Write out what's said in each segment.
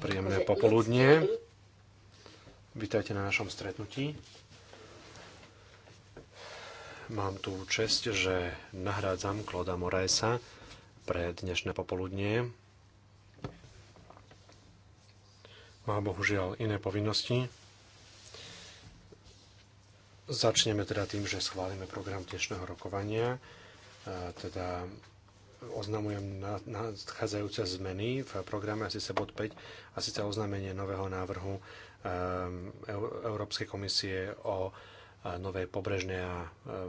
Príjemné popoludnie. Vítajte na našom stretnutí. Mám tu čest, že nahrádzam Kloda Moraesa pre dnešné popoludnie. Má bohužiaľ iné povinnosti. Začneme teda tým, že schválime program dnešného rokovania. Teda oznamujem nadchádzajúce zmeny v programe, asi sa bod 5, a síce oznámenie nového návrhu ehm, Európskej komisie o e, novej pobrežnej a e,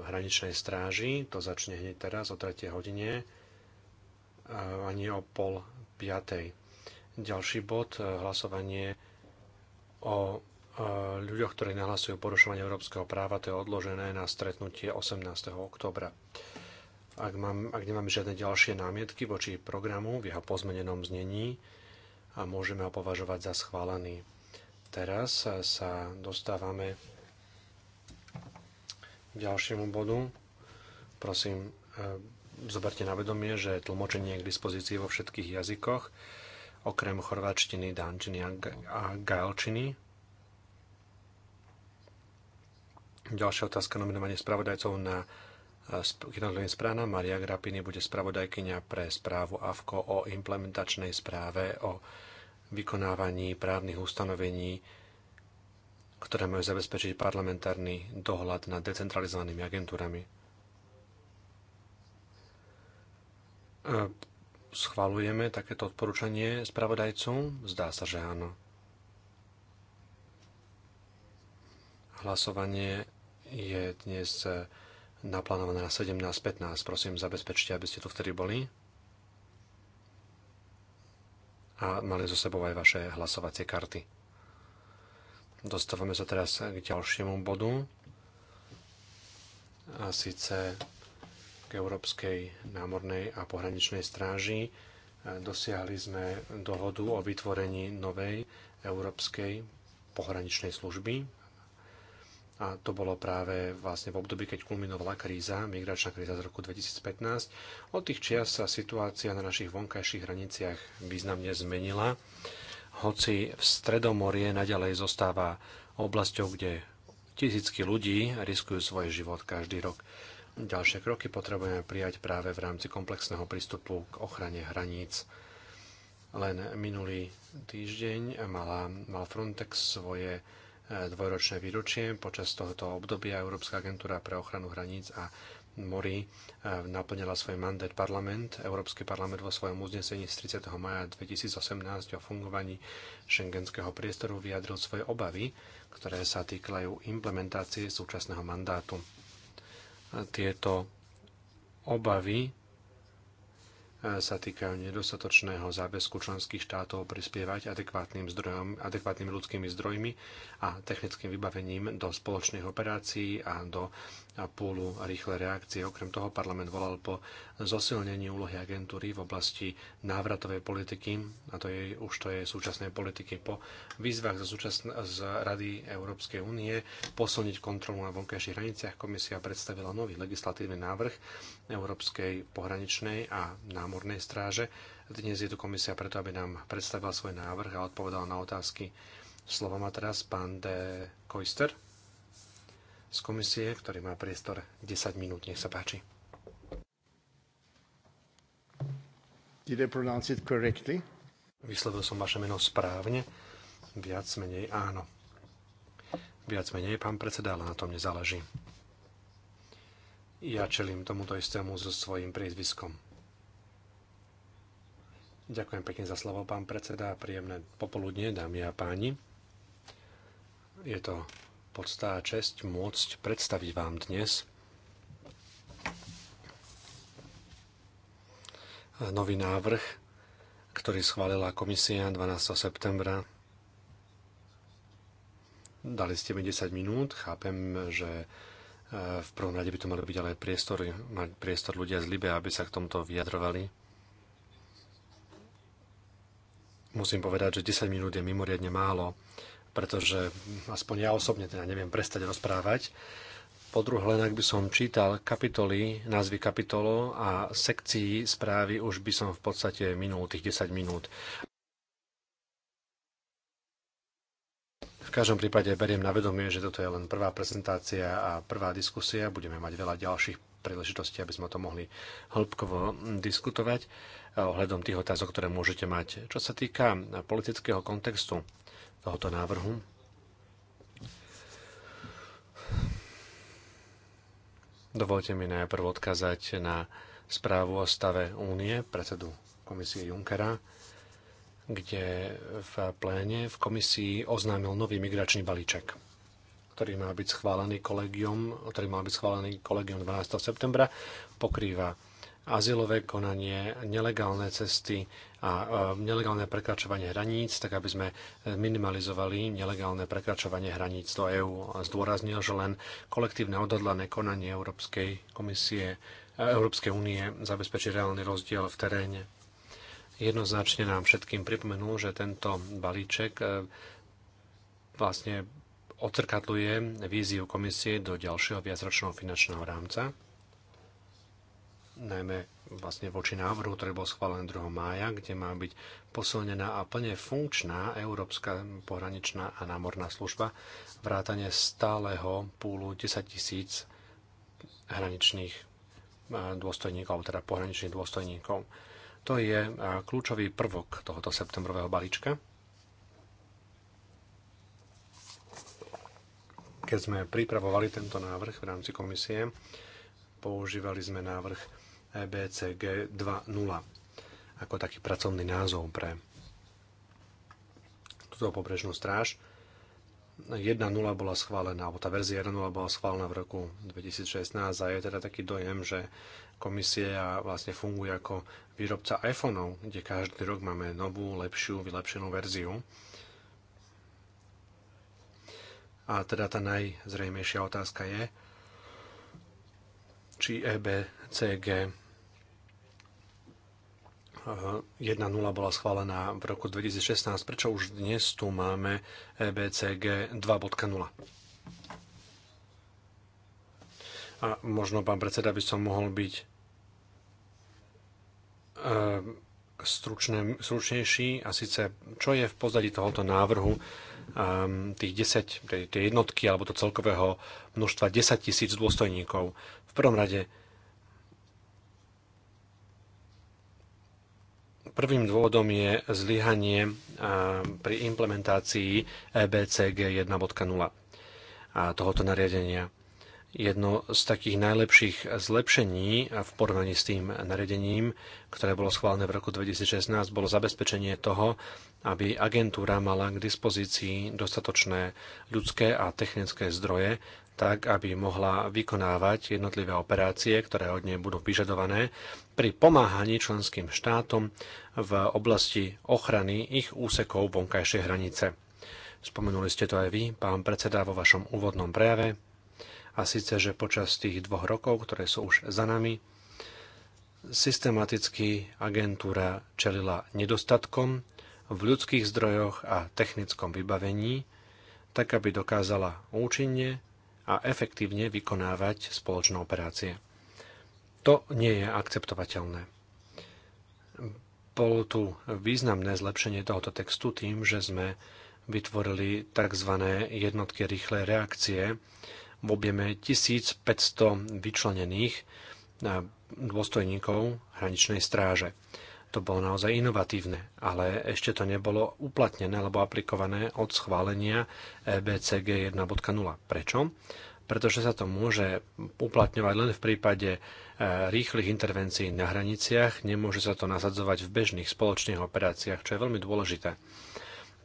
hraničnej stráži. To začne hneď teraz o 3. hodine, e, ani o pol 5. Ďalší bod, hlasovanie o ľuďoch, ktorí nahlasujú porušovanie európskeho práva, to je odložené na stretnutie 18. oktobra. Ak, mám, ak nemáme žiadne ďalšie námietky voči programu v jeho pozmenenom znení, a môžeme ho považovať za schválený. Teraz sa dostávame k ďalšiemu bodu. Prosím, e, zoberte na vedomie, že tlmočenie je k dispozícii vo všetkých jazykoch, okrem chorváčtiny, dánčiny a gálčiny. Ďalšia otázka nominovanie spravodajcov na Generálnym správna Maria Grapini bude spravodajkynia pre správu AFKO o implementačnej správe o vykonávaní právnych ustanovení, ktoré majú zabezpečiť parlamentárny dohľad nad decentralizovanými agentúrami. Schvalujeme takéto odporúčanie spravodajcu? Zdá sa, že áno. Hlasovanie je dnes eh, naplánované na 17.15. Prosím, zabezpečte, aby ste tu vtedy boli. A mali zo sebou aj vaše hlasovacie karty. Dostávame sa teraz k ďalšiemu bodu. A síce k Európskej námornej a pohraničnej stráži. Dosiahli sme dohodu o vytvorení novej Európskej pohraničnej služby, a to bolo práve vlastne v období, keď kulminovala kríza, migračná kríza z roku 2015. Od tých čias sa situácia na našich vonkajších hraniciach významne zmenila, hoci v Stredomorie naďalej zostáva oblasťou, kde tisícky ľudí riskujú svoj život každý rok. Ďalšie kroky potrebujeme prijať práve v rámci komplexného prístupu k ochrane hraníc. Len minulý týždeň mala, mal Frontex svoje dvojročné výročie. Počas tohoto obdobia Európska agentúra pre ochranu hraníc a Mori e, naplnila svoj mandát parlament. Európsky parlament vo svojom uznesení z 30. maja 2018 o fungovaní šengenského priestoru vyjadril svoje obavy, ktoré sa týkajú implementácie súčasného mandátu. E, tieto obavy sa týkajú nedostatočného záväzku členských štátov prispievať adekvátnym, zdrojom, adekvátnym ľudskými zdrojmi a technickým vybavením do spoločných operácií a do a púlu a rýchle reakcie. Okrem toho parlament volal po zosilnení úlohy agentúry v oblasti návratovej politiky, a to je už to je súčasnej politiky, po výzvach z, súčasn- z Rady Európskej únie posilniť kontrolu na vonkajších hraniciach. Komisia predstavila nový legislatívny návrh Európskej pohraničnej a námornej stráže. Dnes je tu komisia preto, aby nám predstavila svoj návrh a odpovedala na otázky. Slovo má teraz pán de Koister z komisie, ktorý má priestor 10 minút. Nech sa páči. Did I pronounce it correctly? Vyslovil som vaše meno správne. Viac menej áno. Viac menej, pán predseda, ale na tom nezáleží. Ja čelím tomuto istému so svojím priezviskom. Ďakujem pekne za slovo, pán predseda. Príjemné popoludne, dámy a páni. Je to podstá a čest môcť predstaviť vám dnes nový návrh, ktorý schválila komisia 12. septembra. Dali ste mi 10 minút, chápem, že e, v prvom rade by to malo byť ale priestor, mať priestor ľudia z Libe, aby sa k tomuto vyjadrovali. Musím povedať, že 10 minút je mimoriadne málo pretože aspoň ja osobne teda neviem prestať rozprávať. Po druhé, len ak by som čítal kapitoly, názvy kapitolov a sekcií správy, už by som v podstate minul tých 10 minút. V každom prípade beriem na vedomie, že toto je len prvá prezentácia a prvá diskusia. Budeme mať veľa ďalších príležitostí, aby sme to mohli hĺbkovo diskutovať ohľadom tých otázok, ktoré môžete mať. Čo sa týka politického kontextu, tohoto návrhu. Dovolte mi najprv odkazať na správu o stave únie predsedu komisie Junckera, kde v pléne v komisii oznámil nový migračný balíček, ktorý má byť schválený kolegium, ktorý mal byť schválený kolegium 12. septembra, pokrýva azylové konanie, nelegálne cesty a e, nelegálne prekračovanie hraníc, tak aby sme minimalizovali nelegálne prekračovanie hraníc do EÚ. Zdôraznil, že len kolektívne odhodlané konanie Európskej komisie e, Európskej únie zabezpečí reálny rozdiel v teréne. Jednoznačne nám všetkým pripomenul, že tento balíček e, vlastne odtrkatluje víziu komisie do ďalšieho viacročného finančného rámca najmä vlastne voči návrhu, ktorý bol schválený 2. mája, kde má byť posilnená a plne funkčná Európska pohraničná a námorná služba, vrátane stáleho púlu 10 tisíc hraničných eh, dôstojníkov, teda pohraničných dôstojníkov. To je eh, kľúčový prvok tohoto septembrového balíčka. Keď sme pripravovali tento návrh v rámci komisie, používali sme návrh EBCG 2.0 ako taký pracovný názov pre túto pobrežnú stráž. 1.0 bola schválená, alebo tá verzia 1.0 bola schválená v roku 2016 a je teda taký dojem, že komisia vlastne funguje ako výrobca iPhoneov, kde každý rok máme novú, lepšiu, vylepšenú verziu. A teda tá najzrejmejšia otázka je, či EBCG 1.0 bola schválená v roku 2016. Prečo už dnes tu máme EBCG 2.0? A možno, pán predseda, by som mohol byť e, stručne, stručnejší a síce, čo je v pozadí tohoto návrhu ehm, tých 10, tej jednotky alebo to celkového množstva 10 tisíc dôstojníkov. V prvom rade Prvým dôvodom je zlyhanie pri implementácii EBCG 1.0 tohoto nariadenia. Jedno z takých najlepších zlepšení v porovnaní s tým nariadením, ktoré bolo schválené v roku 2016, bolo zabezpečenie toho, aby agentúra mala k dispozícii dostatočné ľudské a technické zdroje tak aby mohla vykonávať jednotlivé operácie, ktoré od nej budú vyžadované pri pomáhaní členským štátom v oblasti ochrany ich úsekov vonkajšej hranice. Spomenuli ste to aj vy, pán predseda, vo vašom úvodnom prejave. A síce, že počas tých dvoch rokov, ktoré sú už za nami, systematicky agentúra čelila nedostatkom v ľudských zdrojoch a technickom vybavení, tak aby dokázala účinne a efektívne vykonávať spoločné operácie. To nie je akceptovateľné. Bolo tu významné zlepšenie tohoto textu tým, že sme vytvorili tzv. jednotky rýchlej reakcie v objeme 1500 vyčlenených eh, dôstojníkov hraničnej stráže to bolo naozaj inovatívne, ale ešte to nebolo uplatnené alebo aplikované od schválenia EBCG 1.0. Prečo? Pretože sa to môže uplatňovať len v prípade e, rýchlych intervencií na hraniciach, nemôže sa to nasadzovať v bežných spoločných operáciách, čo je veľmi dôležité.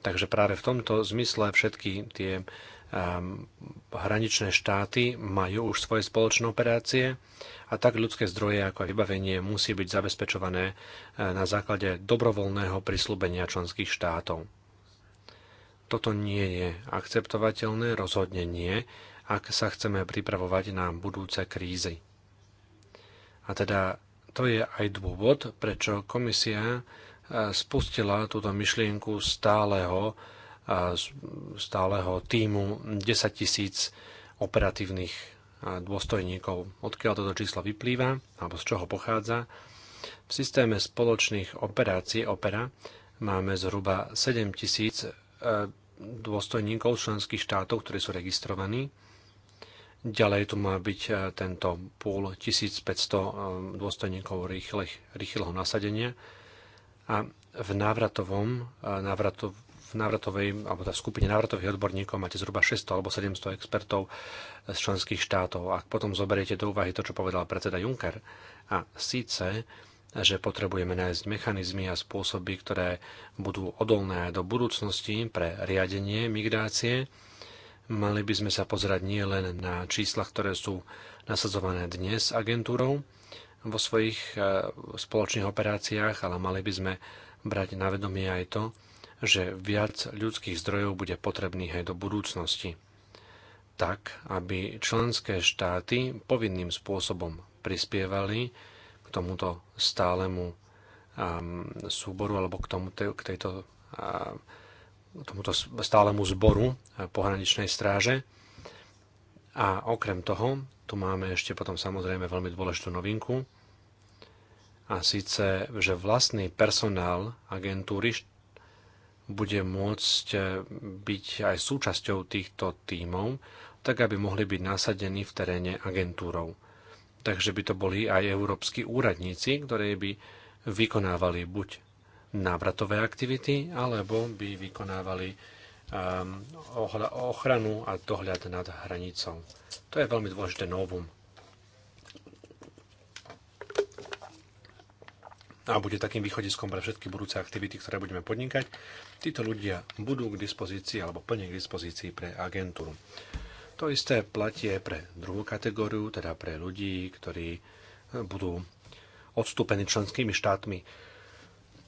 Takže práve v tomto zmysle všetky tie Ehm, hraničné štáty majú už svoje spoločné operácie a tak ľudské zdroje ako aj vybavenie musí byť zabezpečované eh, na základe dobrovoľného prislúbenia členských štátov. Toto nie je akceptovateľné, rozhodne nie, ak sa chceme pripravovať na budúce krízy. A teda to je aj dôvod, prečo komisia eh, spustila túto myšlienku stáleho stáleho týmu 10 tisíc operatívnych dôstojníkov. Odkiaľ toto číslo vyplýva, alebo z čoho pochádza? V systéme spoločných operácií OPERA máme zhruba 7 tisíc e, dôstojníkov členských štátov, ktorí sú registrovaní. Ďalej tu má byť e, tento púl 1500 e, dôstojníkov rýchleho nasadenia a v návratovom, návratov, v návratovej, alebo teda v skupine návratových odborníkov máte zhruba 600 alebo 700 expertov z členských štátov. Ak potom zoberiete do úvahy to, čo povedal predseda Juncker, a síce, že potrebujeme nájsť mechanizmy a spôsoby, ktoré budú odolné do budúcnosti pre riadenie migrácie, mali by sme sa pozerať nie len na čísla, ktoré sú nasadzované dnes agentúrou vo svojich e, spoločných operáciách, ale mali by sme brať na vedomie aj to, že viac ľudských zdrojov bude potrebných aj do budúcnosti, tak aby členské štáty povinným spôsobom prispievali k tomuto stálemu um, súboru alebo k, tomu, k tejto, um, tomuto stálemu zboru uh, pohraničnej stráže. A okrem toho, tu máme ešte potom samozrejme veľmi dôležitú novinku, a síce, že vlastný personál agentúry bude môcť eh, byť aj súčasťou týchto tímov, tak aby mohli byť nasadení v teréne agentúrov. Takže by to boli aj európsky úradníci, ktorí by vykonávali buď návratové aktivity, alebo by vykonávali ehm, ochranu a dohľad nad hranicou. To je veľmi dôležité novum a bude takým východiskom pre všetky budúce aktivity, ktoré budeme podnikať. Títo ľudia budú k dispozícii alebo plne k dispozícii pre agentúru. To isté platie pre druhú kategóriu, teda pre ľudí, ktorí e, budú odstúpení členskými štátmi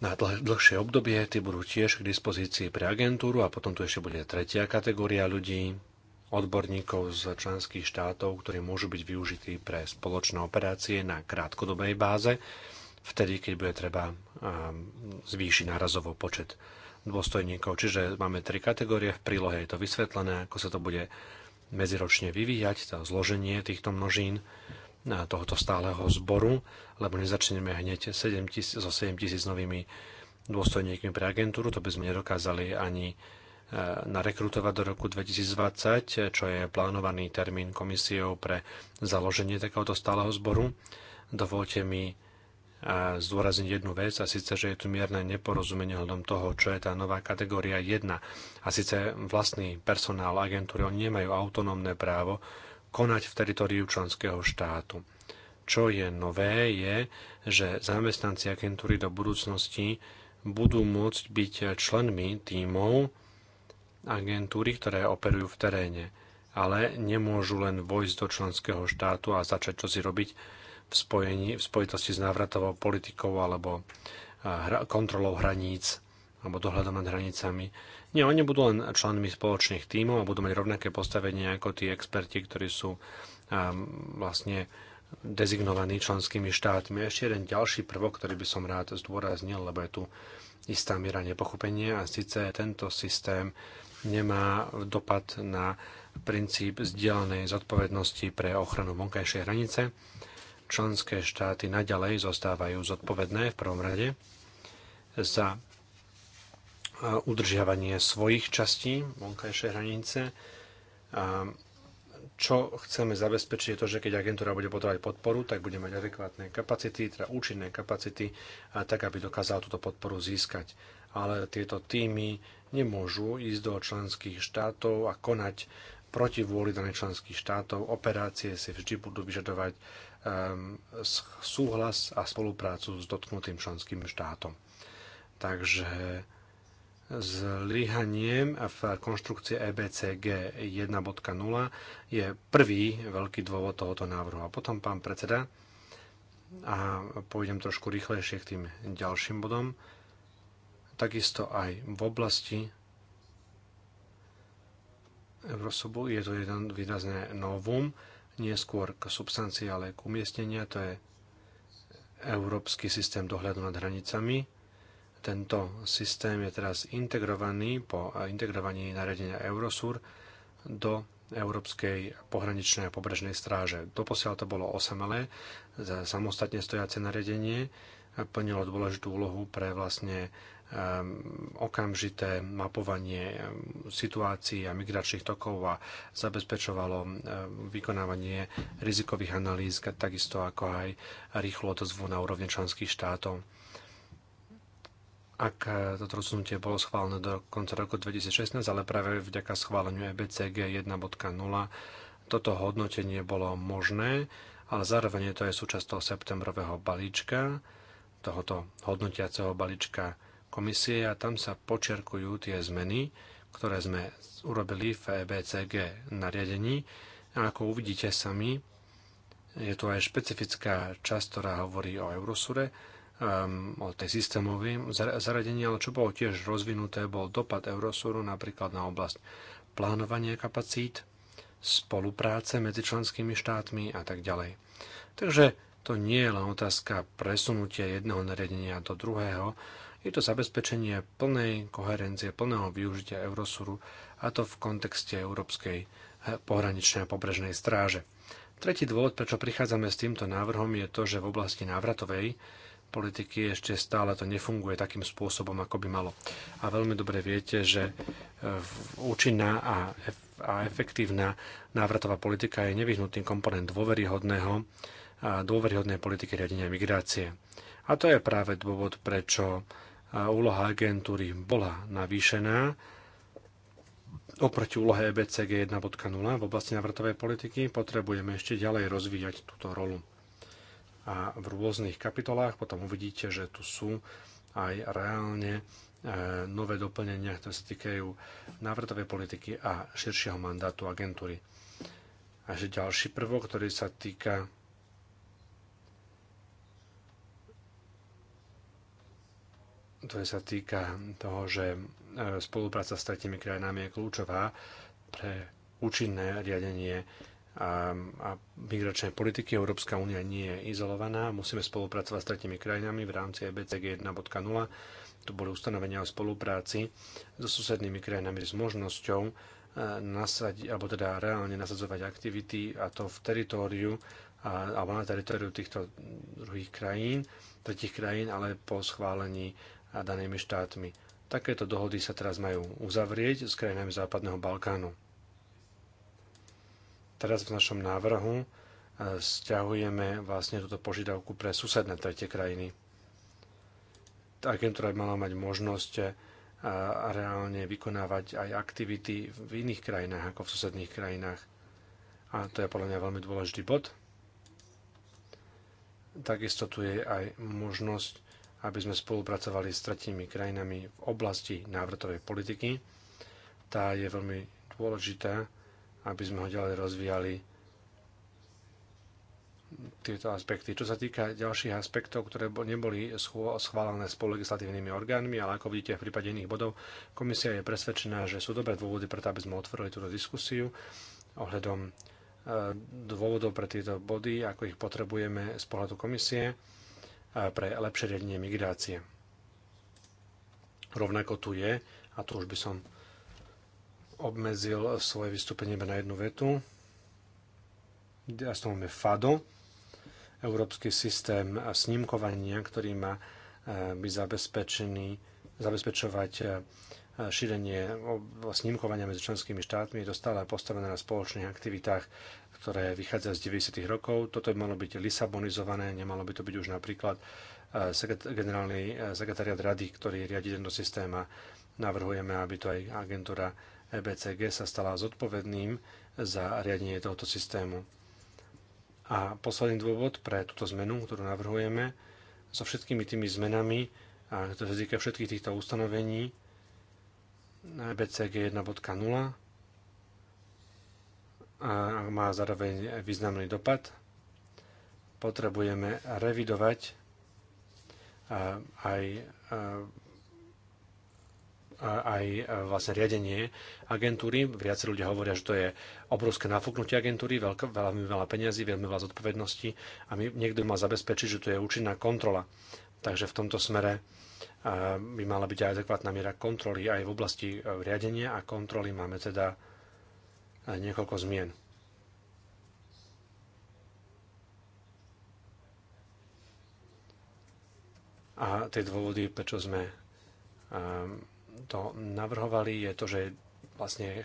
na dl- dlhšie obdobie, tí budú tiež k dispozícii pre agentúru a potom tu ešte bude tretia kategória ľudí, odborníkov z členských štátov, ktorí môžu byť využití pre spoločné operácie na krátkodobej báze vtedy, keď bude treba um, zvýšiť nárazovo počet dôstojníkov. Čiže máme tri kategórie, v prílohe je to vysvetlené, ako sa to bude medziročne vyvíjať, to zloženie týchto množín tohoto stáleho zboru, lebo nezačneme hneď 7 000, so 7 tisíc novými dôstojníkmi pre agentúru, to by sme nedokázali ani e, narekrutovať do roku 2020, čo je plánovaný termín komisiou pre založenie takéhoto stáleho zboru. Dovolte mi zdôrazniť jednu vec, a síce, že je tu mierne neporozumenie hľadom toho, čo je tá nová kategória 1. A síce vlastný personál agentúry, oni nemajú autonómne právo konať v teritoriu členského štátu. Čo je nové, je, že zamestnanci agentúry do budúcnosti budú môcť byť členmi tímov agentúry, ktoré operujú v teréne, ale nemôžu len vojsť do členského štátu a začať čo si robiť v, spojení, v spojitosti s návratovou politikou alebo eh, hra, kontrolou hraníc alebo dohľadom nad hranicami. Nie, oni budú len členmi spoločných tímov a budú mať rovnaké postavenie ako tí experti, ktorí sú um, vlastne dezignovaní členskými štátmi. Ešte jeden ďalší prvok, ktorý by som rád zdôraznil, lebo je tu istá miera nepochopenia a síce tento systém nemá dopad na princíp zdieľanej zodpovednosti pre ochranu vonkajšej hranice členské štáty naďalej zostávajú zodpovedné v prvom rade za e, udržiavanie svojich častí vonkajšej hranice. A čo chceme zabezpečiť je to, že keď agentúra bude potrebovať podporu, tak bude mať adekvátne kapacity, teda účinné kapacity, a tak aby dokázala túto podporu získať. Ale tieto týmy nemôžu ísť do členských štátov a konať proti vôli daných členských štátov. Operácie si vždy budú vyžadovať Ehm, súhlas a spoluprácu s dotknutým členským štátom. Takže zlyhaniem v konštrukcie EBCG 1.0 je prvý veľký dôvod tohoto návrhu. A potom pán predseda, a pôjdem trošku rýchlejšie k tým ďalším bodom, takisto aj v oblasti Eurosubu je to jeden výrazné novum, neskôr k substancii, ale k umiestnenia. To je Európsky systém dohľadu nad hranicami. Tento systém je teraz integrovaný po integrovaní nariadenia Eurosur do Európskej pohraničnej a pobrežnej stráže. Doposiaľ to bolo osamelé, samostatne stojace nariadenie plnilo dôležitú úlohu pre vlastne Ehm, okamžité mapovanie ehm, situácií a migračných tokov a zabezpečovalo ehm, vykonávanie rizikových analýz, takisto ako aj rýchlo odozvu na úrovne členských štátov. Ak e, toto rozhodnutie bolo schválené do konca roku 2016, ale práve vďaka schváleniu EBCG 1.0 toto hodnotenie bolo možné, ale zároveň to je súčasť toho septembrového balíčka, tohoto hodnotiaceho balíčka komisie a tam sa počerkujú tie zmeny, ktoré sme urobili v EBCG nariadení. A ako uvidíte sami, je tu aj špecifická časť, ktorá hovorí o Eurosure, um, o tej systémovej zaradení, ale čo bolo tiež rozvinuté, bol dopad Eurosuru napríklad na oblasť plánovania kapacít, spolupráce medzi členskými štátmi a tak ďalej. Takže to nie je len otázka presunutia jedného nariadenia do druhého, je to zabezpečenie plnej koherencie plného využitia Eurosuru, a to v kontexte Európskej eh, pohraničnej a pobrežnej stráže. Tretí dôvod, prečo prichádzame s týmto návrhom, je to, že v oblasti návratovej politiky ešte stále to nefunguje takým spôsobom, ako by malo. A veľmi dobre viete, že eh, účinná a, a efektívna návratová politika je nevyhnutný komponent dôveryhodného a eh, dôveryhodnej politiky riadenia migrácie. A to je práve dôvod, prečo úloha agentúry bola navýšená oproti úlohe EBCG 1.0 v oblasti navratovej politiky potrebujeme ešte ďalej rozvíjať túto rolu. A v rôznych kapitolách potom uvidíte, že tu sú aj reálne e, nové doplnenia, ktoré sa týkajú návratovej politiky a širšieho mandátu agentúry. A že ďalší prvok, ktorý sa týka ktoré sa týka toho, že e, spolupráca s tretimi krajinami je kľúčová pre účinné riadenie a, a migračnej politiky. Európska únia nie je izolovaná, musíme spolupracovať s tretimi krajinami v rámci EBCG 1.0. Tu boli ustanovenia o spolupráci so susednými krajinami s možnosťou e, nasadiť, alebo teda reálne nasadzovať aktivity a to v teritóriu a, alebo na teritoriu týchto druhých krajín, tretich krajín, ale po schválení a danými štátmi. Takéto dohody sa teraz majú uzavrieť s krajinami Západného Balkánu. Teraz v našom návrhu e, stiahujeme vlastne túto požiadavku pre susedné tretie krajiny. Agentúra by mala mať možnosť e, a reálne vykonávať aj aktivity v iných krajinách ako v susedných krajinách. A to je podľa mňa veľmi dôležitý bod. Takisto tu je aj možnosť aby sme spolupracovali s tretími krajinami v oblasti návratovej politiky. Tá je veľmi dôležitá, aby sme ho ďalej rozvíjali tieto aspekty. Čo sa týka ďalších aspektov, ktoré neboli schválené legislatívnymi orgánmi, ale ako vidíte v prípade iných bodov, komisia je presvedčená, že sú dobré dôvody preto, aby sme otvorili túto diskusiu ohľadom e, dôvodov pre tieto body, ako ich potrebujeme z pohľadu komisie pre lepšie riadenie migrácie. Rovnako tu je, a tu už by som obmedzil svoje vystúpenie na jednu vetu, ja s FADO, Európsky systém snímkovania, ktorý má e, by zabezpečený, zabezpečovať e, šírenie snímkovania medzi členskými štátmi dostala postavené na spoločných aktivitách ktoré vychádza z 90. rokov. Toto by malo byť lisabonizované, nemalo by to byť už napríklad e, generálny e, sekretariat rady, ktorý riadi tento systém a navrhujeme, aby to aj agentúra EBCG sa stala zodpovedným za riadenie tohoto systému. A posledný dôvod pre túto zmenu, ktorú navrhujeme, so všetkými tými zmenami, a to sa týka všetkých týchto ustanovení, EBCG 1.0, a má zároveň významný dopad. Potrebujeme revidovať aj, aj vlastne riadenie agentúry. Viac ľudia hovoria, že to je obrovské nafúknutie agentúry, veľk, veľmi veľa peňazí, veľmi veľa zodpovedností a my, niekto má zabezpečiť, že to je účinná kontrola. Takže v tomto smere by mala byť aj adekvátna miera kontroly aj v oblasti e, riadenia a kontroly máme teda niekoľko zmien. A tie dôvody, prečo sme ehm, to navrhovali, je to, že vlastne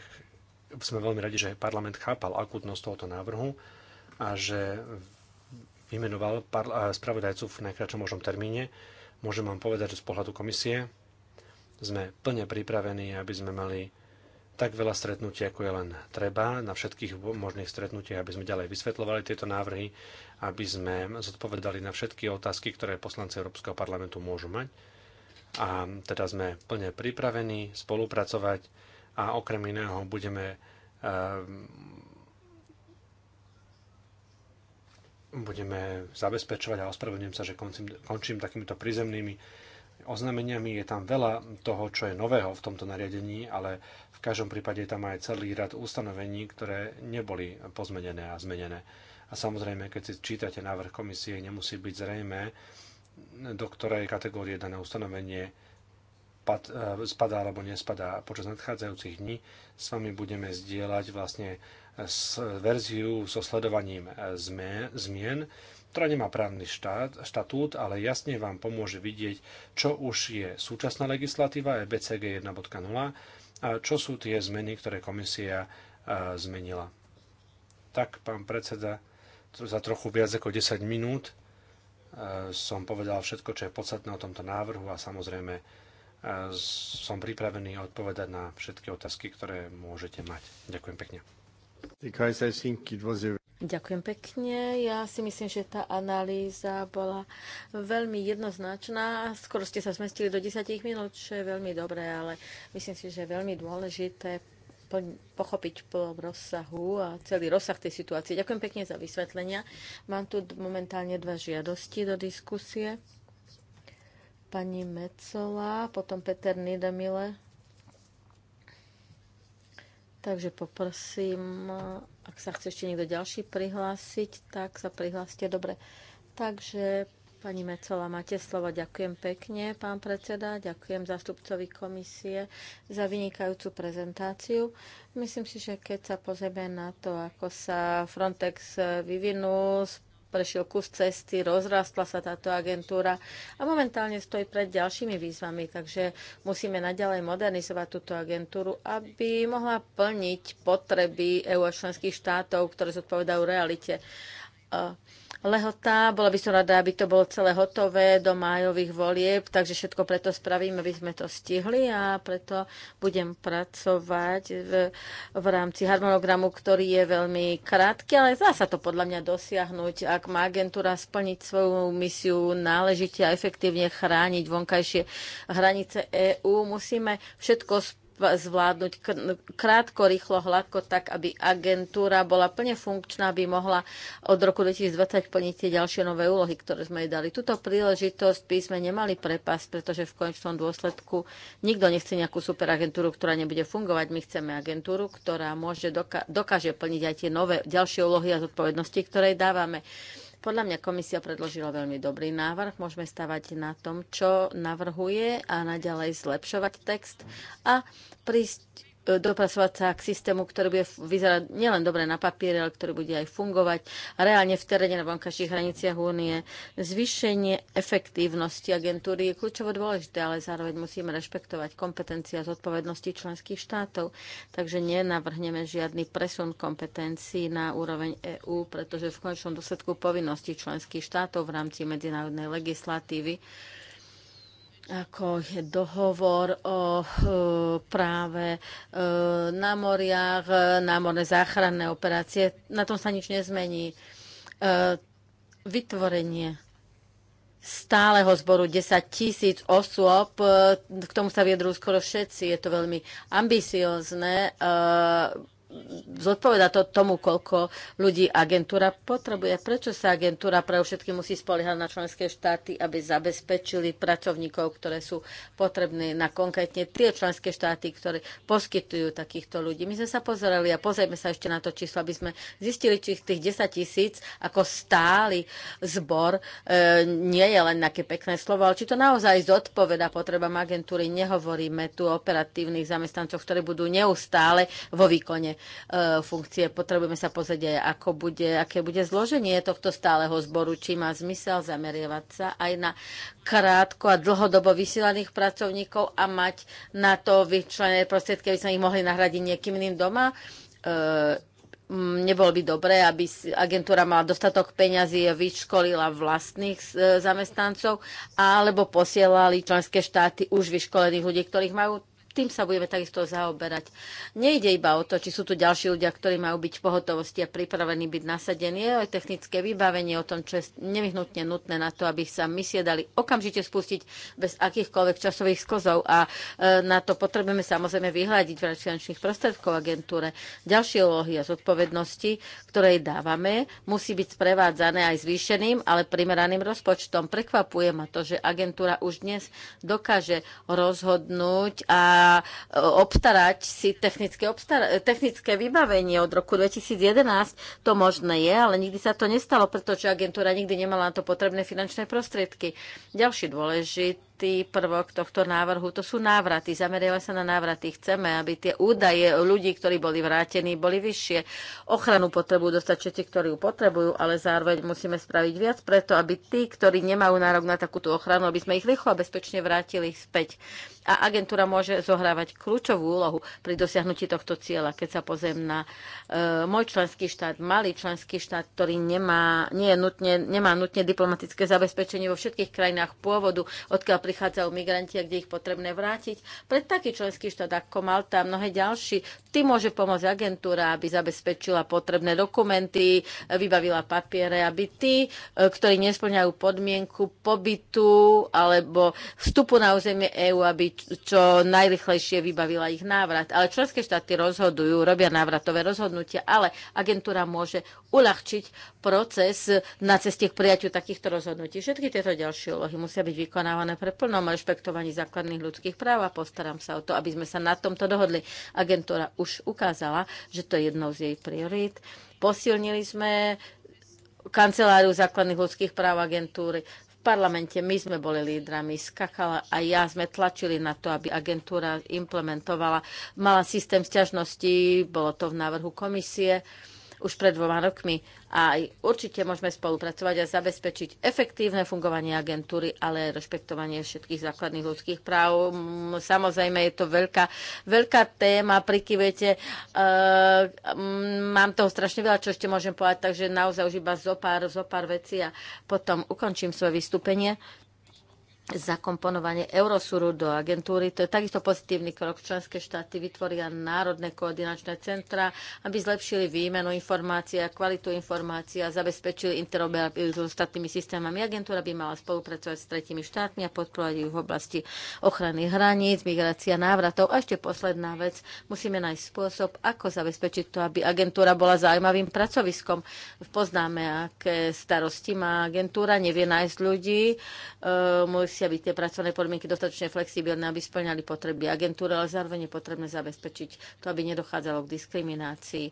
sme veľmi radi, že parlament chápal akutnosť tohoto návrhu a že vymenoval spravodajcu v najkračom možnom termíne. Môžem vám povedať, že z pohľadu komisie sme plne pripravení, aby sme mali tak veľa stretnutí, ako je len treba, na všetkých možných stretnutiach, aby sme ďalej vysvetľovali tieto návrhy, aby sme zodpovedali na všetky otázky, ktoré poslanci Európskeho parlamentu môžu mať. A teda sme plne pripravení spolupracovať a okrem iného budeme ehm, budeme zabezpečovať a ospravedlňujem sa, že končím, končím takýmito prízemnými oznameniami. Je tam veľa toho, čo je nového v tomto nariadení, ale každom prípade je tam aj celý rad ustanovení, ktoré neboli pozmenené a zmenené. A samozrejme, keď si čítate návrh komisie, nemusí byť zrejme, do ktorej kategórie dané ustanovenie e, spadá alebo nespadá. Počas nadchádzajúcich dní s vami budeme zdieľať vlastne verziu so sledovaním e, zmien, ktorá nemá právny štát, štatút, ale jasne vám pomôže vidieť, čo už je súčasná legislatíva EBCG 1.0 čo sú tie zmeny, ktoré komisia zmenila. Tak, pán predseda, za trochu viac ako 10 minút som povedal všetko, čo je podstatné o tomto návrhu a samozrejme som pripravený odpovedať na všetky otázky, ktoré môžete mať. Ďakujem pekne. Ďakujem pekne. Ja si myslím, že tá analýza bola veľmi jednoznačná. Skoro ste sa zmestili do 10 minút, čo je veľmi dobré, ale myslím si, že je veľmi dôležité pochopiť po rozsahu a celý rozsah tej situácie. Ďakujem pekne za vysvetlenia. Mám tu momentálne dva žiadosti do diskusie. Pani Mecola, potom Peter Nidemile. Takže poprosím ak sa chce ešte niekto ďalší prihlásiť, tak sa prihláste. Dobre. Takže, pani Mecola, máte slovo. Ďakujem pekne, pán predseda. Ďakujem zastupcovi komisie za vynikajúcu prezentáciu. Myslím si, že keď sa pozrieme na to, ako sa Frontex vyvinul z prešiel kus cesty, rozrastla sa táto agentúra a momentálne stojí pred ďalšími výzvami, takže musíme naďalej modernizovať túto agentúru, aby mohla plniť potreby EU a členských štátov, ktoré zodpovedajú realite. Uh, lehota. Bola by som rada, aby to bolo celé hotové do májových volieb, takže všetko preto spravím, aby sme to stihli a preto budem pracovať v, v rámci harmonogramu, ktorý je veľmi krátky, ale dá sa to podľa mňa dosiahnuť, ak má agentúra splniť svoju misiu náležite a efektívne chrániť vonkajšie hranice EÚ. Musíme všetko zvládnuť krátko, rýchlo, hladko, tak aby agentúra bola plne funkčná, aby mohla od roku 2020 plniť tie ďalšie nové úlohy, ktoré sme jej dali. Tuto príležitosť by sme nemali prepasť, pretože v konečnom dôsledku nikto nechce nejakú superagentúru, ktorá nebude fungovať. My chceme agentúru, ktorá môže dokáže plniť aj tie nové ďalšie úlohy a zodpovednosti, ktoré dávame. Podľa mňa komisia predložila veľmi dobrý návrh. Môžeme stavať na tom, čo navrhuje a naďalej zlepšovať text a prísť E, dopracovať sa k systému, ktorý bude vyzerať nielen dobre na papiere, ale ktorý bude aj fungovať reálne v teréne na vonkajších hraniciach únie. Zvýšenie efektívnosti agentúry je kľúčovo dôležité, ale zároveň musíme rešpektovať kompetencie a zodpovednosti členských štátov. Takže nenavrhneme žiadny presun kompetencií na úroveň EÚ, pretože v konečnom dôsledku povinnosti členských štátov v rámci medzinárodnej legislatívy ako je dohovor o e, práve e, na moriach, e, námorné záchranné operácie. Na tom sa nič nezmení. Vytvorenie stáleho zboru 10 tisíc osôb, k tomu sa viedrú skoro všetci, je to veľmi ambiciozne, zodpoveda to tomu, koľko ľudí agentúra potrebuje. Prečo sa agentúra pre všetky musí spoliehať na členské štáty, aby zabezpečili pracovníkov, ktoré sú potrebné na konkrétne tie členské štáty, ktoré poskytujú takýchto ľudí. My sme sa pozerali a pozrieme sa ešte na to číslo, aby sme zistili, či tých 10 tisíc ako stály zbor e, nie je len také pekné slovo, ale či to naozaj zodpoveda potrebám agentúry. Nehovoríme tu o operatívnych zamestnancoch, ktorí budú neustále vo výkone E, funkcie. Potrebujeme sa pozrieť aj, ako bude, aké bude zloženie tohto stáleho zboru, či má zmysel zameriavať sa aj na krátko a dlhodobo vysielaných pracovníkov a mať na to vyčlené prostriedky, aby sme ich mohli nahradiť niekým iným doma e, nebolo by dobré, aby agentúra mala dostatok peňazí a vyškolila vlastných e, zamestnancov, alebo posielali členské štáty už vyškolených ľudí, ktorých majú tým sa budeme takisto zaoberať. Nejde iba o to, či sú tu ďalší ľudia, ktorí majú byť v pohotovosti a pripravení byť nasadení, ale aj technické vybavenie o tom, čo je nevyhnutne nutné na to, aby sa misie dali okamžite spustiť bez akýchkoľvek časových skozov a e, na to potrebujeme samozrejme vyhľadiť v finančných prostredkov agentúre. Ďalšie úlohy a zodpovednosti, ktoré dávame, musí byť sprevádzané aj zvýšeným, ale primeraným rozpočtom. Prekvapuje ma to, že agentúra už dnes dokáže rozhodnúť a teda, e, obstarať si technické, obstar- technické vybavenie od roku 2011. To možné je, ale nikdy sa to nestalo, pretože agentúra nikdy nemala na to potrebné finančné prostriedky. Ďalší dôležitý štvrtý prvok tohto návrhu. To sú návraty. Zameriava sa na návraty. Chceme, aby tie údaje ľudí, ktorí boli vrátení, boli vyššie. Ochranu potrebujú dostať všetci, ktorí ju potrebujú, ale zároveň musíme spraviť viac preto, aby tí, ktorí nemajú nárok na takúto ochranu, aby sme ich rýchlo a bezpečne vrátili späť. A agentúra môže zohrávať kľúčovú úlohu pri dosiahnutí tohto cieľa. Keď sa pozriem na e, môj členský štát, malý členský štát, ktorý nemá, nie je nutne, nemá nutne diplomatické zabezpečenie vo všetkých krajinách pôvodu, odkiaľ prichádzajú migranti a kde ich potrebné vrátiť. Pre taký členský štát ako Malta a mnohé ďalší, ty môže pomôcť agentúra, aby zabezpečila potrebné dokumenty, vybavila papiere, aby tí, e, ktorí nesplňajú podmienku pobytu alebo vstupu na územie EÚ, aby čo najrychlejšie vybavila ich návrat. Ale členské štáty rozhodujú, robia návratové rozhodnutia, ale agentúra môže uľahčiť proces na ceste k prijaťu takýchto rozhodnutí. Všetky tieto ďalšie úlohy musia byť vykonávané pre plnom rešpektovaní základných ľudských práv a postaram sa o to, aby sme sa na tomto dohodli. Agentúra už ukázala, že to je jednou z jej priorít. Posilnili sme kanceláriu základných ľudských práv agentúry. V parlamente my sme boli lídrami, skakala a ja sme tlačili na to, aby agentúra implementovala, mala systém sťažností, bolo to v návrhu komisie už pred dvoma rokmi. A určite môžeme spolupracovať a zabezpečiť efektívne fungovanie agentúry, ale aj rešpektovanie všetkých základných ľudských práv. Mm, samozrejme, je to veľká, veľká téma, prikyvete. Uh, mám toho strašne veľa, čo ešte môžem povedať, takže naozaj už iba zo pár, zo pár vecí a potom ukončím svoje vystúpenie zakomponovanie Eurosuru do agentúry. To je takisto pozitívny krok. Členské štáty vytvoria národné koordinačné centra, aby zlepšili výmenu informácií a kvalitu informácií a zabezpečili interoperabilitu s ostatnými systémami. Agentúra by mala spolupracovať s tretími štátmi a podporovať ich v oblasti ochrany hraníc, migrácia, návratov. A ešte posledná vec. Musíme nájsť spôsob, ako zabezpečiť to, aby agentúra bola zaujímavým pracoviskom. Poznáme, aké starosti má agentúra, nevie nájsť ľudí, musí musia byť tie pracovné podmienky dostatočne flexibilné, aby splňali potreby agentúry, ale zároveň je potrebné zabezpečiť to, aby nedochádzalo k diskriminácii e,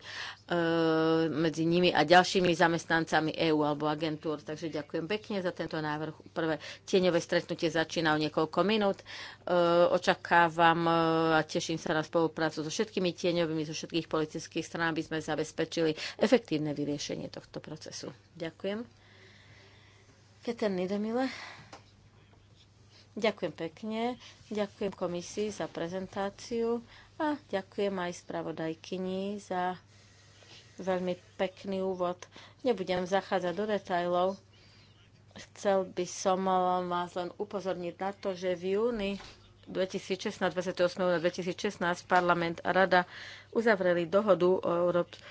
medzi nimi a ďalšími zamestnancami EÚ alebo agentúr. Takže ďakujem pekne za tento návrh. Prvé tieňové stretnutie začína o niekoľko minút. E, očakávam eh, a teším sa na spoluprácu so všetkými tieňovými zo všetkých politických strán, aby sme zabezpečili efektívne vyriešenie tohto procesu. Ďakujem. Keter Nidemile. Ďakujem pekne, ďakujem komisii za prezentáciu a ďakujem aj spravodajkyni za veľmi pekný úvod. Nebudem zachádzať do detajlov. Chcel by som vás len upozorniť na to, že v júni 2016, 28. júna 2016 parlament a rada uzavreli dohodu o Európskej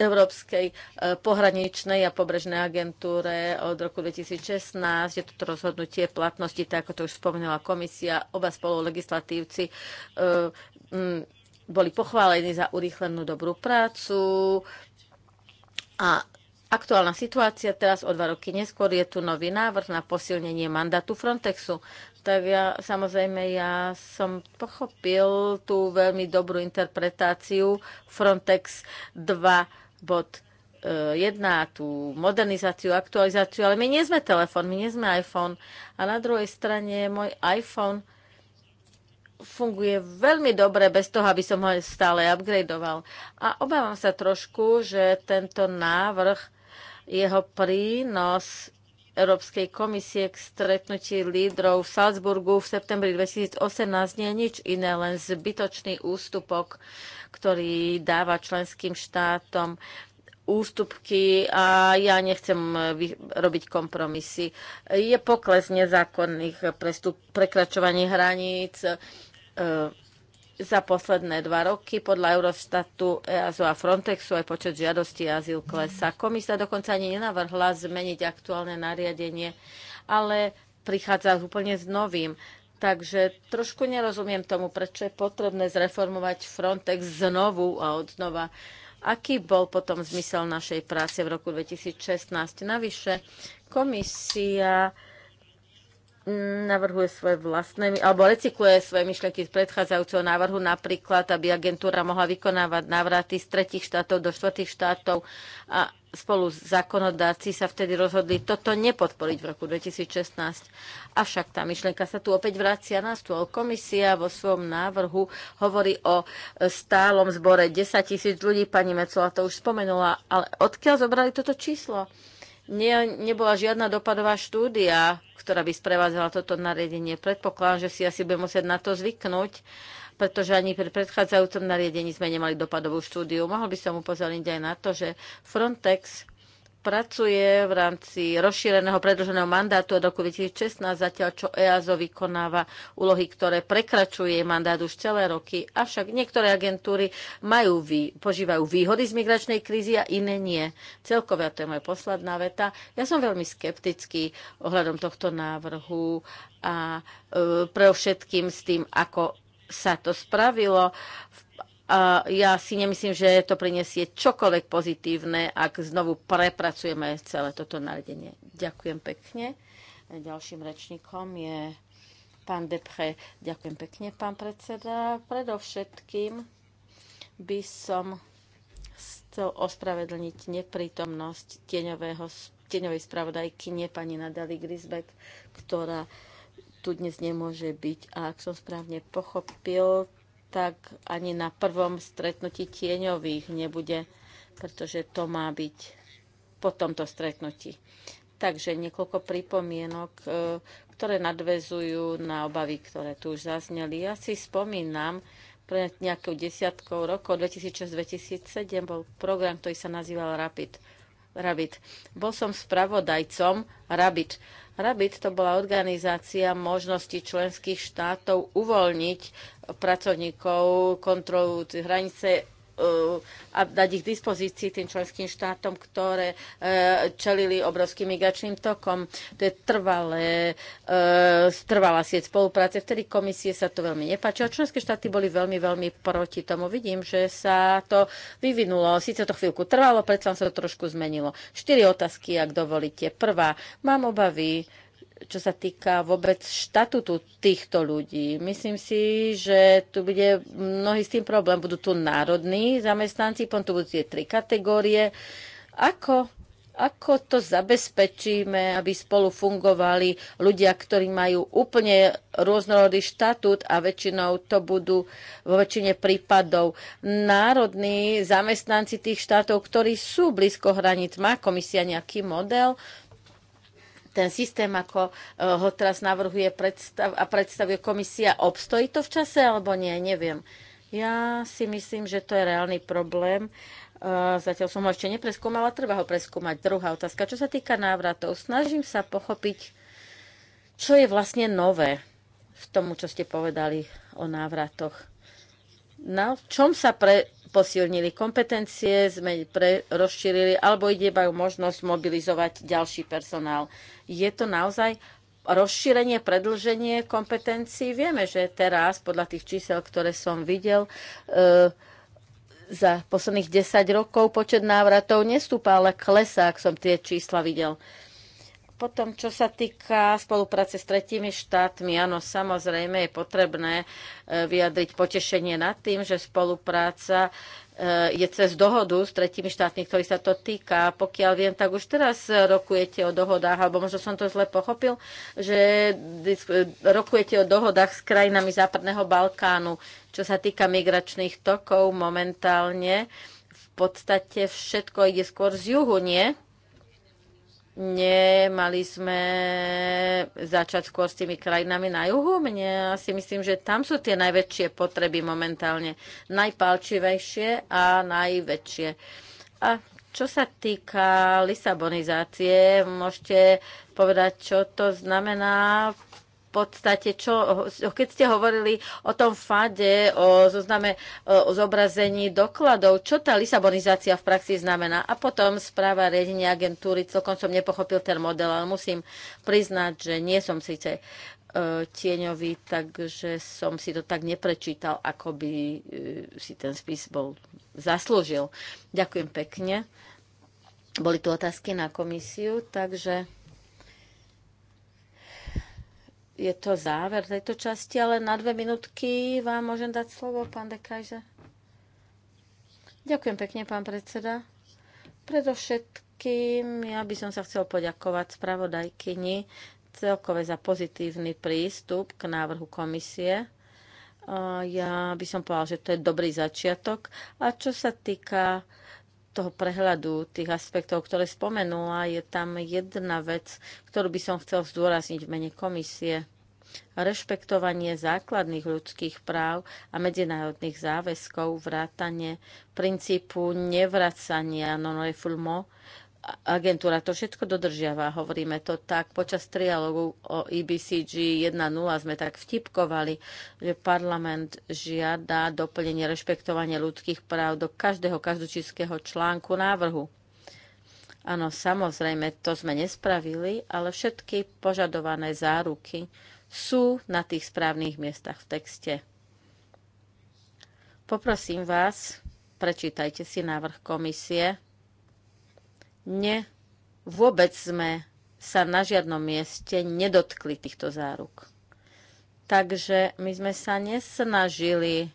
Európskej e, pohraničnej a pobrežnej agentúre od roku 2016. Je toto rozhodnutie platnosti, tak ako to už spomenula komisia, oba spolu legislatívci e, boli pochválení za urýchlenú dobrú prácu a Aktuálna situácia teraz o dva roky neskôr je tu nový návrh na posilnenie mandátu Frontexu. Tak ja, samozrejme, ja som pochopil tú veľmi dobrú interpretáciu Frontex 2 bod eh, jedná tú modernizáciu, aktualizáciu, ale my nie sme telefón, my nie sme iPhone. A na druhej strane môj iPhone funguje veľmi dobre bez toho, aby som ho stále upgradeoval. A obávam sa trošku, že tento návrh, jeho prínos Európskej komisie k stretnutí lídrov v Salzburgu v septembri 2018 nie je nič iné, len zbytočný ústupok, ktorý dáva členským štátom ústupky a ja nechcem robiť kompromisy. Je pokles nezákonných prestup, prekračovaní hraníc, e za posledné dva roky podľa Eurostatu, EASO a Frontexu aj počet žiadostí a azyl klesa. Komisia dokonca ani nenavrhla zmeniť aktuálne nariadenie, ale prichádza úplne s novým. Takže trošku nerozumiem tomu, prečo je potrebné zreformovať Frontex znovu a odnova. Aký bol potom zmysel našej práce v roku 2016? Navyše, komisia navrhuje svoje vlastné, alebo recykluje svoje myšlienky z predchádzajúceho návrhu, napríklad, aby agentúra mohla vykonávať návraty z tretich štátov do štvrtých štátov a spolu s zákonodáci sa vtedy rozhodli toto nepodporiť v roku 2016. Avšak tá myšlienka sa tu opäť vracia na stôl. Komisia vo svojom návrhu hovorí o stálom zbore 10 tisíc ľudí, pani Mecola to už spomenula, ale odkiaľ zobrali toto číslo? Nie, nebola žiadna dopadová štúdia, ktorá by sprevádzala toto nariadenie. Predpokladám, že si asi budem musieť na to zvyknúť, pretože ani pri predchádzajúcom nariadení sme nemali dopadovú štúdiu. Mohol by som upozorniť aj na to, že Frontex pracuje v rámci rozšíreného predĺženého mandátu od roku 2016, zatiaľ čo EASO vykonáva úlohy, ktoré prekračuje mandát už celé roky. Avšak niektoré agentúry majú, požívajú výhody z migračnej krízy a iné nie. Celkové, a to je moja posledná veta, ja som veľmi skeptický ohľadom tohto návrhu a e, pre všetkým s tým, ako sa to spravilo. A ja si nemyslím, že to prinesie čokoľvek pozitívne, ak znovu prepracujeme celé toto nariadenie. Ďakujem pekne. Ďalším rečníkom je pán Depre. Ďakujem pekne, pán predseda. Predovšetkým by som chcel ospravedlniť neprítomnosť tieňového, tieňovej nie pani Nadali Grisbeck, ktorá tu dnes nemôže byť. A ak som správne pochopil, tak ani na prvom stretnutí tieňových nebude, pretože to má byť po tomto stretnutí. Takže niekoľko pripomienok, e, ktoré nadvezujú na obavy, ktoré tu už zazneli. Ja si spomínam, pred nejakou desiatkou rokov, 2006-2007, bol program, ktorý sa nazýval RAPID Rabbit. Bol som spravodajcom Rabbit. Rabbit to bola organizácia možnosti členských štátov uvoľniť pracovníkov kontrolu hranice Eh, a dať ich dispozícii tým členským štátom, ktoré eh, čelili obrovským migračným tokom. To je trvalé, eh, trvalá sieť spolupráce. Vtedy komisie sa to veľmi nepáčilo. Členské štáty boli veľmi, veľmi proti tomu. Vidím, že sa to vyvinulo. Sice to chvíľku trvalo, predsa sa to trošku zmenilo. Štyri otázky, ak dovolíte. Prvá, mám obavy, čo sa týka vôbec štatutu týchto ľudí. Myslím si, že tu bude mnohý s tým problém. Budú tu národní zamestnanci, potom tu budú tie tri kategórie. Ako, ako to zabezpečíme, aby spolu fungovali ľudia, ktorí majú úplne rôznorodý štatút a väčšinou to budú vo väčšine prípadov národní zamestnanci tých štátov, ktorí sú blízko hraníc. Má komisia nejaký model? ten systém, ako e, ho teraz navrhuje predstav a predstavuje komisia, obstojí to v čase alebo nie, neviem. Ja si myslím, že to je reálny problém. E, zatiaľ som ho ešte nepreskúmala, treba ho preskúmať. Druhá otázka, čo sa týka návratov, snažím sa pochopiť, čo je vlastne nové v tomu, čo ste povedali o návratoch. Na čom sa pre, posilnili kompetencie, sme pre, rozšírili, alebo ide iba možnosť mobilizovať ďalší personál. Je to naozaj rozšírenie, predlženie kompetencií. Vieme, že teraz, podľa tých čísel, ktoré som videl, e, za posledných 10 rokov počet návratov nestúpa, ale klesá, ak som tie čísla videl. Potom, čo sa týka spolupráce s tretími štátmi, áno, samozrejme je potrebné e, vyjadriť potešenie nad tým, že spolupráca e, je cez dohodu s tretími štátmi, ktorý sa to týka. Pokiaľ viem, tak už teraz rokujete o dohodách, alebo možno som to zle pochopil, že rokujete o dohodách s krajinami Západného Balkánu, čo sa týka migračných tokov momentálne. V podstate všetko ide skôr z juhu, nie? nemali sme začať skôr s tými krajinami na juhu. Mne si myslím, že tam sú tie najväčšie potreby momentálne, najpalčivejšie a najväčšie. A čo sa týka Lisabonizácie, môžete povedať, čo to znamená podstate, čo, keď ste hovorili o tom fade, o zozname, o zobrazení dokladov, čo tá lisabonizácia v praxi znamená. A potom správa riadenia agentúry, celkom som nepochopil ten model, ale musím priznať, že nie som síce e, tieňový, takže som si to tak neprečítal, ako by e, si ten spis bol zaslúžil. Ďakujem pekne. Boli tu otázky na komisiu, takže je to záver tejto časti, ale na dve minútky vám môžem dať slovo, pán Dekajže. Ďakujem pekne, pán predseda. Predovšetkým ja by som sa chcel poďakovať spravodajkyni celkové za pozitívny prístup k návrhu komisie. Ja by som povedal, že to je dobrý začiatok. A čo sa týka toho prehľadu tých aspektov, ktoré spomenula, je tam jedna vec, ktorú by som chcel zdôrazniť v mene komisie. Rešpektovanie základných ľudských práv a medzinárodných záväzkov, vrátanie princípu nevracania non-refoulement agentúra to všetko dodržiava, hovoríme to tak. Počas trialogu o EBCG 1.0 sme tak vtipkovali, že parlament žiada doplnenie rešpektovania ľudských práv do každého každočíského článku návrhu. Áno, samozrejme, to sme nespravili, ale všetky požadované záruky sú na tých správnych miestach v texte. Poprosím vás, prečítajte si návrh komisie nie vôbec sme sa na žiadnom mieste nedotkli týchto záruk. Takže my sme sa nesnažili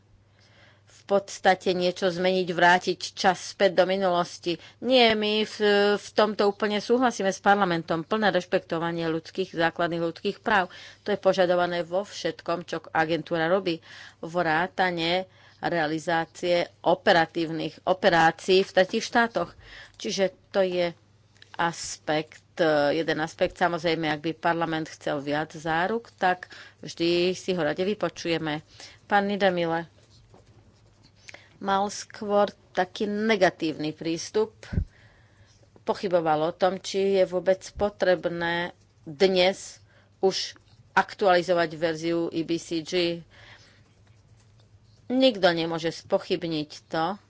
v podstate niečo zmeniť, vrátiť čas späť do minulosti. Nie, my v, v tomto úplne súhlasíme s parlamentom. Plné rešpektovanie ľudských, základných ľudských práv. To je požadované vo všetkom, čo agentúra robí. Vrátane realizácie operatívnych operácií v tretich štátoch. Čiže to je aspekt, e, jeden aspekt. Samozrejme, ak by parlament chcel viac záruk, tak vždy si ho rade vypočujeme. Pán Nidamile mal skôr taký negatívny prístup. Pochyboval o tom, či je vôbec potrebné dnes už aktualizovať verziu EBCG Nikto nemôže spochybniť to,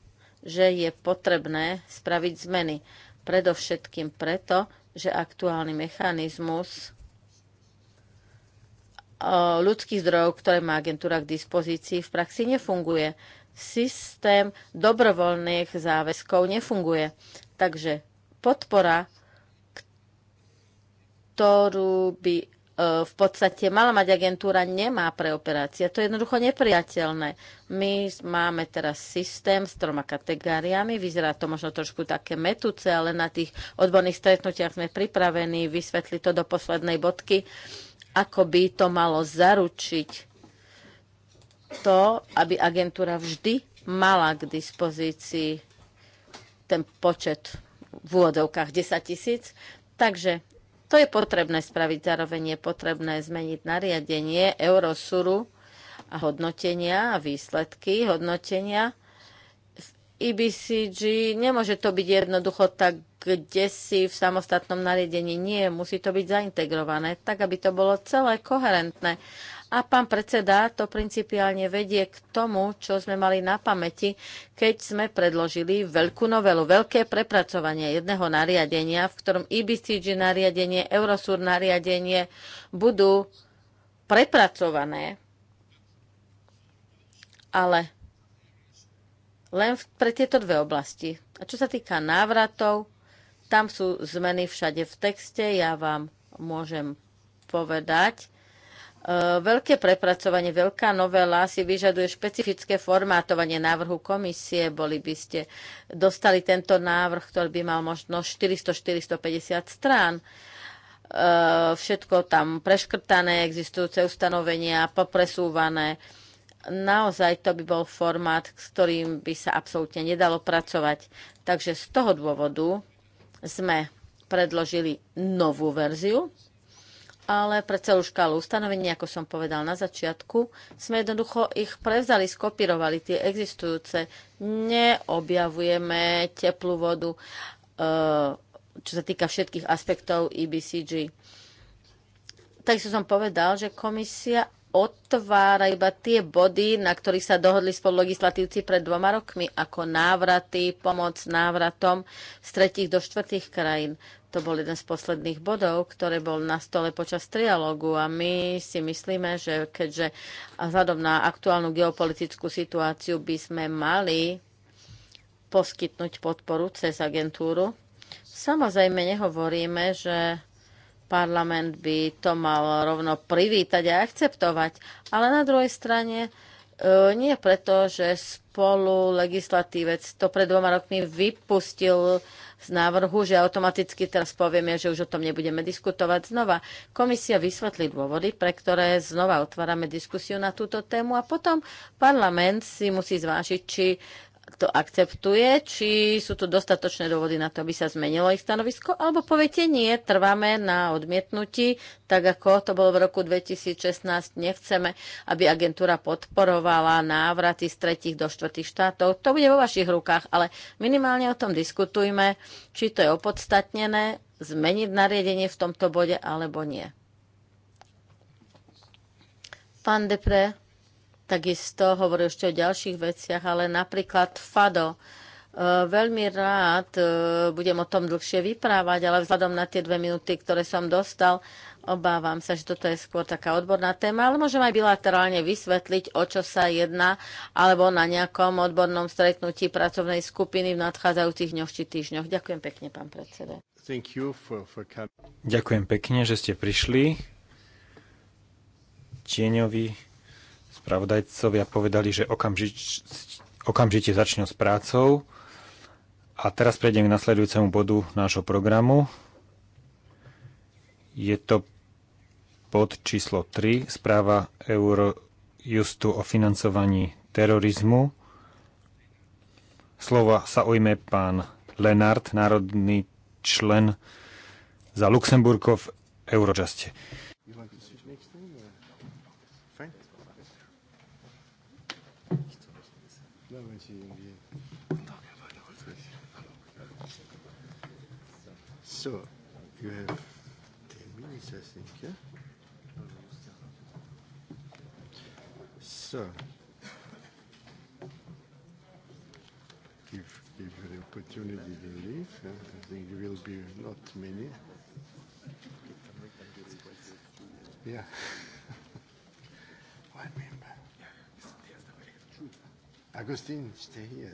že je potrebné spraviť zmeny. Predovšetkým preto, že aktuálny mechanizmus eh, ľudských zdrojov, ktoré má agentúra k dispozícii, v praxi nefunguje. Systém dobrovoľných záväzkov nefunguje. Takže podpora, ktorú by v podstate mala mať agentúra, nemá pre operácia. To je jednoducho nepriateľné. My máme teraz systém s troma kategóriami, vyzerá to možno trošku také metúce, ale na tých odborných stretnutiach sme pripravení vysvetliť to do poslednej bodky, ako by to malo zaručiť to, aby agentúra vždy mala k dispozícii ten počet v úvodovkách 10 tisíc. Takže to je potrebné spraviť, zároveň je potrebné zmeniť nariadenie Eurosuru a hodnotenia a výsledky hodnotenia. V IBCG e nemôže to byť jednoducho tak, kde si v samostatnom nariadení nie, musí to byť zaintegrované, tak aby to bolo celé koherentné a pán predseda to principiálne vedie k tomu, čo sme mali na pamäti, keď sme predložili veľkú novelu, veľké prepracovanie jedného nariadenia, v ktorom IBCG e nariadenie, Eurosur nariadenie budú prepracované, ale len pre tieto dve oblasti. A čo sa týka návratov, tam sú zmeny všade v texte. Ja vám môžem povedať, E, veľké prepracovanie, veľká novela si vyžaduje špecifické formátovanie návrhu komisie. Boli by ste dostali tento návrh, ktorý by mal možno 400-450 strán e, všetko tam preškrtané, existujúce ustanovenia, popresúvané. Naozaj to by bol formát, s ktorým by sa absolútne nedalo pracovať. Takže z toho dôvodu sme predložili novú verziu ale pre celú škálu ustanovení, ako som povedal na začiatku, sme jednoducho ich prevzali, skopírovali tie existujúce. Neobjavujeme teplú vodu, e, čo sa týka všetkých aspektov EBCG. Tak som povedal, že komisia otvára iba tie body, na ktorých sa dohodli legislatívci pred dvoma rokmi, ako návraty, pomoc návratom z tretich do štvrtých krajín. To bol jeden z posledných bodov, ktorý bol na stole počas trialógu a my si myslíme, že keďže vzhľadom na aktuálnu geopolitickú situáciu by sme mali poskytnúť podporu cez agentúru. Samozrejme nehovoríme, že parlament by to mal rovno privítať a akceptovať, ale na druhej strane e, nie preto, že spolu legislatívec to pred dvoma rokmi vypustil z návrhu, že automaticky teraz povieme, že už o tom nebudeme diskutovať znova. Komisia vysvetlí dôvody, pre ktoré znova otvárame diskusiu na túto tému a potom parlament si musí zvážiť, či to akceptuje, či sú tu dostatočné dôvody na to, aby sa zmenilo ich stanovisko, alebo poviete nie, trváme na odmietnutí, tak ako to bolo v roku 2016, nechceme, aby agentúra podporovala návraty z tretich do štvrtých štátov. To bude vo vašich rukách, ale minimálne o tom diskutujme, či to je opodstatnené zmeniť nariadenie v tomto bode alebo nie. Pán Depre, Takisto hovorí ešte o ďalších veciach, ale napríklad FADO. E, veľmi rád e, budem o tom dlhšie vyprávať, ale vzhľadom na tie dve minúty, ktoré som dostal, obávam sa, že toto je skôr taká odborná téma, ale môžem aj bilaterálne vysvetliť, o čo sa jedná, alebo na nejakom odbornom stretnutí pracovnej skupiny v nadchádzajúcich dňoch či týždňoch. Ďakujem pekne, pán predseda. For, for... Ďakujem pekne, že ste prišli. Tieňovi Spravodajcovia povedali, že okamžič, okamžite začnú s prácou. A teraz prejdem k nasledujúcemu bodu nášho programu. Je to bod číslo 3, správa Eurojustu o financovaní terorizmu. Slova sa ujme pán Lenard, národný člen za Luxemburgo v Eurojuste. So, you have 10 minutes, I think, yeah? So, give give you the opportunity to leave, yeah, I think it will be not many. Yeah. One member. Agustin, stay here.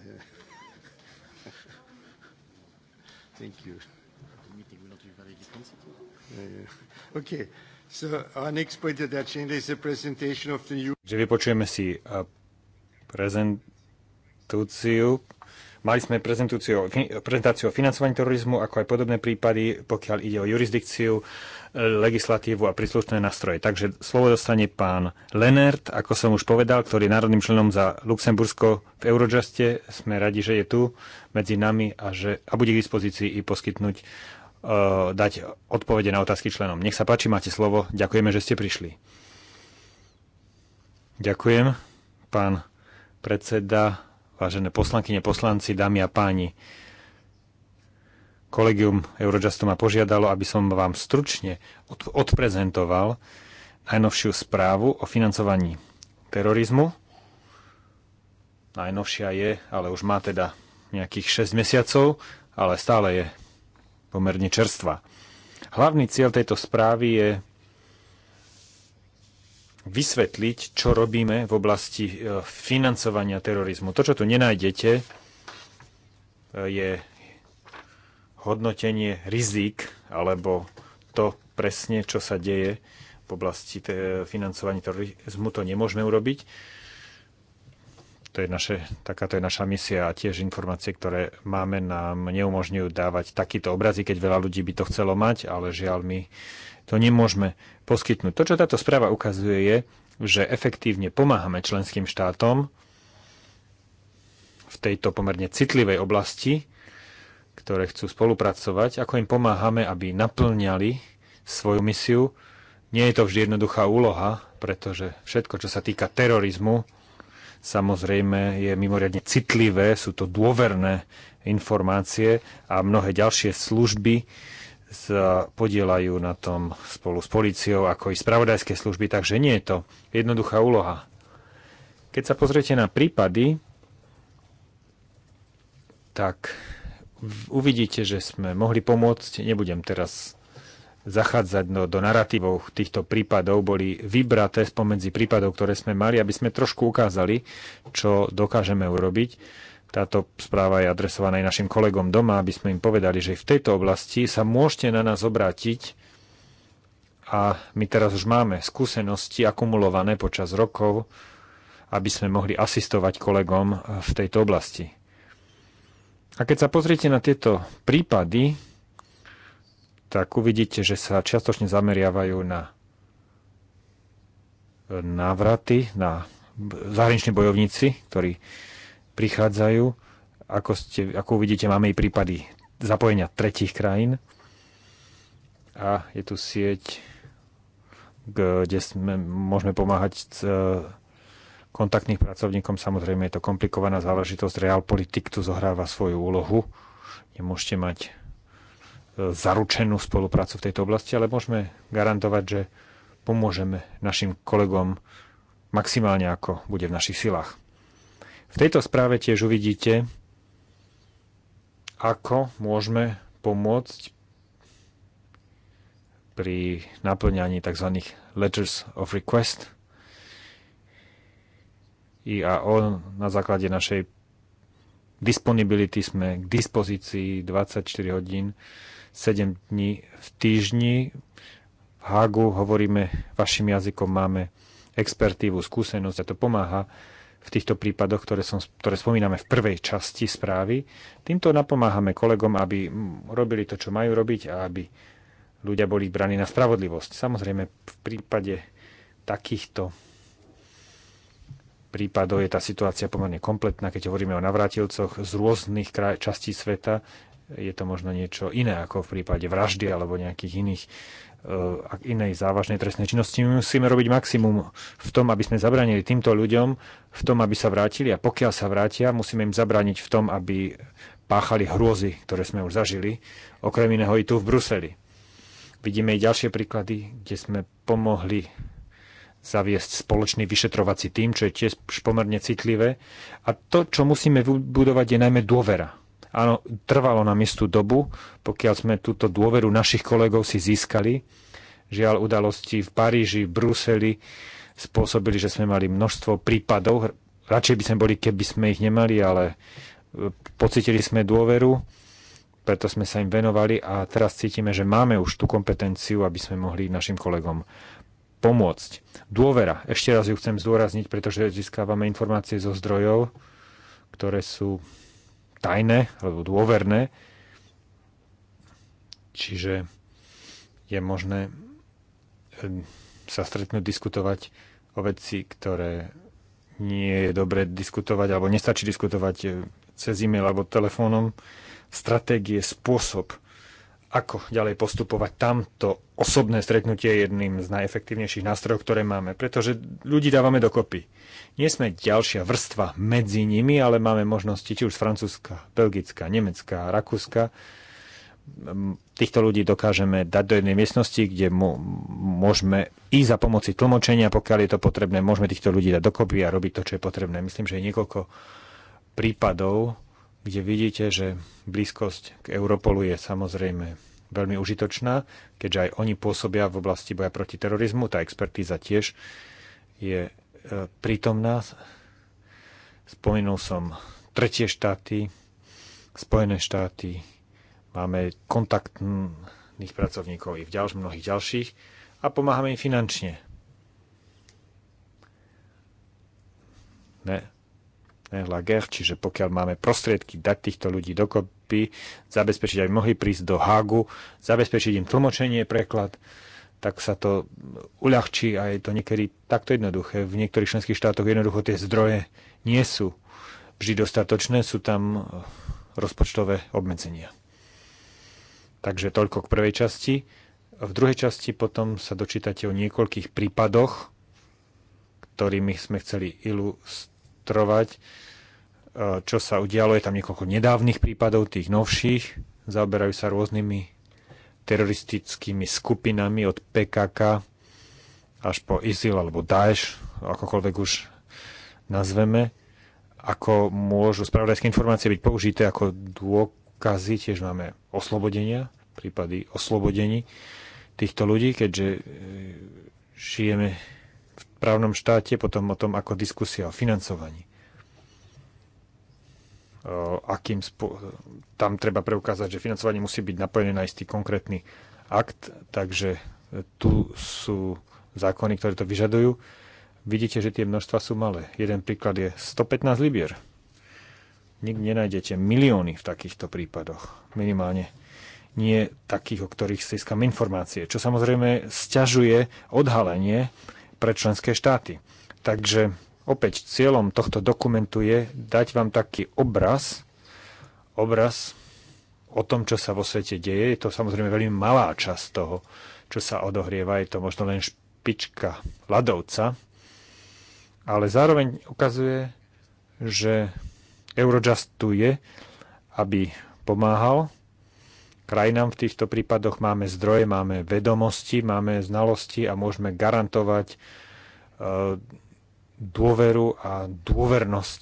Thank you. Okay. So new... Že vypočujeme si uh, prezentúciu. Mali sme prezentáciu, prezentáciu o financovaní terorizmu, ako aj podobné prípady, pokiaľ ide o jurisdikciu, e, legislatívu a príslušné nástroje. Takže slovo dostane pán Lenert, ako som už povedal, ktorý je národným členom za Luxembursko v Eurojuste. Sme radi, že je tu medzi nami a, že, a bude k dispozícii i poskytnúť Eh, dať odpovede na otázky členom. Nech sa páči, máte slovo. Ďakujeme, že ste prišli. Ďakujem, pán predseda, vážené poslankyne, poslanci, dámy a páni. Kolegium Eurojustu ma požiadalo, aby som vám stručne odprezentoval najnovšiu správu o financovaní terorizmu. Najnovšia je, ale už má teda nejakých 6 mesiacov, ale stále je pomerne čerstvá. Hlavný cieľ tejto správy je vysvetliť, čo robíme v oblasti e, financovania terorizmu. To, čo tu nenájdete, e, je hodnotenie rizik alebo to presne, čo sa deje v oblasti financovania terorizmu. To nemôžeme urobiť to je naše, takáto je naša misia a tiež informácie, ktoré máme, nám neumožňujú dávať takýto obrazy, keď veľa ľudí by to chcelo mať, ale žiaľ my to nemôžeme poskytnúť. To, čo táto správa ukazuje, je, že efektívne pomáhame členským štátom v tejto pomerne citlivej oblasti, ktoré chcú spolupracovať, ako im pomáhame, aby naplňali svoju misiu. Nie je to vždy jednoduchá úloha, pretože všetko, čo sa týka terorizmu, samozrejme je mimoriadne citlivé, sú to dôverné informácie a mnohé ďalšie služby sa podielajú na tom spolu s policiou, ako i spravodajské služby, takže nie je to jednoduchá úloha. Keď sa pozriete na prípady, tak uvidíte, že sme mohli pomôcť. Nebudem teraz zachádzať do, do narratívov týchto prípadov, boli vybraté spomedzi prípadov, ktoré sme mali, aby sme trošku ukázali, čo dokážeme urobiť. Táto správa je adresovaná aj našim kolegom doma, aby sme im povedali, že v tejto oblasti sa môžete na nás obrátiť a my teraz už máme skúsenosti akumulované počas rokov, aby sme mohli asistovať kolegom v tejto oblasti. A keď sa pozriete na tieto prípady, tak uvidíte, že sa čiastočne zameriavajú na návraty, na zahraniční bojovníci, ktorí prichádzajú. Ako, ste, ako uvidíte, máme i prípady zapojenia tretich krajín. A je tu sieť, kde sme, môžeme pomáhať s, e, kontaktným pracovníkom. Samozrejme je to komplikovaná záležitosť. Realpolitik tu zohráva svoju úlohu. Nemôžete mať zaručenú spoluprácu v tejto oblasti, ale môžeme garantovať, že pomôžeme našim kolegom maximálne ako bude v našich silách. V tejto správe tiež uvidíte, ako môžeme pomôcť pri naplňaní tzv. letters of request IAO na základe našej disponibility sme k dispozícii 24 hodín 7 dní v týždni. V Hagu hovoríme vašim jazykom, máme expertívu, skúsenosť a to pomáha v týchto prípadoch, ktoré, som, ktoré spomíname v prvej časti správy. Týmto napomáhame kolegom, aby robili to, čo majú robiť a aby ľudia boli braní na spravodlivosť. Samozrejme, v prípade takýchto prípadov je tá situácia pomerne kompletná, keď hovoríme o navrátilcoch z rôznych kraj, častí sveta, je to možno niečo iné ako v prípade vraždy alebo nejakých iných eh, inej závažnej trestnej činnosti. My musíme robiť maximum v tom, aby sme zabránili týmto ľuďom, v tom, aby sa vrátili a pokiaľ sa vrátia, musíme im zabrániť v tom, aby páchali hrôzy, ktoré sme už zažili, okrem iného i tu v Bruseli. Vidíme i ďalšie príklady, kde sme pomohli zaviesť spoločný vyšetrovací tým, čo je tiež pomerne citlivé. A to, čo musíme vybudovať, je najmä dôvera Áno, trvalo nám istú dobu, pokiaľ sme túto dôveru našich kolegov si získali. Žiaľ, udalosti v Paríži, v Bruseli spôsobili, že sme mali množstvo prípadov. Radšej by sme boli, keby sme ich nemali, ale e, pocitili sme dôveru, preto sme sa im venovali a teraz cítime, že máme už tú kompetenciu, aby sme mohli našim kolegom pomôcť. Dôvera, ešte raz ju chcem zdôrazniť, pretože získávame informácie zo zdrojov, ktoré sú tajné alebo dôverné. Čiže je možné eh, sa stretnúť, diskutovať o veci, ktoré nie je dobre diskutovať alebo nestačí diskutovať eh, cez e-mail alebo telefónom. Stratégie, spôsob, ako ďalej postupovať. Tamto osobné stretnutie je jedným z najefektívnejších nástrojov, ktoré máme, pretože ľudí dávame dokopy. Nie sme ďalšia vrstva medzi nimi, ale máme možnosti či už z Francúzska, Belgická, Nemecka, Rakúska. Týchto ľudí dokážeme dať do jednej miestnosti, kde môžeme i za pomoci tlmočenia, pokiaľ je to potrebné, môžeme týchto ľudí dať dokopy a robiť to, čo je potrebné. Myslím, že je niekoľko prípadov, kde vidíte, že blízkosť k Europolu je samozrejme veľmi užitočná, keďže aj oni pôsobia v oblasti boja proti terorizmu. Tá expertíza tiež je e, prítomná. Spomenul som tretie štáty, Spojené štáty, máme kontaktných pracovníkov i v ďalš- mnohých ďalších a pomáhame im finančne. Ne, Lager, čiže pokiaľ máme prostriedky dať týchto ľudí dokopy, zabezpečiť, aby mohli prísť do Hagu, zabezpečiť im tlmočenie, preklad, tak sa to uľahčí a je to niekedy takto jednoduché. V niektorých členských štátoch jednoducho tie zdroje nie sú vždy dostatočné, sú tam rozpočtové obmedzenia. Takže toľko k prvej časti. V druhej časti potom sa dočítate o niekoľkých prípadoch, ktorými sme chceli ilustrovať vyšetrovať, e, čo sa udialo. Je tam niekoľko nedávnych prípadov, tých novších. Zaoberajú sa rôznymi teroristickými skupinami od PKK až po ISIL alebo Daesh, akokoľvek už nazveme, ako môžu spravodajské informácie byť použité ako dôkazy. Tiež máme oslobodenia, prípady oslobodení týchto ľudí, keďže e, žijeme právnom štáte, potom o tom, ako diskusia o financovaní. Akým tam treba preukázať, že financovanie musí byť napojené na istý konkrétny akt, takže tu sú zákony, ktoré to vyžadujú. Vidíte, že tie množstva sú malé. Jeden príklad je 115 libier. Nikdy nenájdete milióny v takýchto prípadoch. Minimálne nie takých, o ktorých získam informácie. Čo samozrejme sťažuje odhalenie pre členské štáty. Takže opäť cieľom tohto dokumentu je dať vám taký obraz, obraz o tom, čo sa vo svete deje. Je to samozrejme veľmi malá časť toho, čo sa odohrieva. Je to možno len špička ľadovca, ale zároveň ukazuje, že Eurojust tu je, aby pomáhal krajinám. V týchto prípadoch máme zdroje, máme vedomosti, máme znalosti a môžeme garantovať e, dôveru a dôvernosť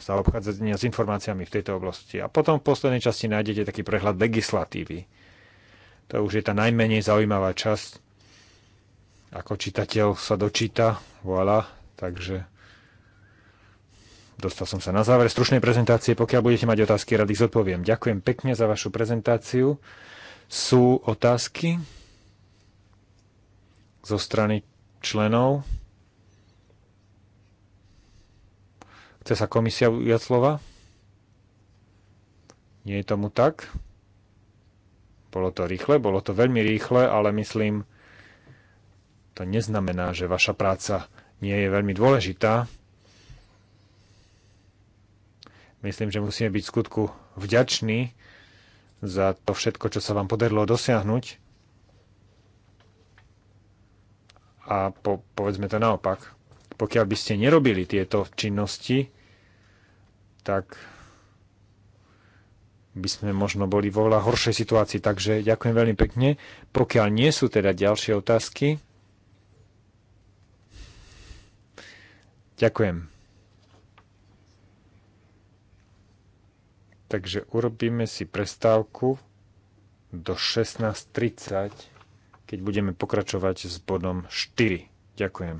zaobchádzania s informáciami v tejto oblasti. A potom v poslednej časti nájdete taký prehľad legislatívy. To už je tá najmenej zaujímavá časť. Ako čitateľ sa dočíta, voilà, takže Dostal som sa na záver stručnej prezentácie. Pokiaľ budete mať otázky, rady ich zodpoviem. Ďakujem pekne za vašu prezentáciu. Sú otázky zo strany členov? Chce sa komisia ujať slova? Nie je tomu tak? Bolo to rýchle, bolo to veľmi rýchle, ale myslím, to neznamená, že vaša práca nie je veľmi dôležitá. Myslím, že musíme byť skutku vďační za to všetko, čo sa vám podarilo dosiahnuť. A po, povedzme to naopak, pokiaľ by ste nerobili tieto činnosti, tak by sme možno boli vo veľa horšej situácii. Takže ďakujem veľmi pekne. Pokiaľ nie sú teda ďalšie otázky, ďakujem. Takže urobíme si prestávku do 16.30, keď budeme pokračovať s bodom 4. Ďakujem.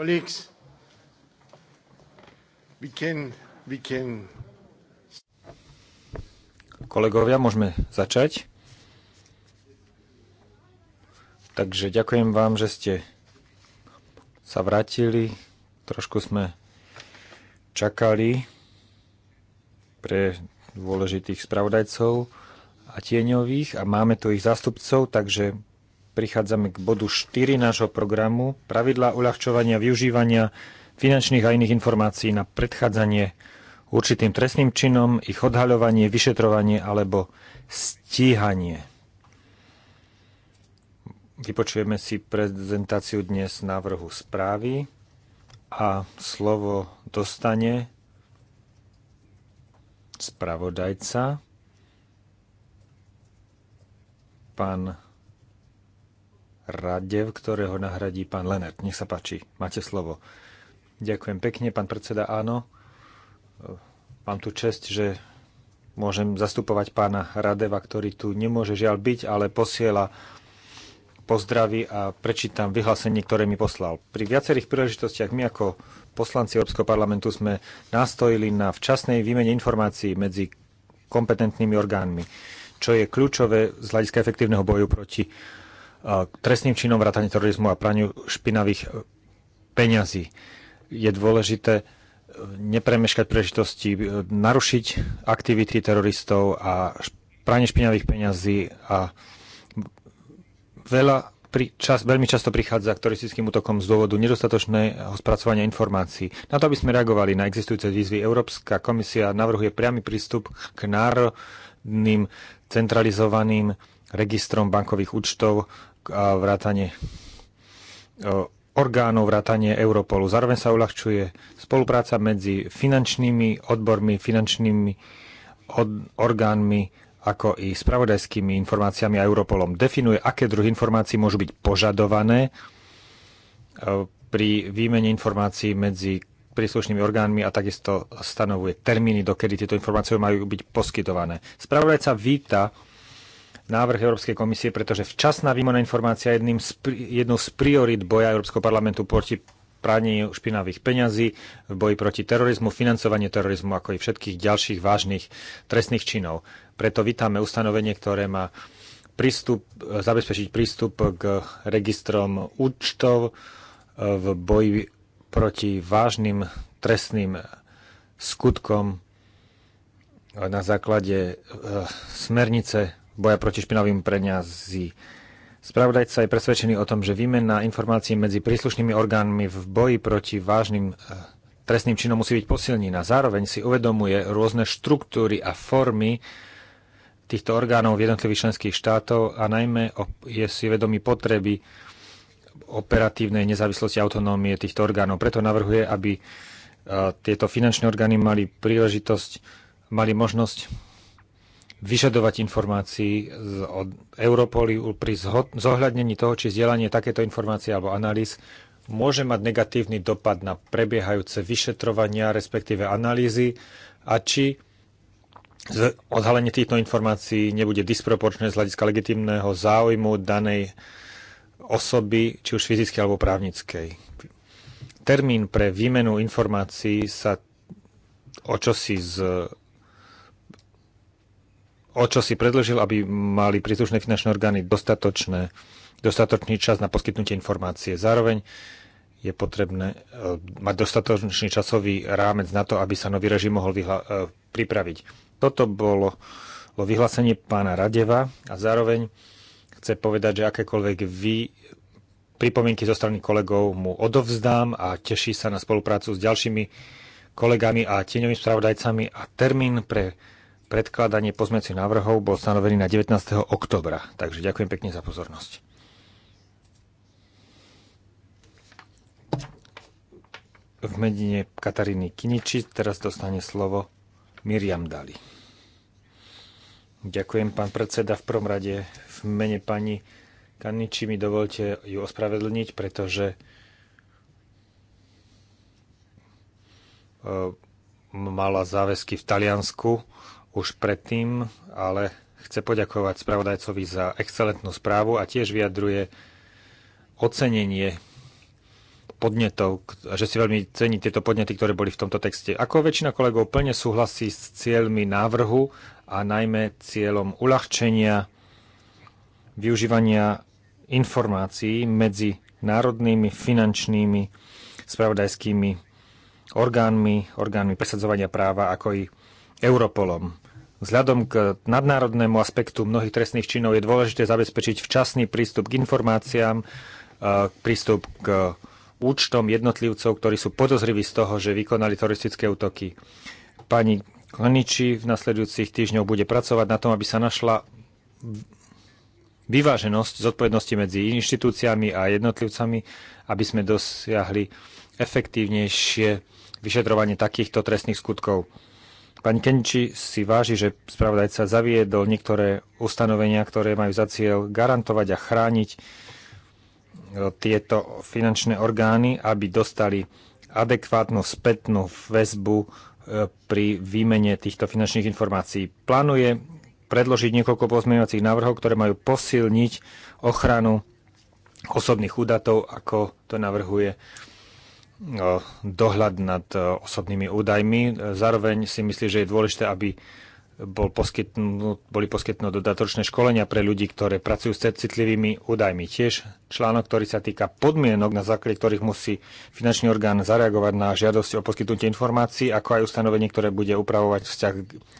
Colleagues, we can, we can... Kolegovia, môžeme začať. Takže ďakujem vám, že ste sa vrátili. Trošku sme čakali pre dôležitých spravodajcov a tieňových a máme tu ich zástupcov, takže prichádzame k bodu 4 nášho programu Pravidlá uľahčovania využívania finančných a iných informácií na predchádzanie určitým trestným činom, ich odhaľovanie, vyšetrovanie alebo stíhanie. Vypočujeme si prezentáciu dnes návrhu správy a slovo dostane spravodajca pán Radev, ktorého nahradí pán Lenert. Nech sa páči, máte slovo. Ďakujem pekne, pán predseda, áno. Mám tu čest, že môžem zastupovať pána Radeva, ktorý tu nemôže žiaľ byť, ale posiela pozdraví a prečítam vyhlásenie, ktoré mi poslal. Pri viacerých príležitostiach my ako poslanci Európskeho parlamentu sme nastojili na včasnej výmene informácií medzi kompetentnými orgánmi, čo je kľúčové z hľadiska efektívneho boju proti k trestným činom vrátane terorizmu a praniu špinavých e, peňazí. Je dôležité e, nepremeškať príležitosti, e, narušiť aktivity teroristov a pranie špinavých peňazí a veľa pri, čas, veľmi často prichádza k teroristickým útokom z dôvodu nedostatočného spracovania informácií. Na to, aby sme reagovali na existujúce výzvy, Európska komisia navrhuje priamy prístup k národným centralizovaným registrom bankových účtov a vrátanie e, orgánov, vrátanie Europolu. Zároveň sa uľahčuje spolupráca medzi finančnými odbormi, finančnými od, orgánmi, ako i spravodajskými informáciami a Europolom. Definuje, aké druhy informácií môžu byť požadované e, pri výmene informácií medzi príslušnými orgánmi a takisto stanovuje termíny, dokedy tieto informácie majú byť poskytované. Spravodajca víta návrh Európskej komisie, pretože včasná výmona informácia je jedným z, jednou z priorit boja Európskeho parlamentu proti praní špinavých peňazí, v boji proti terorizmu, financovanie terorizmu, ako i všetkých ďalších vážnych trestných činov. Preto vítame ustanovenie, ktoré má prístup, zabezpečiť prístup k registrom účtov e, v boji proti vážnym trestným skutkom na základe e, smernice boja proti špinavým preňazí. Spravodajca je presvedčený o tom, že výmena informácií medzi príslušnými orgánmi v boji proti vážnym eh, trestným činom musí byť posilnená. Zároveň si uvedomuje rôzne štruktúry a formy týchto orgánov v jednotlivých členských štátov a najmä je si vedomý potreby operatívnej nezávislosti a autonómie týchto orgánov. Preto navrhuje, aby eh, tieto finančné orgány mali príležitosť, mali možnosť vyžadovať informácií od Europoli pri zohľadnení toho, či zdieľanie takéto informácie alebo analýz môže mať negatívny dopad na prebiehajúce vyšetrovania, respektíve analýzy a či odhalenie týchto informácií nebude disproporčné z hľadiska legitimného záujmu danej osoby, či už fyzickej alebo právnickej. Termín pre výmenu informácií sa o čosi z o čo si predložil, aby mali príslušné finančné orgány dostatočné, dostatočný čas na poskytnutie informácie. Zároveň je potrebné e, mať dostatočný časový rámec na to, aby sa nový režim mohol e, pripraviť. Toto bolo vyhlásenie pána Radeva a zároveň chce povedať, že akékoľvek vy pripomienky zo strany kolegov mu odovzdám a teší sa na spoluprácu s ďalšími kolegami a tieňovými spravodajcami a termín pre predkladanie pozmecich návrhov bol stanovený na 19. oktobra. Takže ďakujem pekne za pozornosť. V medine Kataríny Kiniči teraz dostane slovo Miriam Dali. Ďakujem, pán predseda. V prvom rade v mene pani Kaniči mi dovolte ju ospravedlniť, pretože e, mala záväzky v Taliansku už predtým, ale chce poďakovať spravodajcovi za excelentnú správu a tiež vyjadruje ocenenie podnetov, že si veľmi cení tieto podnety, ktoré boli v tomto texte. Ako väčšina kolegov plne súhlasí s cieľmi návrhu a najmä cieľom uľahčenia využívania informácií medzi národnými finančnými spravodajskými orgánmi, orgánmi presadzovania práva, ako i Europolom. Vzhľadom k nadnárodnému aspektu mnohých trestných činov je dôležité zabezpečiť včasný prístup k informáciám, e, prístup k účtom jednotlivcov, ktorí sú podozriví z toho, že vykonali teroristické útoky. Pani Kleniči v nasledujúcich týždňoch bude pracovať na tom, aby sa našla vyváženosť zodpovednosti medzi inštitúciami a jednotlivcami, aby sme dosiahli efektívnejšie vyšetrovanie takýchto trestných skutkov. Pani Kenči si váži, že spravodajca zaviedol niektoré ustanovenia, ktoré majú za cieľ garantovať a chrániť no, tieto finančné orgány, aby dostali adekvátnu spätnú väzbu e, pri výmene týchto finančných informácií. Plánuje predložiť niekoľko pozmeňovacích návrhov, ktoré majú posilniť ochranu osobných údatov, ako to navrhuje dohľad nad osobnými údajmi. Zároveň si myslí, že je dôležité, aby bol poskytnú, boli poskytnúť dodatočné školenia pre ľudí, ktoré pracujú s citlivými údajmi. Tiež článok, ktorý sa týka podmienok, na základe ktorých musí finančný orgán zareagovať na žiadosť o poskytnutie informácií, ako aj ustanovenie, ktoré bude upravovať vzťah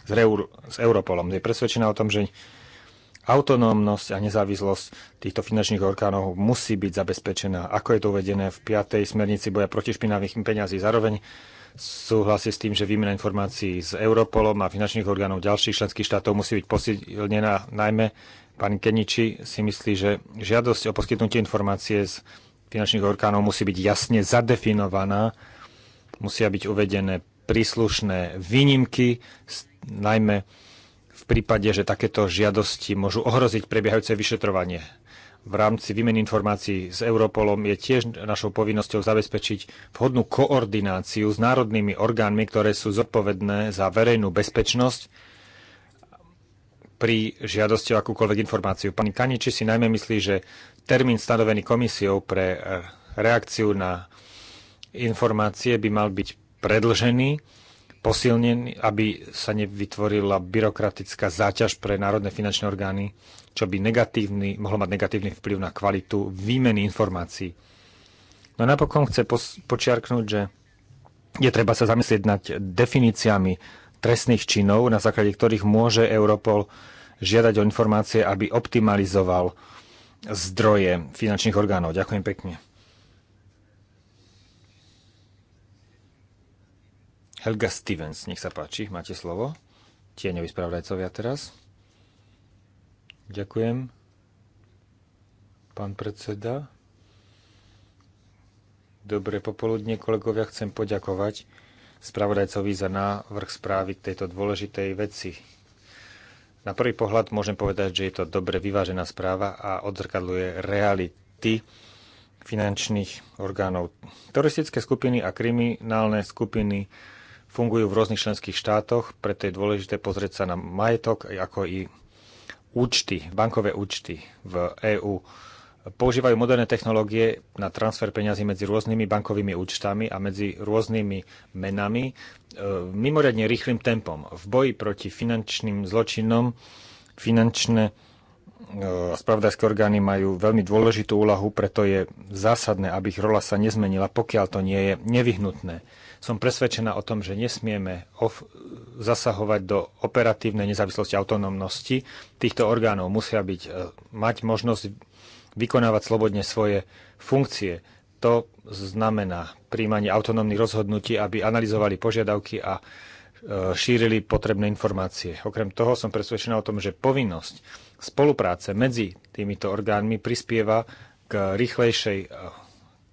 s, Reur, s Europolom. Je presvedčená o tom, že Autonómnosť a nezávislosť týchto finančných orgánov musí byť zabezpečená, ako je to uvedené v 5. smernici boja proti špinavých peňazí. Zároveň súhlasie s tým, že výmena informácií s Europolom a finančných orgánov ďalších členských štátov musí byť posilnená. Najmä pani Keniči si myslí, že žiadosť o poskytnutie informácie z finančných orgánov musí byť jasne zadefinovaná, musia byť uvedené príslušné výnimky, najmä prípade, že takéto žiadosti môžu ohroziť prebiehajúce vyšetrovanie. V rámci výmeny informácií s Europolom je tiež našou povinnosťou zabezpečiť vhodnú koordináciu s národnými orgánmi, ktoré sú zodpovedné za verejnú bezpečnosť pri žiadosti o akúkoľvek informáciu. Pani Kaniči si najmä myslí, že termín stanovený komisiou pre eh, reakciu na informácie by mal byť predlžený posilnený, aby sa nevytvorila byrokratická záťaž pre národné finančné orgány, čo by negatívny, mohlo mať negatívny vplyv na kvalitu výmeny informácií. No a napokon chce počiarknúť, že je treba sa zamyslieť nad definíciami trestných činov, na základe ktorých môže Europol žiadať o informácie, aby optimalizoval zdroje finančných orgánov. Ďakujem pekne. Helga Stevens, nech sa páči, máte slovo. Tieňoví spravodajcovia teraz. Ďakujem. Pán predseda. Dobre popoludne, kolegovia. Chcem poďakovať spravodajcovi za návrh správy k tejto dôležitej veci. Na prvý pohľad môžem povedať, že je to dobre vyvážená správa a odzrkadluje reality finančných orgánov. Teroristické skupiny a kriminálne skupiny fungujú v rôznych členských štátoch, preto je dôležité pozrieť sa na majetok, ako i účty, bankové účty v EÚ. Používajú moderné technológie na transfer peňazí medzi rôznymi bankovými účtami a medzi rôznymi menami e, mimoriadne rýchlým tempom. V boji proti finančným zločinom finančné e, a spravodajské orgány majú veľmi dôležitú úlahu, preto je zásadné, aby ich rola sa nezmenila, pokiaľ to nie je nevyhnutné. Som presvedčená o tom, že nesmieme zasahovať do operatívnej nezávislosti autonómnosti týchto orgánov. Musia byť, e, mať možnosť vykonávať slobodne svoje funkcie. To znamená príjmanie autonómnych rozhodnutí, aby analyzovali požiadavky a e, šírili potrebné informácie. Okrem toho som presvedčená o tom, že povinnosť spolupráce medzi týmito orgánmi prispieva k rýchlejšej e,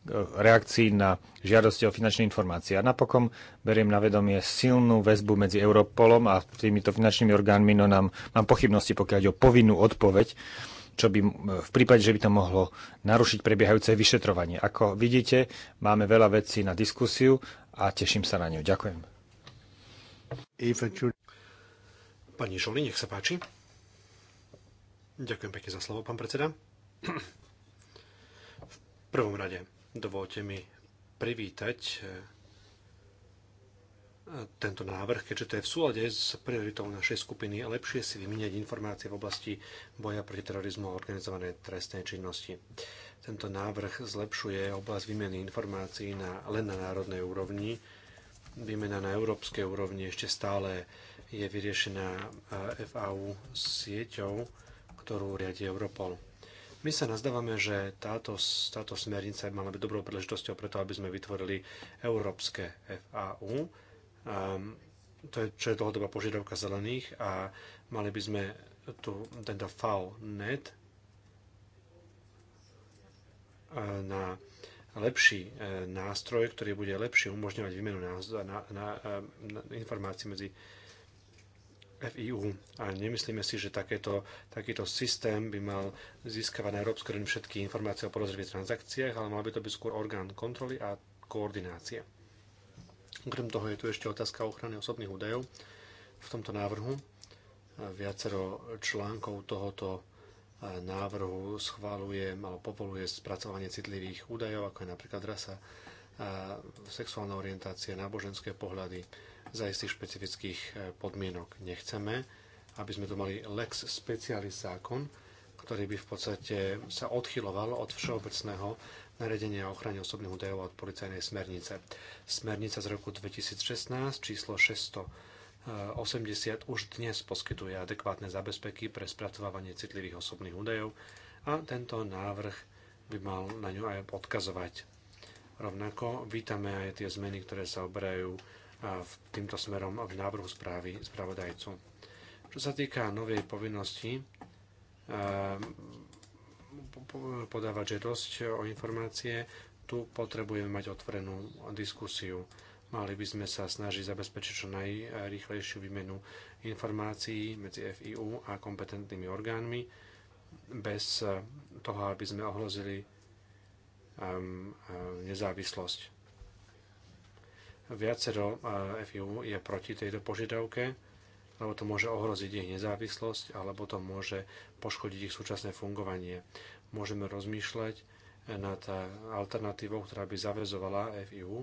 Eh, reakcií na žiadosti o finančné informácie. A napokon beriem na vedomie silnú väzbu medzi Europolom a týmito finančnými orgánmi, no nám, mám pochybnosti, pokiaľ ide o povinnú odpoveď, čo by eh, v prípade, že by to mohlo narušiť prebiehajúce vyšetrovanie. Ako vidíte, máme veľa vecí na diskusiu a teším sa na ňu. Ďakujem. Pani Šoli, nech sa páči. Ďakujem pekne za slovo, pán predseda. V prvom rade Dovolte mi privítať eh, tento návrh, keďže to je v súlade s prioritou našej skupiny a lepšie si vymieňať informácie v oblasti boja proti terorizmu a organizovanej trestnej činnosti. Tento návrh zlepšuje oblasť výmeny informácií na, len na národnej úrovni. Výmena na európskej úrovni ešte stále je vyriešená eh, FAU sieťou, ktorú riadi Europol. My sa nazdávame, že táto, táto smernica mala byť dobrou príležitosťou preto, aby sme vytvorili európske FAU. Um, ehm, to je, čo je dlhodobá požiadavka zelených a mali by sme tu tento net e, na lepší e, nástroj, ktorý bude lepšie umožňovať výmenu na, na, na, e, na informácií medzi v A nemyslíme si, že takéto, takýto systém by mal získavať na európskej úrovni všetky informácie o podozrivých transakciách, ale mal by to byť skôr orgán kontroly a koordinácie. Okrem toho je tu ešte otázka ochrany osobných údajov v tomto návrhu. Viacero článkov tohoto eh, návrhu schváluje alebo povoluje spracovanie citlivých údajov, ako je napríklad rasa, sexuálna orientácia, náboženské pohľady za istých špecifických e, podmienok. Nechceme, aby sme tu mali lex specialis zákon, ktorý by v podstate sa odchyloval od všeobecného nariadenia o ochrane osobných údajov od policajnej smernice. Smernica z roku 2016 číslo 80 e, už dnes poskytuje adekvátne zabezpeky pre spracovávanie citlivých osobných údajov a tento návrh by mal na ňu aj odkazovať. Rovnako vítame aj tie zmeny, ktoré sa oberajú v týmto smerom v návrhu správy spravodajcu. Čo sa týka novej povinnosti ehm, podávať žiadosť o informácie, tu potrebujeme mať otvorenú diskusiu. Mali by sme sa snažiť zabezpečiť čo najrýchlejšiu výmenu informácií medzi FIU a kompetentnými orgánmi, bez toho, aby sme ohrozili Um, nezávislosť. Viacero FIU je proti tejto požiadavke, lebo to môže ohroziť ich nezávislosť, alebo to môže poškodiť ich súčasné fungovanie. Môžeme rozmýšľať nad alternatívou, ktorá by zavezovala FIU,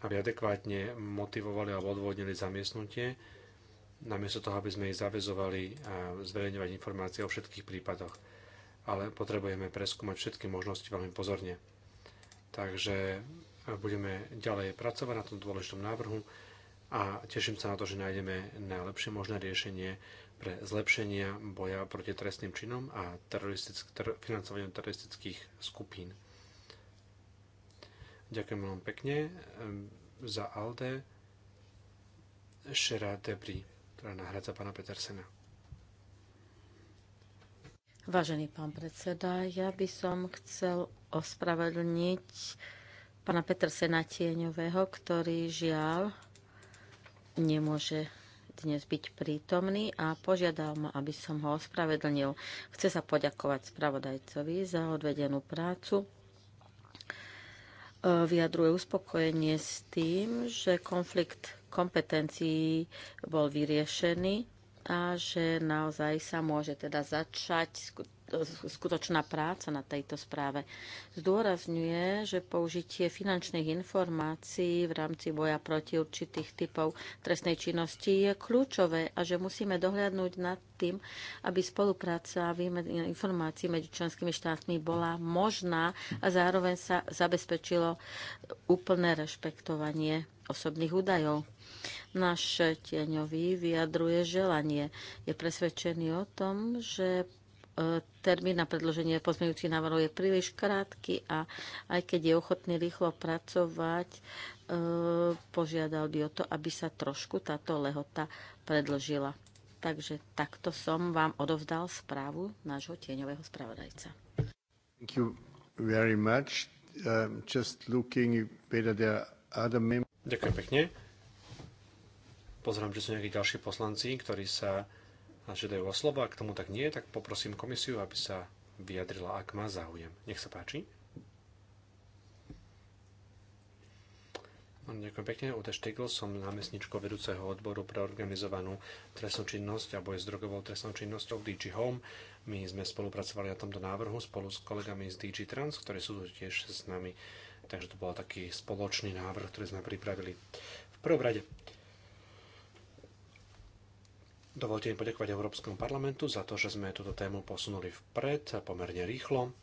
aby adekvátne motivovali alebo odvodnili zamiestnutie, namiesto toho, aby sme ich zavezovali zverejňovať informácie o všetkých prípadoch ale potrebujeme preskúmať všetky možnosti veľmi pozorne. Takže e, budeme ďalej pracovať na tom dôležitom návrhu a teším sa na to, že nájdeme najlepšie možné riešenie pre zlepšenia boja proti trestným činom a teroristick- ter- financovaniu teroristických skupín. Ďakujem veľmi pekne e, za Alde Šera Debri, ktorá nahradza pána Petersena. Vážený pán predseda, ja by som chcel ospravedlniť pána Petra Senatieňového, ktorý žiaľ nemôže dnes byť prítomný a požiadal ma, aby som ho ospravedlnil. Chce sa poďakovať spravodajcovi za odvedenú prácu. E, vyjadruje uspokojenie s tým, že konflikt kompetencií bol vyriešený a že naozaj sa môže teda začať e, skutočná práca na tejto správe. Zdôrazňuje, že použitie finančných informácií v rámci boja proti určitých typov trestnej činnosti je kľúčové a že musíme dohľadnúť nad tým, aby spolupráca informácií medzi členskými štátmi bola možná a zároveň sa zabezpečilo úplné rešpektovanie osobných údajov. Náš tieňový vyjadruje želanie. Je presvedčený o tom, že e, termín na predloženie pozmeňujúcich návrhov je príliš krátky a aj keď je ochotný rýchlo pracovať, e, požiadal by o to, aby sa trošku táto lehota predložila. Takže takto som vám odovzdal správu nášho tieňového spravodajca. Thank you very much. Um, just looking whether there are other Ďakujem pekne. Pozerám, že sú nejakí ďalší poslanci, ktorí sa žiadajú o slovo. Ak tomu tak nie, tak poprosím komisiu, aby sa vyjadrila, ak má záujem. Nech sa páči. Ďakujem pekne. Ute Štegl, som námestničko vedúceho odboru pre organizovanú trestnú činnosť a boj s drogovou trestnou činnosťou DG Home. My sme spolupracovali na tomto návrhu spolu s kolegami z DG Trans, ktorí sú tiež s nami. Takže to bol taký spoločný návrh, ktorý sme pripravili. V prvom rade Dovolte mi poďakovať Európskom parlamentu za to, že sme túto tému posunuli vpred pomerne rýchlo.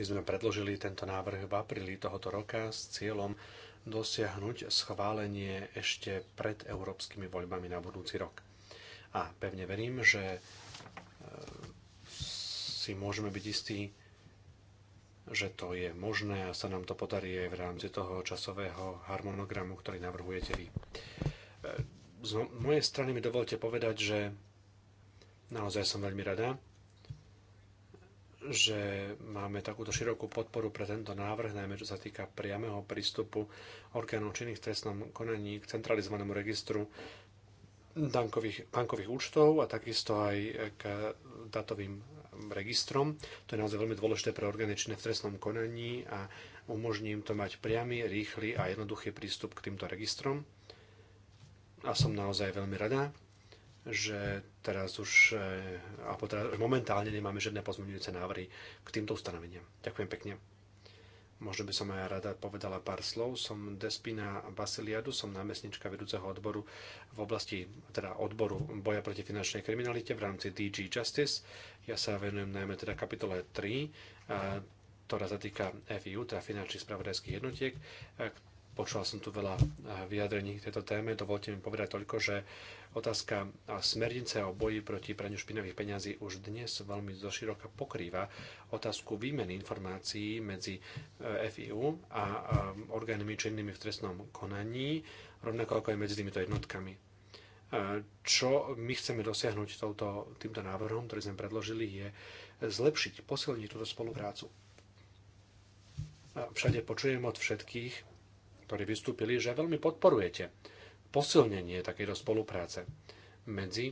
My sme predložili tento návrh v apríli tohoto roka s cieľom dosiahnuť schválenie ešte pred európskymi voľbami na budúci rok. A pevne verím, že e, si môžeme byť istí, že to je možné a sa nám to podarí aj v rámci toho časového harmonogramu, ktorý navrhujete vy e, z mojej strany mi dovolte povedať, že naozaj som veľmi rada, že máme takúto širokú podporu pre tento návrh, najmä čo sa týka priameho prístupu orgánov činných v trestnom konaní k centralizovanému registru bankových, bankových účtov a takisto aj k datovým registrom. To je naozaj veľmi dôležité pre orgány činné v trestnom konaní a umožní im to mať priamy, rýchly a jednoduchý prístup k týmto registrom a som naozaj veľmi rada, že teraz už, e, alebo teraz momentálne nemáme žiadne pozmeňujúce návrhy k týmto ustanoveniam. Ďakujem pekne. Možno by som aj rada povedala pár slov. Som Despina Basiliadu, som námestnička vedúceho odboru v oblasti, teda odboru boja proti finančnej kriminalite v rámci DG Justice. Ja sa venujem najmä teda kapitole 3, e, ktorá sa týka FIU, teda finančných spravodajských jednotiek, e, Počula som tu veľa eh, vyjadrení k tejto téme. Dovolte mi povedať toľko, že otázka a eh, smernice o boji proti praniu špinavých peňazí už dnes veľmi zoširoka pokrýva otázku výmeny informácií medzi eh, FIU a orgánmi činnými v trestnom konaní, rovnako ako aj medzi týmito jednotkami. Čo my chceme dosiahnuť touto, týmto návrhom, ktorý sme predložili, je zlepšiť, posilniť túto spoluprácu. Všade počujem od všetkých, ktorí vystúpili, že veľmi podporujete posilnenie takejto spolupráce medzi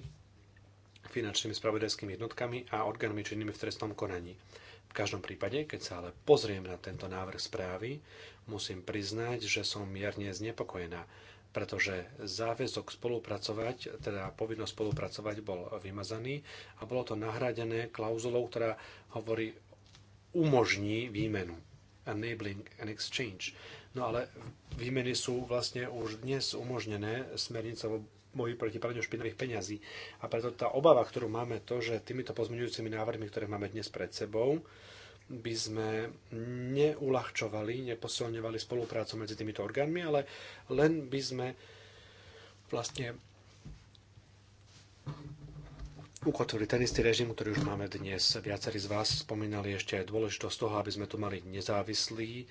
finančnými spravodajskými jednotkami a orgánmi činnými v trestnom konaní. V každom prípade, keď sa ale pozriem na tento návrh správy, musím priznať, že som mierne znepokojená, pretože záväzok spolupracovať, teda povinnosť spolupracovať bol vymazaný a bolo to nahradené klauzulou, ktorá hovorí umožní výmenu enabling an exchange. No ale výmeny sú vlastne už dnes umožnené smernicou boji proti praniu špinavých peňazí. A preto tá obava, ktorú máme, to, že týmito pozmeňujúcimi návrhmi, ktoré máme dnes pred sebou, by sme neulahčovali, neposilňovali spoluprácu medzi týmito orgánmi, ale len by sme vlastne ukotvili ten istý režim, ktorý už máme dnes. Viacerí z vás spomínali ešte aj dôležitosť toho, aby sme tu mali nezávislý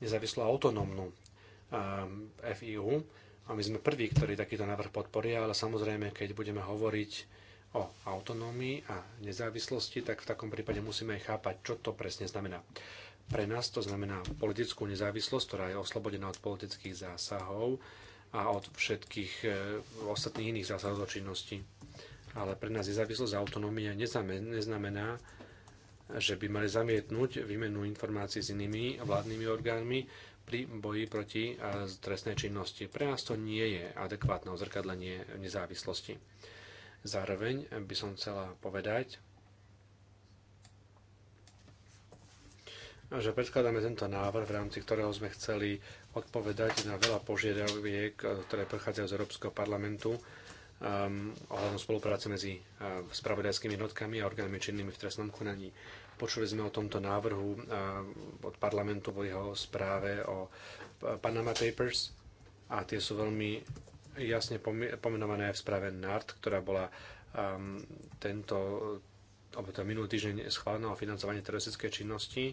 nezávislú a autonómnu eh, FIU. A my sme prví, ktorí takýto návrh podporia, ale samozrejme, keď budeme hovoriť o autonómii a nezávislosti, tak v takom prípade musíme aj chápať, čo to presne znamená. Pre nás to znamená politickú nezávislosť, ktorá je oslobodená od politických zásahov a od všetkých eh, ostatných iných zásahov do činnosti. Ale pre nás nezávislosť a autonómia neznamená že by mali zamietnúť výmenu informácií s inými vládnymi orgánmi pri boji proti trestnej činnosti. Pre nás to nie je adekvátne zrkadlenie nezávislosti. Zároveň by som chcela povedať, že predkladáme tento návrh, v rámci ktorého sme chceli odpovedať na veľa požiadaviek, ktoré prechádzajú z Európskeho parlamentu, Um, ohľadom spolupráce medzi uh, spravodajskými jednotkami a orgánmi činnými v trestnom konaní. Počuli sme o tomto návrhu uh, od parlamentu vo jeho správe o uh, Panama Papers a tie sú veľmi jasne pomenované v správe NART, ktorá bola um, tento, alebo to minulý týždeň schválená o financovanie teroristickej činnosti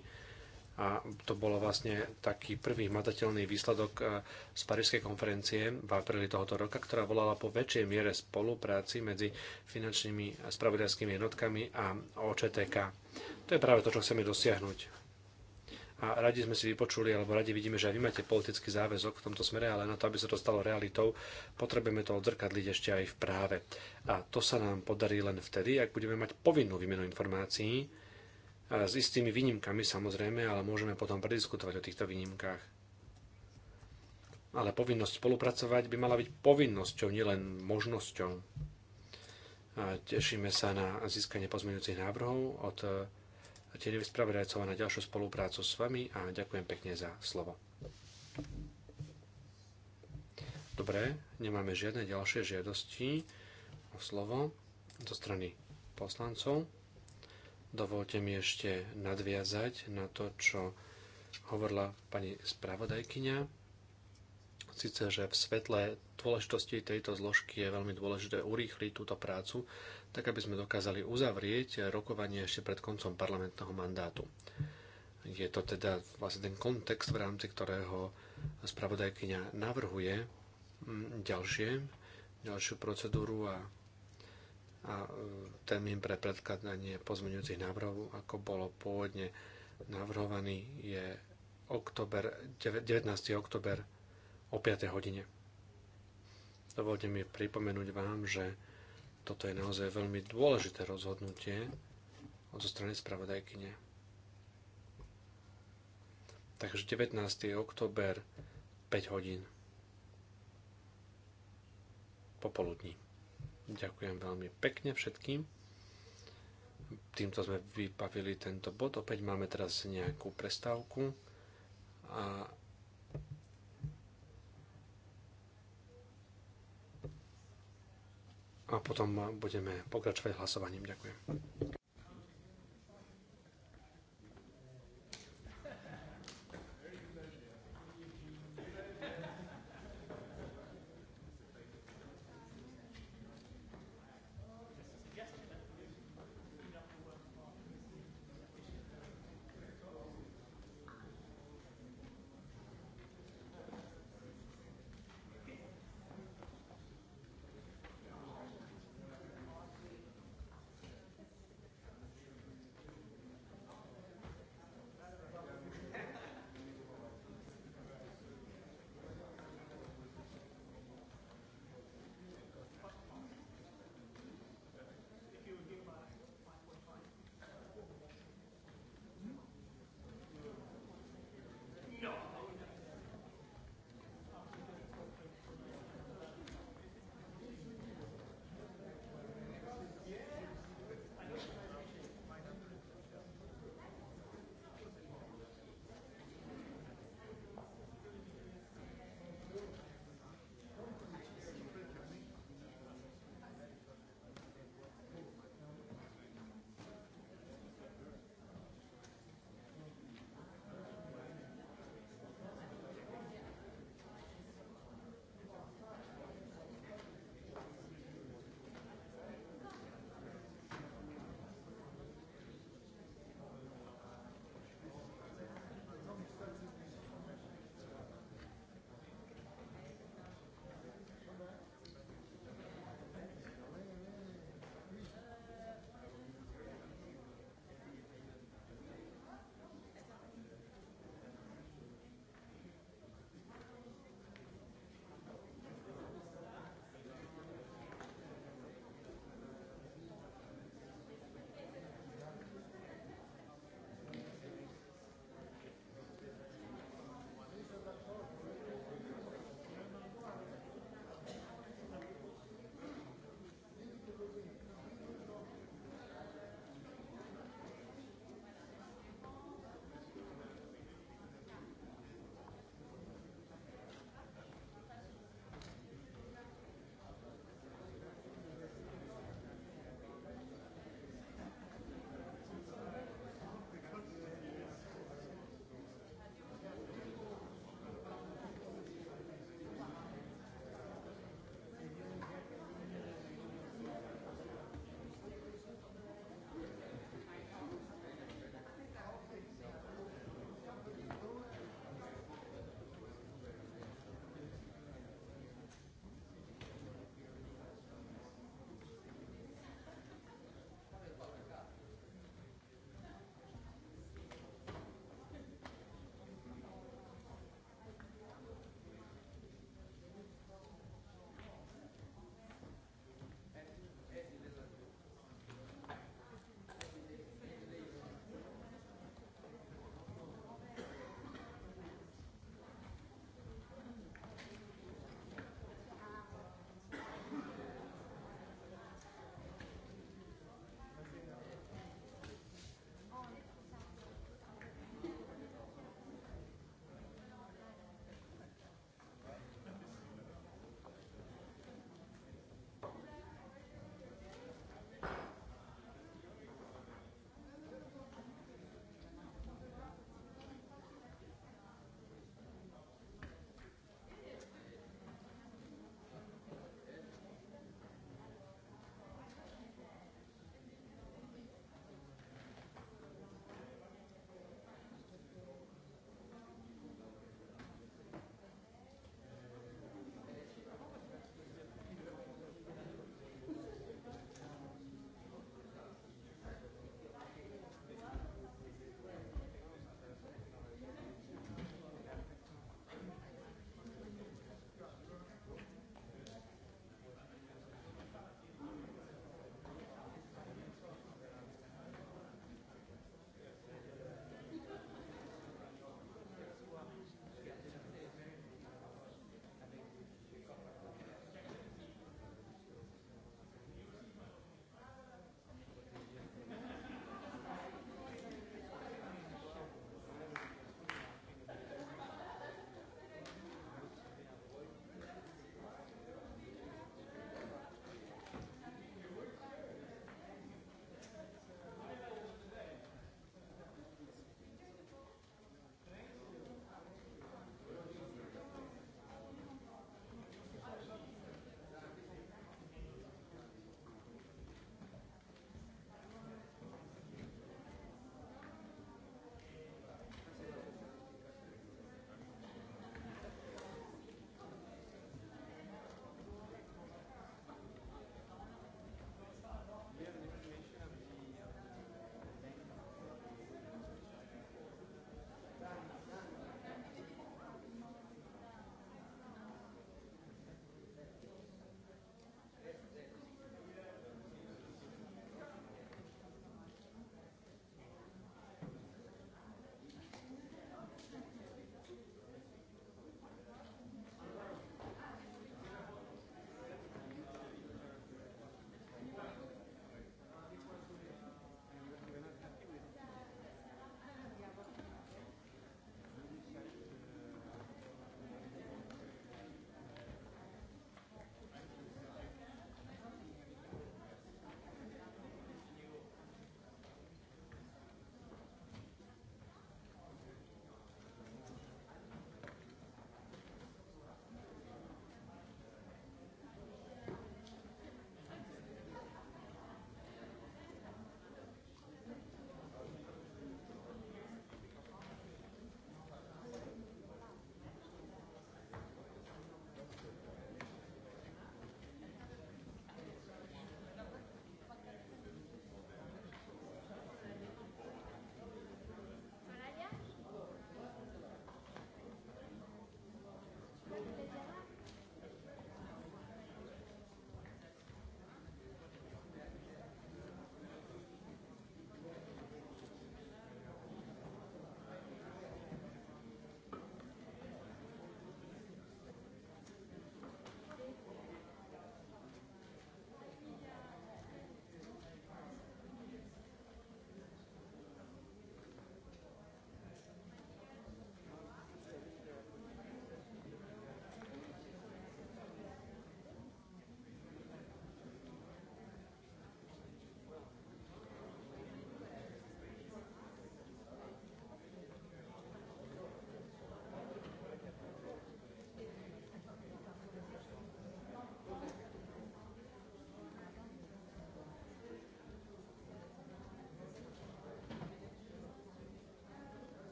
a to bolo vlastne taký prvý matateľný výsledok e, z Parížskej konferencie v apríli tohoto roka, ktorá volala po väčšej miere spolupráci medzi finančnými a spravodajskými jednotkami a OČTK. To je práve to, čo chceme dosiahnuť. A radi sme si vypočuli, alebo radi vidíme, že aj vy máte politický záväzok v tomto smere, ale na to, aby sa to stalo realitou, potrebujeme to odzrkadliť ešte aj v práve. A to sa nám podarí len vtedy, ak budeme mať povinnú výmenu informácií, s istými výnimkami samozrejme, ale môžeme potom prediskutovať o týchto výnimkách. Ale povinnosť spolupracovať by mala byť povinnosťou, nielen možnosťou. A tešíme sa na získanie pozmeňujúcich návrhov od e, tieňových spravodajcov na ďalšiu spoluprácu s vami a ďakujem pekne za slovo. Dobre, nemáme žiadne ďalšie žiadosti o slovo zo strany poslancov. Dovolte mi ešte nadviazať na to, čo hovorila pani spravodajkyňa. Sice, že v svetle dôležitosti tejto zložky je veľmi dôležité urýchliť túto prácu, tak aby sme dokázali uzavrieť rokovanie ešte pred koncom parlamentného mandátu. Je to teda vlastne ten kontext, v rámci ktorého spravodajkyňa navrhuje mm, ďalšie, ďalšiu procedúru a a e, termín pre predkladanie pozmeňujúcich návrhov, ako bolo pôvodne navrhovaný, je oktober, 19. oktober o 5. hodine. Dovolte mi pripomenúť vám, že toto je naozaj veľmi dôležité rozhodnutie zo strany spravodajkyne. Takže 19. oktober 5 hodín popoludní. Ďakujem veľmi pekne všetkým. Týmto sme vybavili tento bod. Opäť máme teraz nejakú prestávku. A a potom budeme pokračovať hlasovaním. Ďakujem.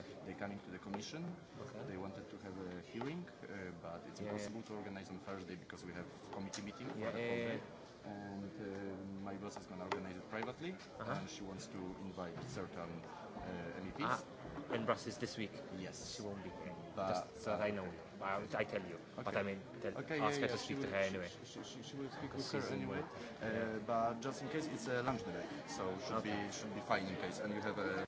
Okay. They're coming to the commission. Okay. They wanted to have a hearing, uh, but it's yeah, impossible yeah. to organize on Thursday because we have committee meeting yeah, for the whole yeah. day. And uh, my boss is going to organize it privately, uh -huh. and she wants to invite certain uh, MEPs. Ah, in Brussels this week? Yes. She won't be here. But, Just so uh, that I know. I, I tell you. Okay. But I mean, tell, okay, ask yeah, her yeah. to speak she to her anyway. She, she, she will speak with her anyway. Uh, yeah. But just in case, it's a lunch delay, so should okay. be should be fine in case. And you have a.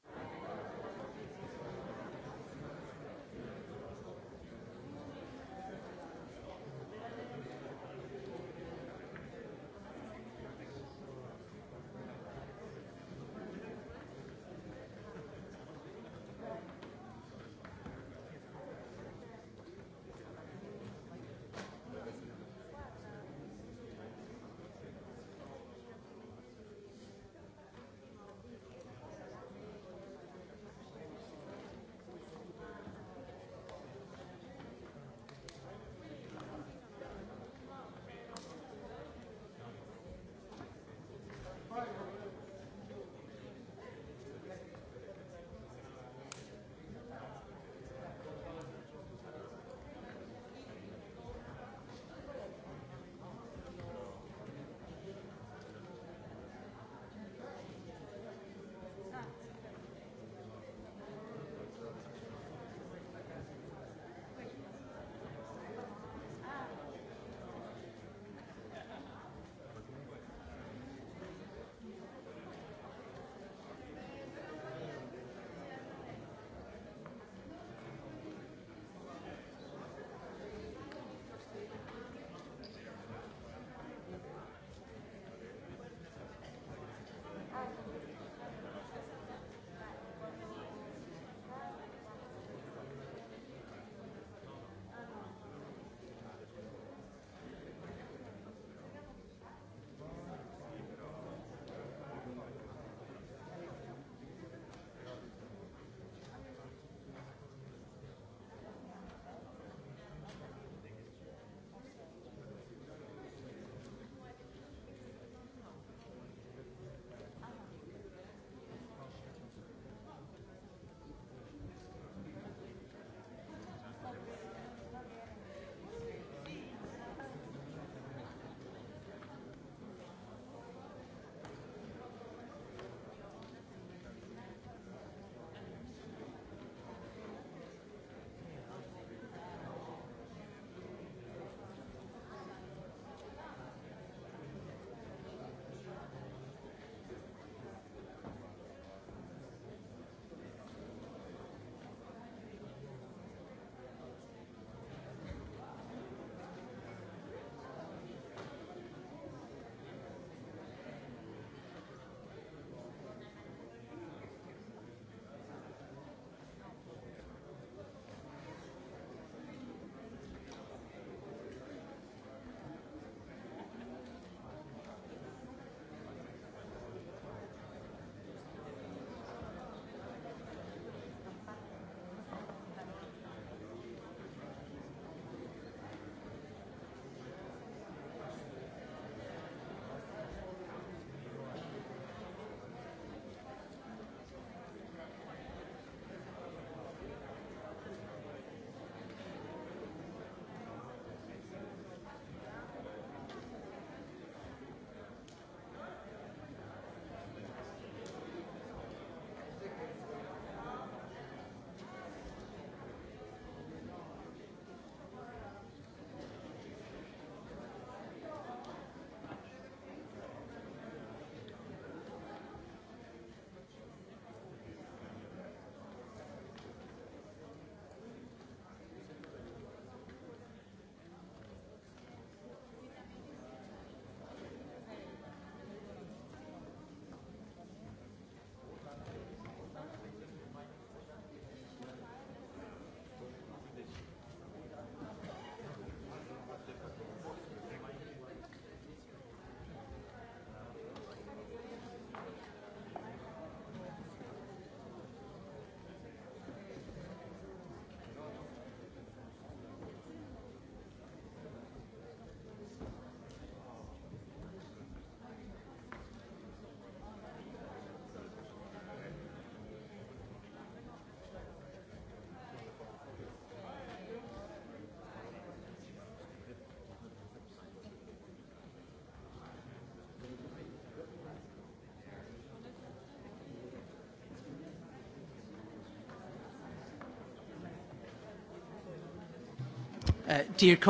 Uh,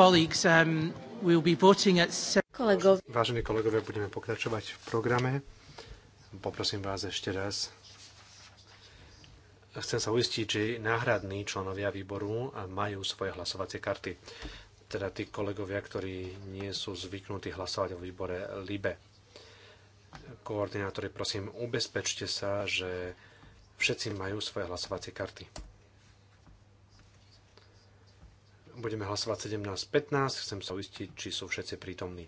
um, Vážení kolegovia, budeme pokračovať v programe. Poprosím vás ešte raz. Chcem sa uistiť, že náhradní členovia výboru majú svoje hlasovacie karty. Teda tí kolegovia, ktorí nie sú zvyknutí hlasovať o výbore LIBE. Koordinátori, prosím, ubezpečte sa, že všetci majú svoje hlasovacie karty. Budeme hlasovať 17.15. Chcem sa uistiť, či sú všetci prítomní.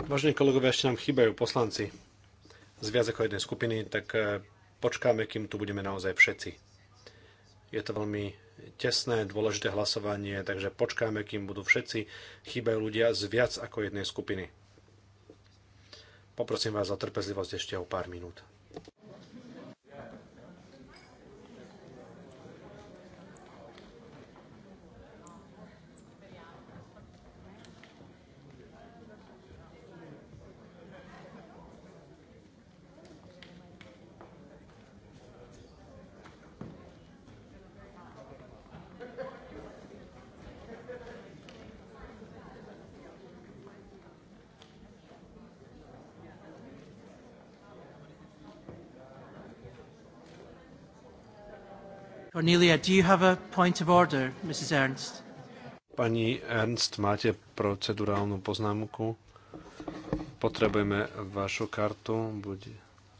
Vážení kolegovia, ešte nám chýbajú poslanci z viac ako jednej skupiny, tak eh, počkáme, kým tu budeme naozaj všetci. Je to veľmi tesné, dôležité hlasovanie, takže počkáme, kým budú všetci. Chýbajú ľudia z viac ako jednej skupiny. Poprosím vás o trpezlivosť ešte o pár minút. Cornelia, do you have a point of order, Mrs. Ernst? Pani Ernst, máte procedurálnu poznámku? Potrebujeme vašu kartu. Buď...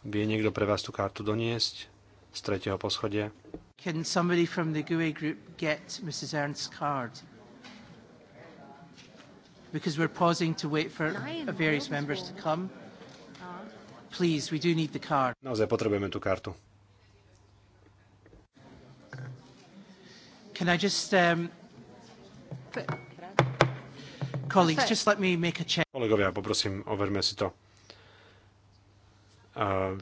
Vie niekto pre vás tú kartu doniesť z tretieho poschodia? Can somebody from the e group get Mrs. Ernst's card? Because we're pausing to wait for various members to come. Ah. Please, we do need the card. Naozaj potrebujeme tú kartu. Can I just... Um, colleagues, just let me make a check. Kolegovia, poprosím, overme si to.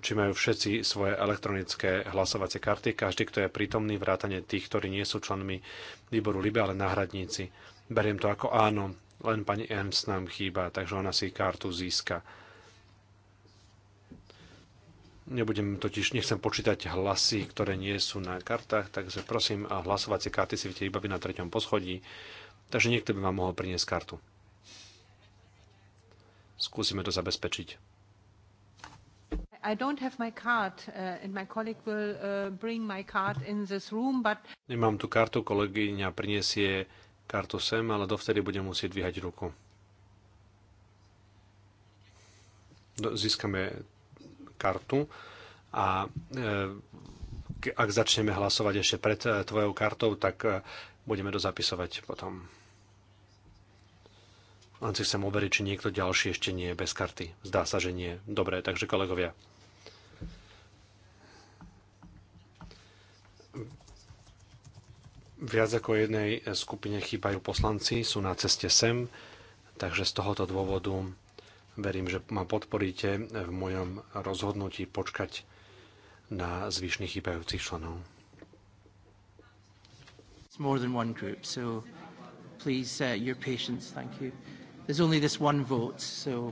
Či majú všetci svoje elektronické hlasovacie karty. Každý, kto je prítomný, vrátane tých, ktorí nie sú členmi výboru LIBE, ale náhradníci. Beriem to ako áno, len pani Ernst nám chýba, takže ona si kartu získa. Nebudem totiž, nechcem počítať hlasy, ktoré nie sú na kartách, takže prosím, a hlasovacie karty si vidíte iba na treťom poschodí, takže niekto by vám mohol priniesť kartu. Skúsime to zabezpečiť. I don't have my card uh, and my colleague will uh, bring my card in this room, but... Nemám tu kartu, kolegyňa prinesie kartu sem, ale dovtedy budem musieť dvíhať ruku. Získame kartu a e, ak začneme hlasovať ešte pred e, tvojou kartou, tak e, budeme to zapisovať potom. Len si chcem overiť, či niekto ďalší ešte nie je bez karty. Zdá sa, že nie. Dobre, takže kolegovia. Viac ako jednej skupine chýbajú poslanci, sú na ceste sem, takže z tohoto dôvodu Verím, že ma podporíte v mojom rozhodnutí počkať na zvyšných chýbajúcich členov. It's more than one group, so please uh, your patience, thank you. There's only this one vote, so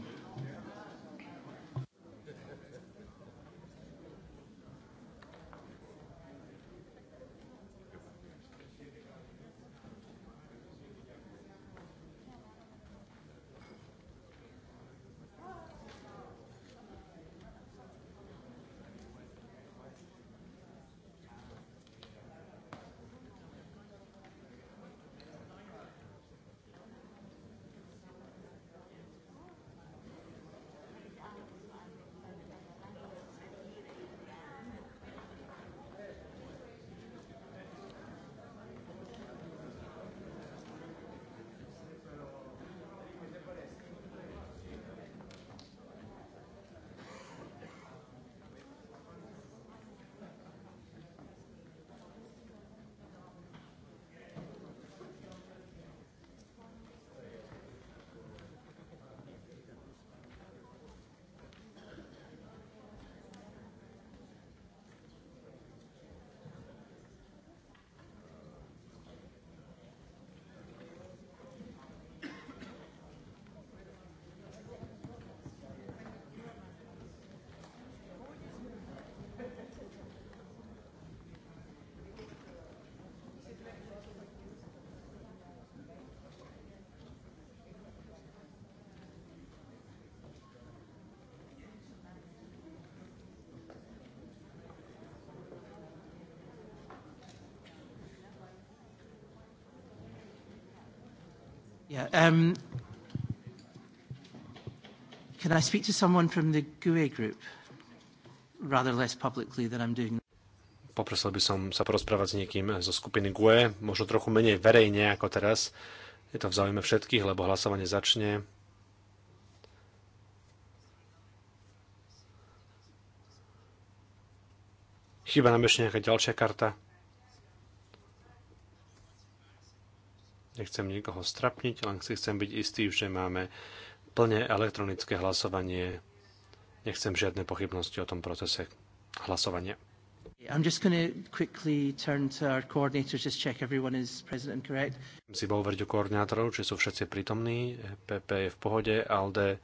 Yeah, um, can I speak to someone from the GUE group? Rather less publicly than I'm doing. Poprosil by som sa porozprávať s niekým zo skupiny GUE, možno trochu menej verejne ako teraz. Je to v záujme všetkých, lebo hlasovanie začne. Chýba nám ešte nejaká ďalšia karta. Nechcem nikoho strapniť, len si chcem byť istý, že máme plne elektronické hlasovanie. Nechcem žiadne pochybnosti o tom procese hlasovania. I'm just going to quickly turn to our coordinators, just check everyone is present and correct. Si hovoriť o koordinátorov, či sú všetci prítomní. PP e je v pohode, ALDE,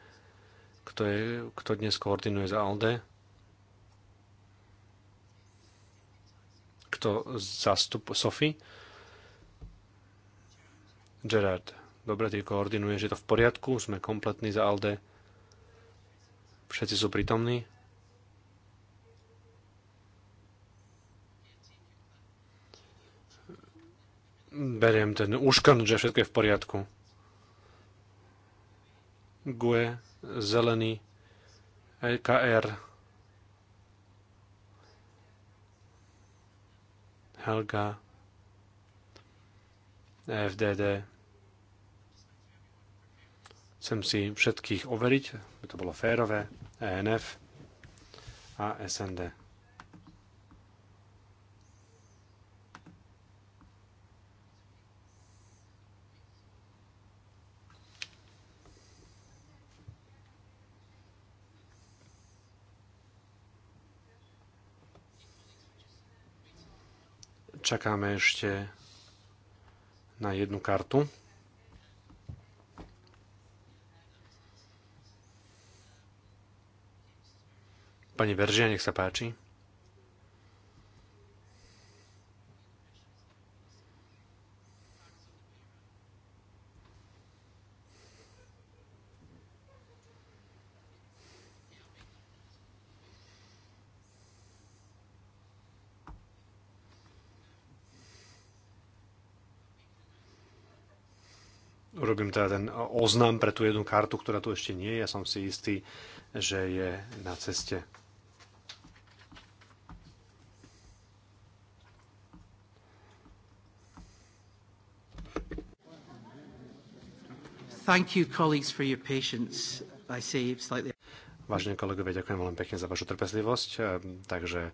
kto, je, kto dnes koordinuje za ALDE? Kto zastup Sofy? Gerard, dobre ty koordinuješ, je to v poriadku, sme kompletní za ALDE. Všetci sú prítomní. Beriem ten úškan, že všetko je v poriadku. GUE, zelený, EKR. Helga, FDD. Chcem si všetkých overiť, aby to bolo férové, ENF a SND. čakáme ešte na jednu kartu. Pani Veržia, nech sa páči. urobím teda ten oznam pre tú jednu kartu, ktorá tu ešte nie je. Ja som si istý, že je na ceste. Thank you, colleagues, for your patience. I say slightly... Vážení kolegovia, ďakujem veľmi pekne za vašu trpezlivosť. Ehm, takže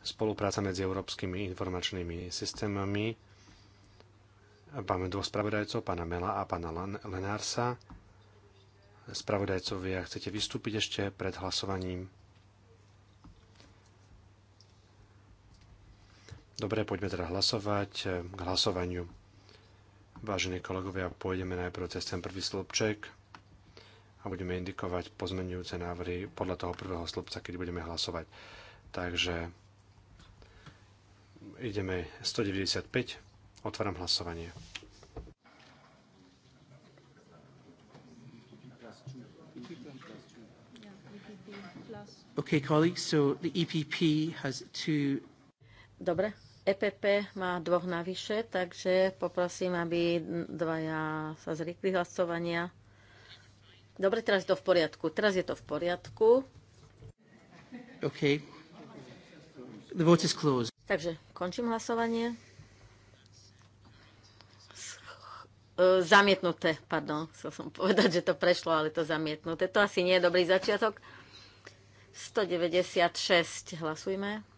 spolupráca medzi európskymi informačnými systémami. Máme dvoch spravodajcov, pána Mela a pána Lenársa. Spravodajcovia, chcete vystúpiť ešte pred hlasovaním? Dobre, poďme teda hlasovať ehm, k hlasovaniu. Vážení kolegovia, pôjdeme najprv cez ten prvý slupček a budeme indikovať pozmenujúce návrhy podľa toho prvého slupca, keď budeme hlasovať. Takže ideme 195, otváram hlasovanie. Okay, colleagues, so the EPP has two... Dobre, EPP má dvoch navyše, takže poprosím, aby dvaja sa zrikli hlasovania. Dobre, teraz je to v poriadku. Teraz je to v poriadku. OK. The vote is closed. Takže končím hlasovanie. E, zamietnuté, pardon, chcel som povedať, že to prešlo, ale to zamietnuté. To asi nie je dobrý začiatok. 196 hlasujme.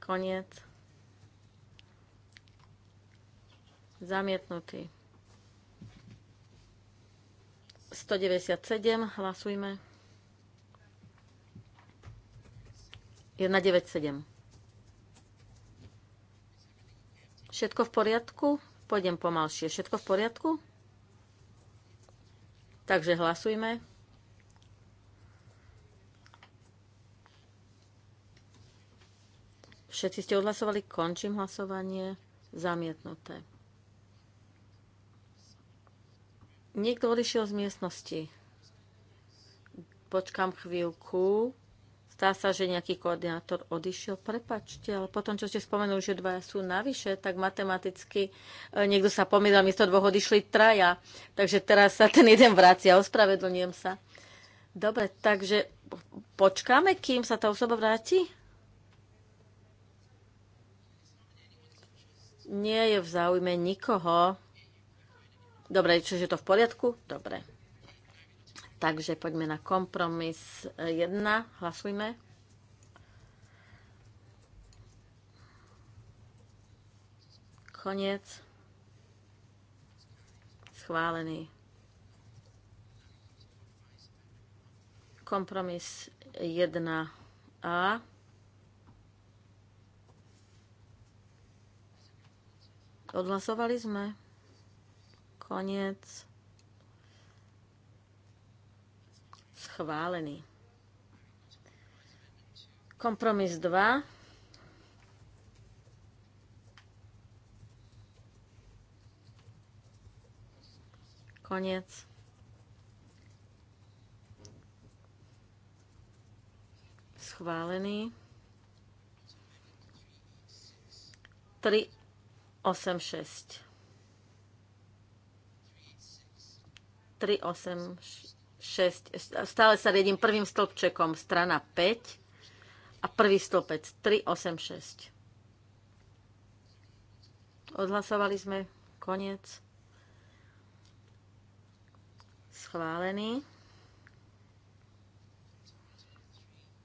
Koniec. Zamietnutý. 197, hlasujme. 197. Všetko v poriadku? Pôjdem pomalšie. Všetko v poriadku? Takže hlasujme. Všetci ste odhlasovali, končím hlasovanie. Zamietnuté. Niekto odišiel z miestnosti. Počkám chvíľku. Zdá sa, že nejaký koordinátor odišiel. Prepačte, ale potom, čo ste spomenuli, že dvaja sú navyše, tak matematicky e, niekto sa pomýlil, miesto dvoch odišli traja. Takže teraz sa ten jeden vracia, ospravedlňujem sa. Dobre, takže počkáme, kým sa tá osoba vráti? nie je v záujme nikoho. Dobre, čiže je to v poriadku? Dobre. Takže poďme na kompromis 1. Eh, Hlasujme. Koniec. Schválený. Kompromis 1a. Odhlasovali sme. Koniec. Schválený. Kompromis 2. Koniec. Schválený. 3 8-6. 3, 8, 6. Stále sa riedím prvým stĺpčekom. Strana 5 a prvý stĺpec. 3, 8, 6. Odhlasovali sme. Koniec. Schválený.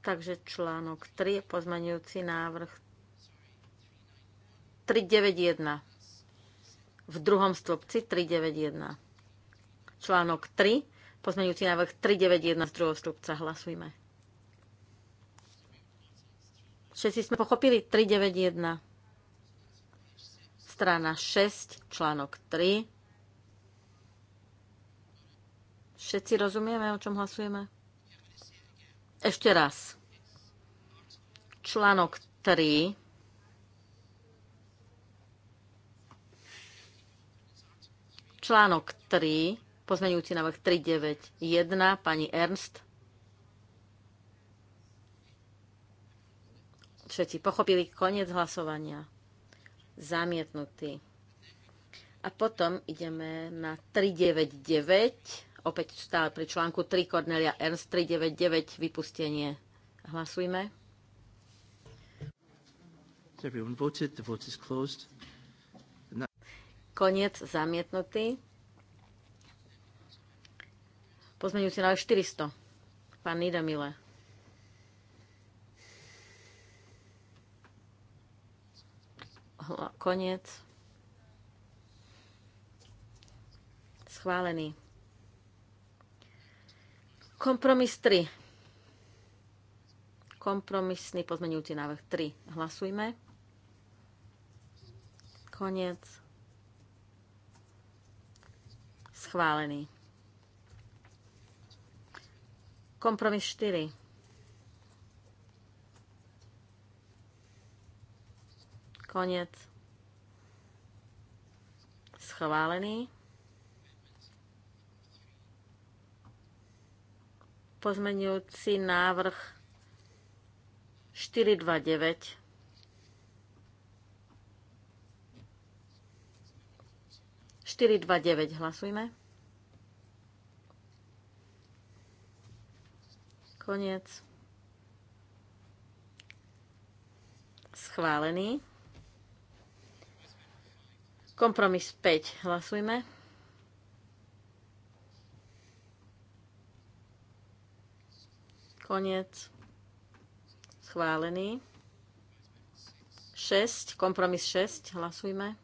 Takže článok 3, pozmenujúci návrh 391. V druhom stĺpci 391. Článok 3, pozmeňujúci návrh 391 z druhého stĺpca. Hlasujme. Všetci sme pochopili 391. Strana 6, článok 3. Všetci rozumieme, o čom hlasujeme? Ešte raz. Článok 3 Článok 3, pozmeňujúci návrh 391, pani Ernst. Všetci pochopili koniec hlasovania. Zamietnutý. A potom ideme na 399, opäť stále pri článku 3 Cornelia Ernst 399, vypustenie. Hlasujme. Everyone voted, the vote is closed. Koniec zamietnutý. Pozmeňujúci návrh 400. Pán Nida Mile. Koniec. Schválený. Kompromis 3. Kompromisný pozmeňujúci návrh 3. Hlasujme. Koniec. Schválený. Kompromis 4. Koniec. Schválený. Pozmenujúci návrh 429. Štyri, dva, deväť. Hlasujme. Koniec. Schválený. Kompromis 5. Hlasujme. Koniec. Schválený. 6. Kompromis 6. Hlasujme.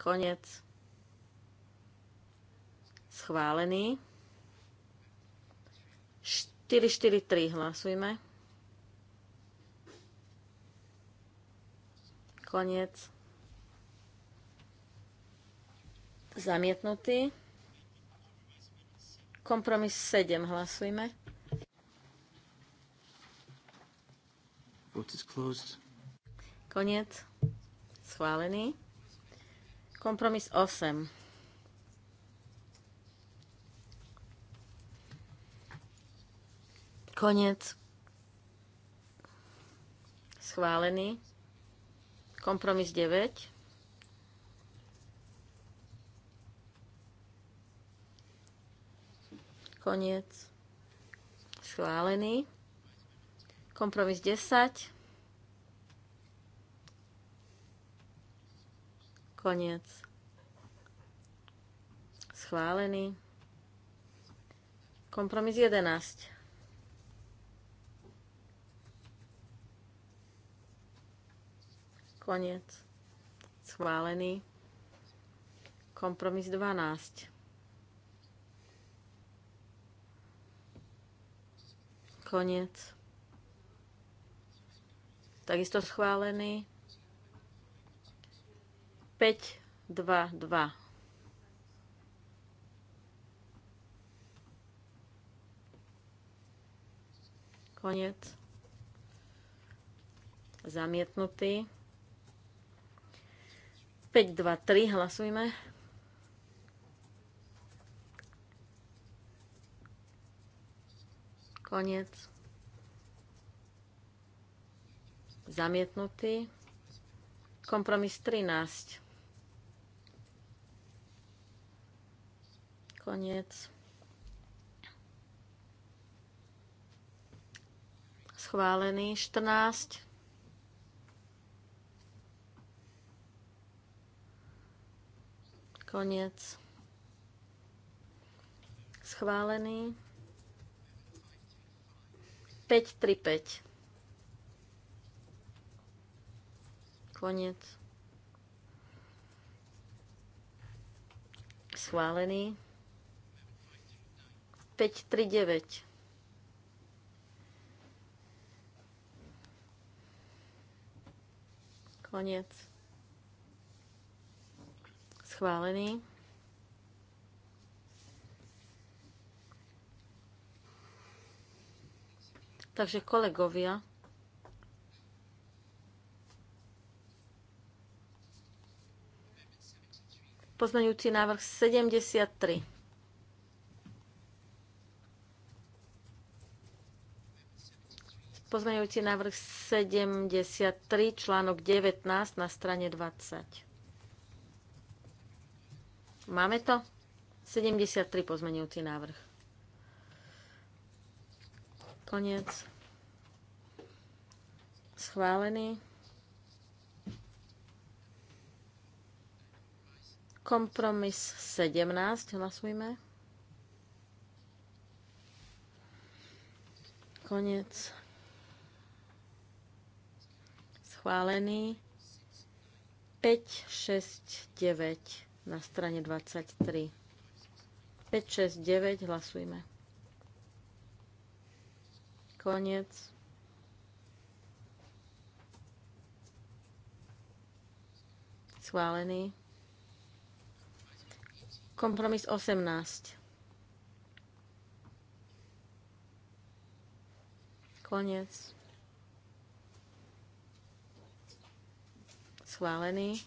Koniec schválený. 443 hlasujme. Koniec. Zamietnutý. Kompromis 7 hlasujme. Koniec. Schválený. Kompromis 8. Konec. Schválený. Kompromis 9. Koniec. Schválený. Kompromis 10. Koniec. Schválený. Kompromis 11. Koniec. Schválený. Kompromis 12. Koniec. Takisto schválený. 5, 2, 2. Koniec. Zamietnutý. 5, 2, 3, hlasujme. Koniec. Zamietnutý. Kompromis 13. Koniec. Schválený 14. Koniec. Schválený. 535. Koniec. Schválený. 539. Koniec schválený. Takže kolegovia, poznajúci návrh 73. Pozmeňujúci návrh 73, článok 19 na strane 20. Máme to? 73 pozmenujúci návrh. Koniec. Schválený. Kompromis 17. Hlasujme. Koniec. Schválený. 5, 6, 9 na strane 23. 5, 6, 9, hlasujme. Koniec. Schválený. Kompromis 18. Koniec. Schválený.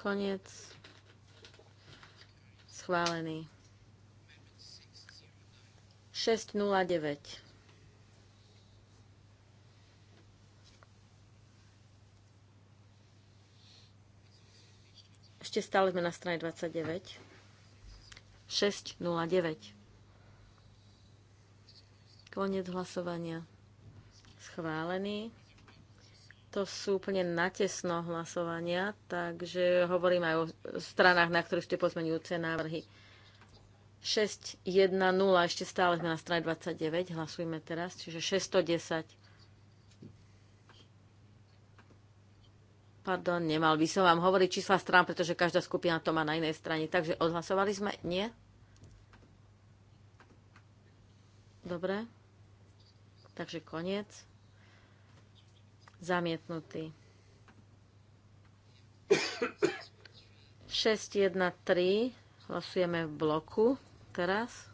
Koniec. Schválený. 609. Ešte stále sme na strane 29. 609. Koniec hlasovania. Schválený to sú úplne natesno hlasovania, takže hovorím aj o stranách, na ktorých ste pozmenujúce návrhy. 6, 1, 0, ešte stále sme na strane 29, hlasujme teraz, čiže 610. Pardon, nemal by som vám hovoriť čísla strán, pretože každá skupina to má na inej strane. Takže odhlasovali sme? Nie? Dobre. Takže koniec. Zamietnutý. 613 hlasujeme v bloku teraz.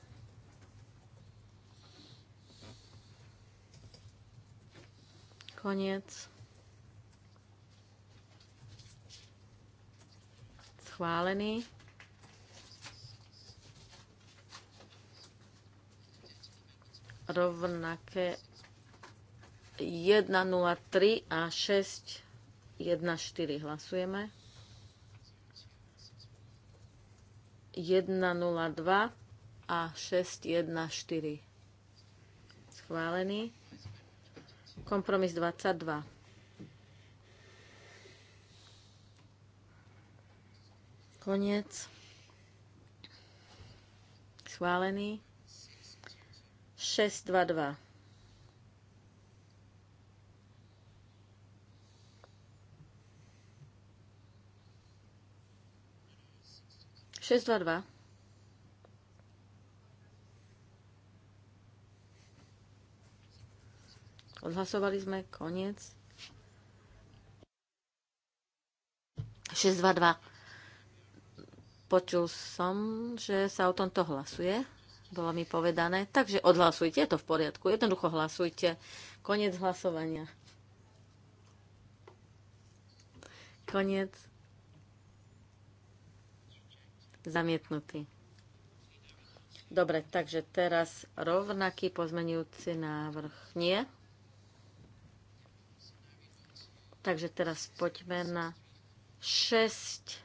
Koniec. Schválený. Rovnaké 103 a 614 hlasujeme. 102 a 614 schválený. Kompromis 22. Koniec. Schválený. 622. 622. Odhlasovali sme koniec. 622. Počul som, že sa o tomto hlasuje. Bolo mi povedané. Takže odhlasujte, je to v poriadku. Jednoducho hlasujte. Koniec hlasovania. Koniec Zamietnutý. Dobre, takže teraz rovnaký pozmenujúci návrh nie. Takže teraz poďme na 6,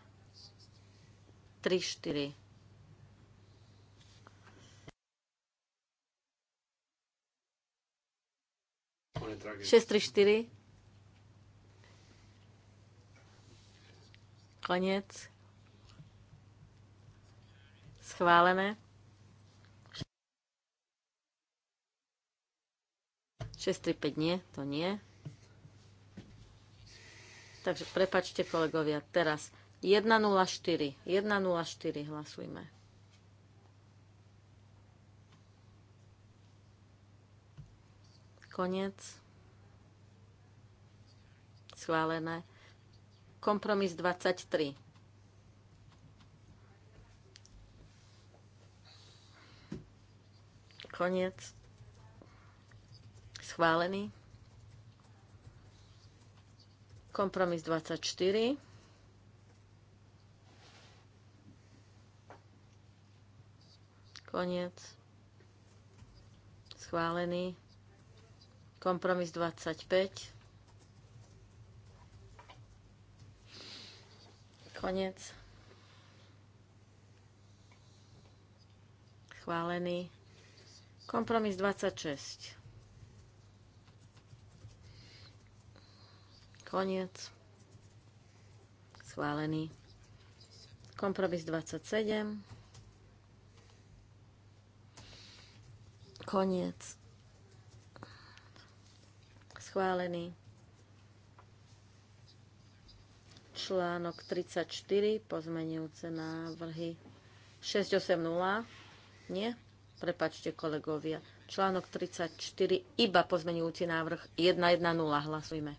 3, 4. Šesť, tri, štyri. Koniec. Schválené. päť, nie, to nie. Takže prepačte kolegovia, teraz 104, 104 hlasujme. Koniec. Schválené. Kompromis 23. Koniec. Schválený. Kompromis 24. Koniec. Schválený. Kompromis 25. Koniec. Schválený. Kompromis 26. Koniec. Schválený. Kompromis 27. Koniec. Schválený. Článok 34, pozmenujúce návrhy 680. Nie? Prepačte, kolegovia. Článok 34, iba pozmenujúci návrh 110. Hlasujme.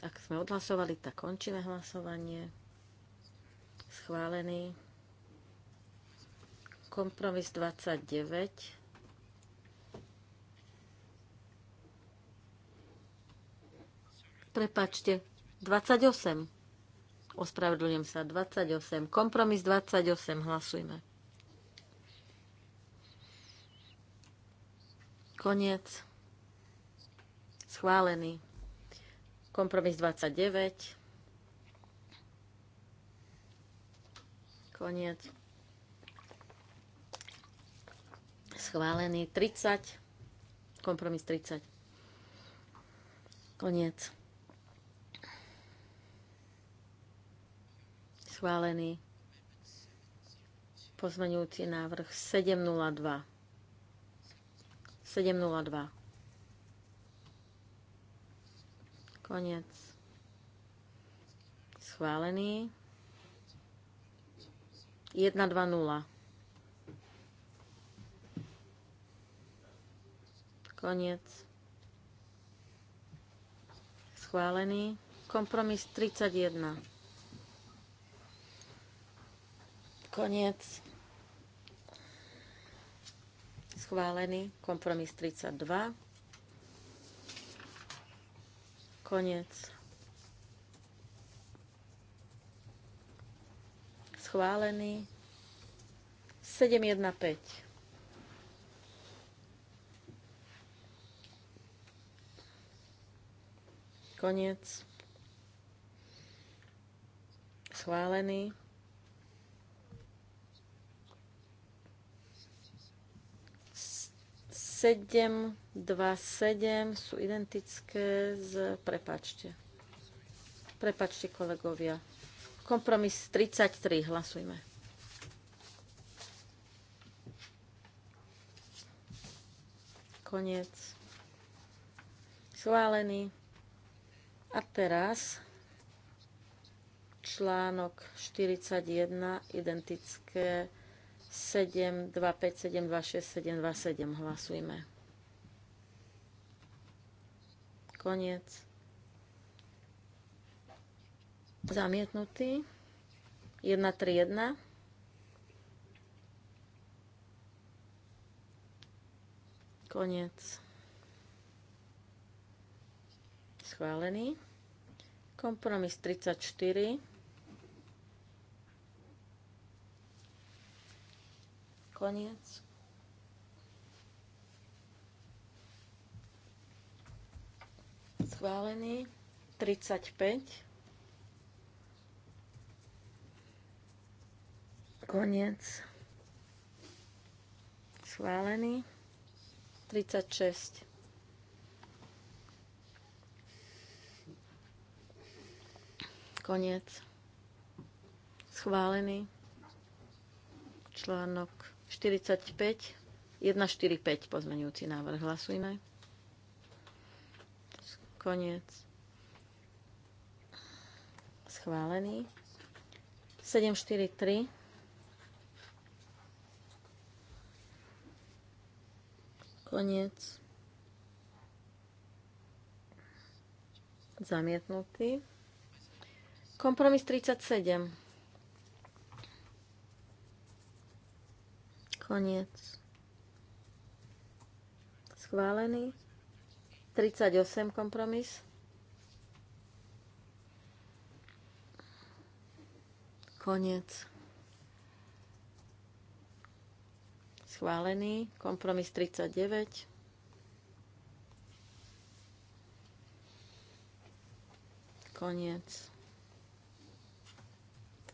Ak sme odhlasovali, tak končíme hlasovanie. Schválený. Kompromis 29. Prepačte, 28. Ospravedlňujem sa. 28. Kompromis 28. Hlasujme. Koniec. Schválený. Kompromis 29. Koniec. Schválený 30. Kompromis 30. Koniec Schválený. Pozmenujúci návrh 702. 702. Koniec. Schválený. 120. Koniec. Schválený. Kompromis 31. Koniec. Schválený. Kompromis 32. Koniec. Schválený. 715. Koniec. Schválený. 7, 2, 7 sú identické s... Prepačte. Prepačte, kolegovia. Kompromis 33. Hlasujme. Koniec. Schválený. A teraz článok 41, identické 7, 2, 5, 7, 2, 6, 7, 2, 7. Hlasujme. Koniec. Zamietnutý. 1, 3, 1. Koniec. Schválený. Kompromis 34. Koniec. Schválený. 35. Koniec. Schválený. 36. Koniec. Schválený. Článok 45, 145 pozmeňujúci návrh. Hlasujme. Koniec. Schválený. 743. Koniec. Zamietnutý. Kompromis 37. Koniec. Schválený. 38 kompromis. Koniec. Schválený. Kompromis 39. Koniec.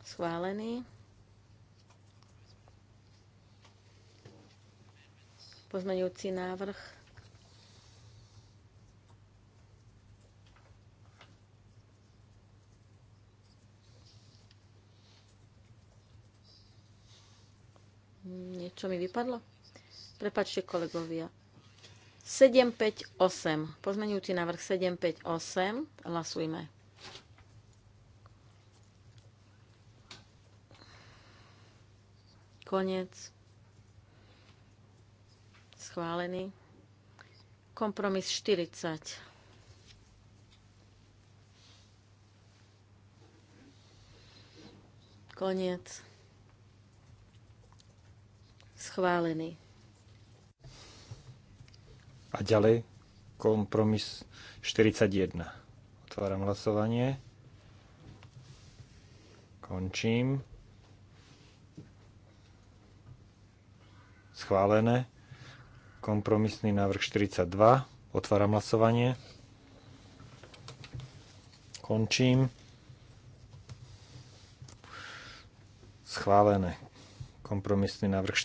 Schválený. Pozmeňujúci návrh. Niečo mi vypadlo? Prepačte, kolegovia. 758. Pozmeňujúci návrh 758. Hlasujme. Koniec schválený. Kompromis 40. Koniec. Schválený. A ďalej kompromis 41. Otváram hlasovanie. Končím. Schválené. Kompromisný návrh 42. Otváram hlasovanie. Končím. Schválené. Kompromisný návrh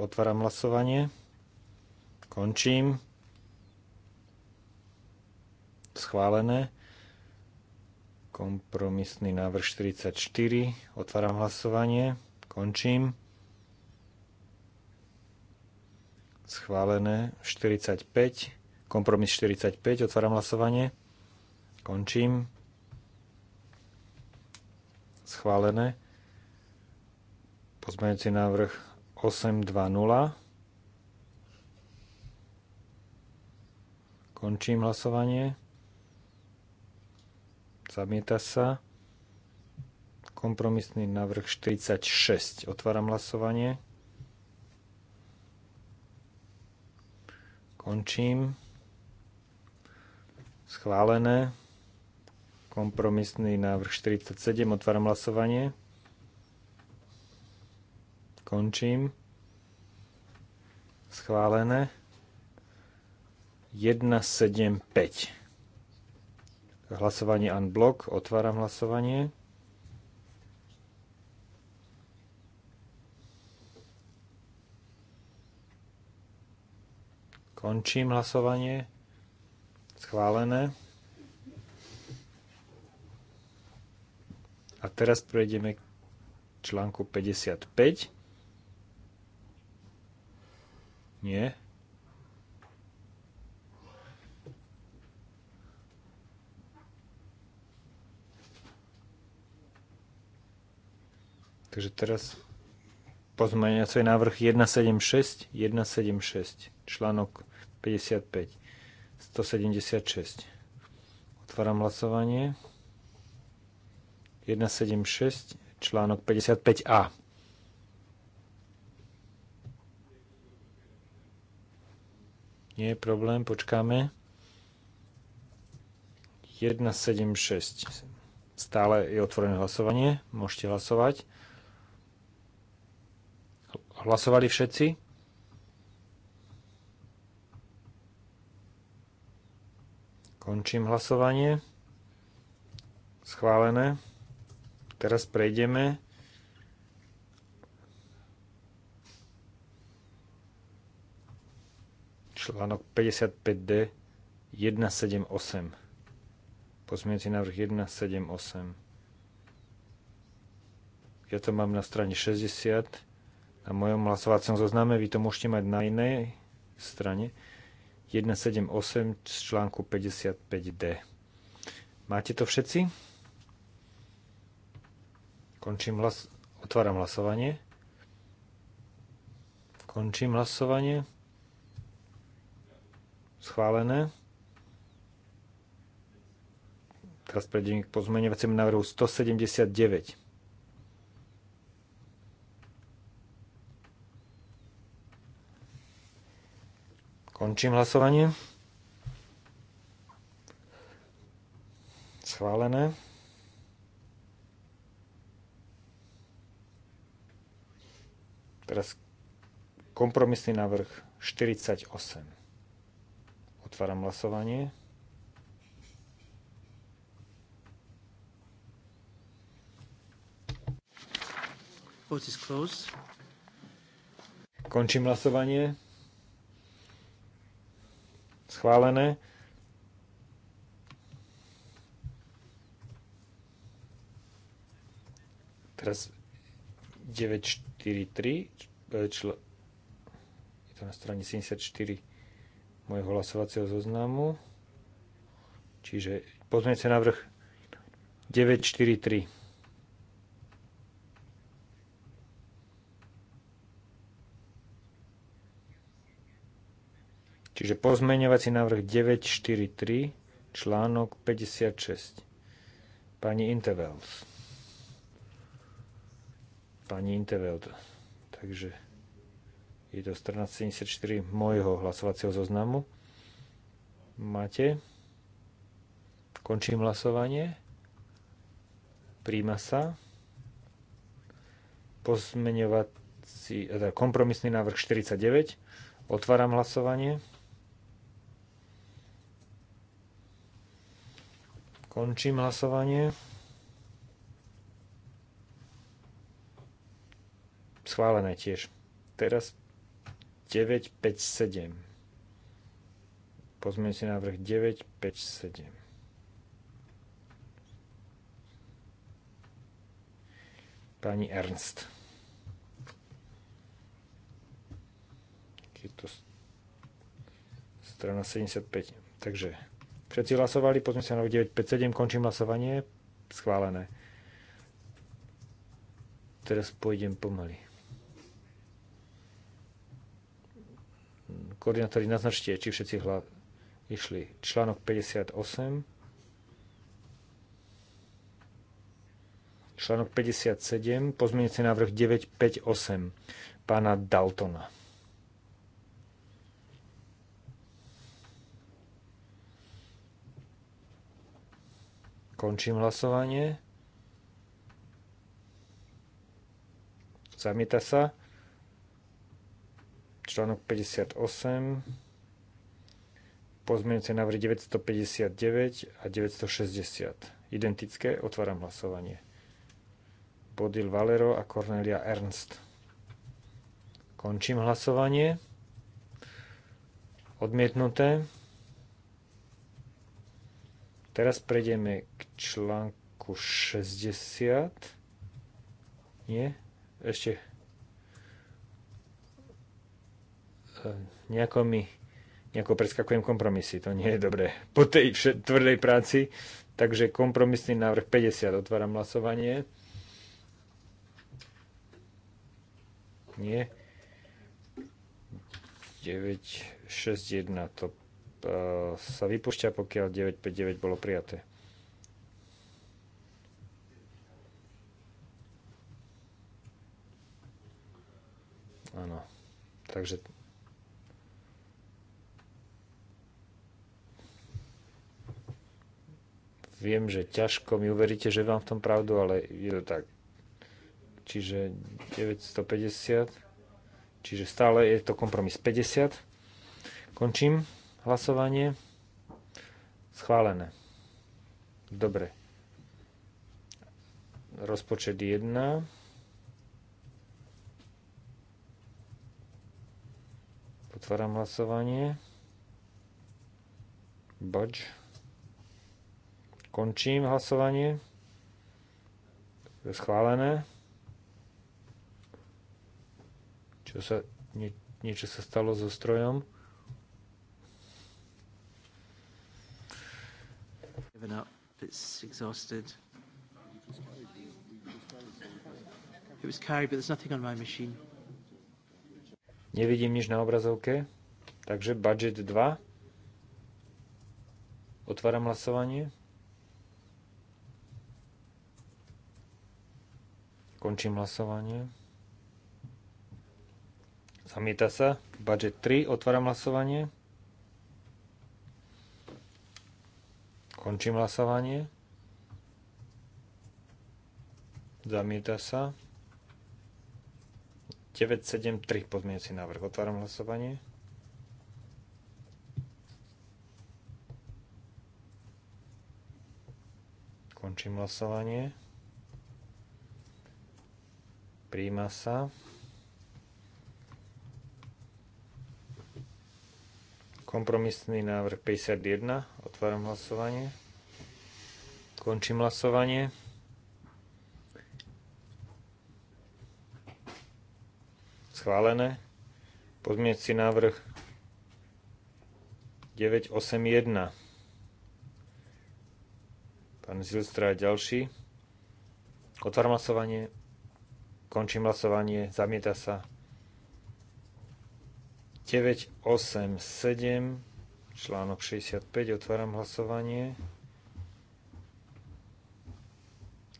43. Otváram hlasovanie. Končím. Schválené. Kompromisný návrh 44. Otváram hlasovanie. Končím. schválené 45, kompromis 45, otváram hlasovanie, končím, schválené, pozmeňujúci návrh 820, končím hlasovanie, zamieta sa, kompromisný návrh 46, otváram hlasovanie, Končím. Schválené. Kompromisný návrh 47. Otváram hlasovanie. Končím. Schválené. 175. Hlasovanie unblock. Otváram hlasovanie. Končím hlasovanie. Schválené. A teraz prejdeme k článku 55. Nie. Takže teraz pozmeňovací návrh 176, 176 článok 55, 176. Otváram hlasovanie. 176, článok 55a. Nie je problém, počkáme. 176. Stále je otvorené hlasovanie, môžete hlasovať. Hlasovali všetci? Končím hlasovanie. Schválené. Teraz prejdeme článok 55D 178. Pozmienci návrh 178. Ja to mám na strane 60 na mojom hlasovacom zozname, vy to môžete mať na inej strane. 178 z článku 55D. Máte to všetci? Končím hlas... Otváram hlasovanie. Končím hlasovanie. Schválené. Teraz prejdeme k pozmeňovaciemu návrhu 179. Končím hlasovanie. Schválené. Teraz kompromisný návrh 48. Otváram hlasovanie. Končím hlasovanie. Schválené. Teraz 943, e, čl- je to na strane 74 môjho hlasovacieho zoznamu. Čiže pozmeňte návrh 943. Čiže pozmeňovací návrh 943, článok 56. Pani Intervels. Pani Intervelt. Takže je to 1474 môjho hlasovacieho zoznamu. Máte. Končím hlasovanie. Príjma sa. Pozmeňovací, teda kompromisný návrh 49. Otváram hlasovanie. Končím hlasovanie. Schválené tiež. Teraz 957. Pozmeňte návrh 957. Pani Ernst. Je to strana 75. Takže Všetci hlasovali, pozme sa na 957, končím hlasovanie, schválené. Teraz pôjdem pomaly. Koordinátori, naznačte, či všetci hla... išli. Článok 58. Článok 57, pozmeňujúci návrh 958 pána Daltona. Končím hlasovanie. Zamieta sa. Článok 58. na návrhy 959 a 960. Identické. Otváram hlasovanie. Bodil Valero a Cornelia Ernst. Končím hlasovanie. Odmietnuté. Teraz prejdeme k článku 60. Nie? Ešte e, nejako mi nejako preskakujem kompromisy. To nie je dobré po tej tvrdej práci. Takže kompromisný návrh 50. Otváram hlasovanie. Nie. 9, 6, 1 to sa vypúšťa, pokiaľ 959 bolo prijaté. Áno. Takže viem, že ťažko mi uveríte, že vám v tom pravdu, ale je to tak. Čiže 950, čiže stále je to kompromis 50. Končím. Hlasovanie. Schválené. Dobre. Rozpočet 1. Otváram hlasovanie. Bač. Končím hlasovanie. Je schválené. Čo sa, nie, niečo sa stalo so strojom. Given up, it's exhausted. It was carried, but there's nothing on my machine. Nevidím nič na obrazovke, takže budget 2. Otváram hlasovanie. Končím hlasovanie. Zamieta sa. Budget 3. Otváram hlasovanie. Končím hlasovanie. Zamieta sa. 973 pozmienci návrh. Otváram hlasovanie. Končím hlasovanie. Príjma sa. Kompromisný návrh 51. Otváram hlasovanie. Končím hlasovanie. Schválené. Pozmieť si návrh 981. Pán Zilstra je ďalší. Otváram hlasovanie. Končím hlasovanie. Zamieta sa. 987 Článok 65, otváram hlasovanie.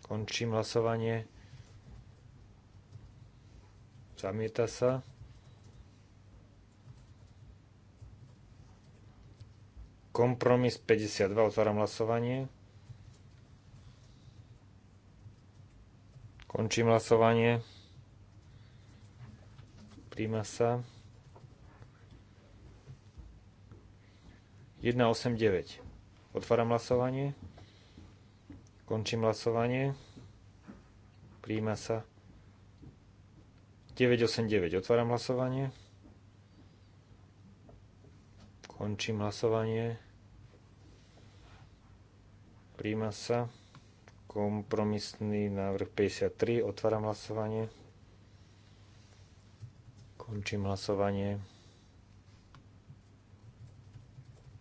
Končím hlasovanie. Zamieta sa. Kompromis 52, otváram hlasovanie. Končím hlasovanie. Príjma sa. 189. Otváram hlasovanie. Končím hlasovanie. Príjma sa. 989. Otváram hlasovanie. Končím hlasovanie. Príjma sa. Kompromisný návrh 53. Otváram hlasovanie. Končím hlasovanie.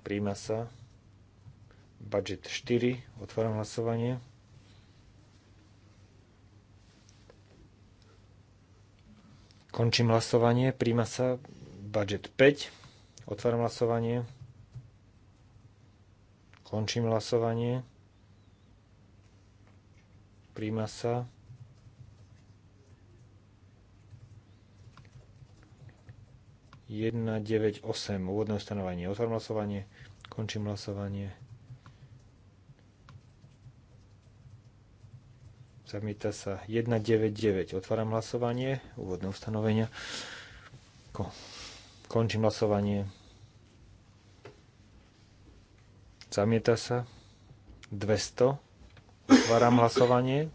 Príjma sa. Budget 4. Otváram hlasovanie. Končím hlasovanie. Príjma sa. Budget 5. Otváram hlasovanie. Končím hlasovanie. Príjma sa. Jedna, deväť, osem. Úvodné ustanovenie. Otváram hlasovanie. Končím hlasovanie. Zamieta sa 199. Otváram hlasovanie. Úvodné ustanovenia. Končím hlasovanie. Zamieta sa 200. Otváram hlasovanie.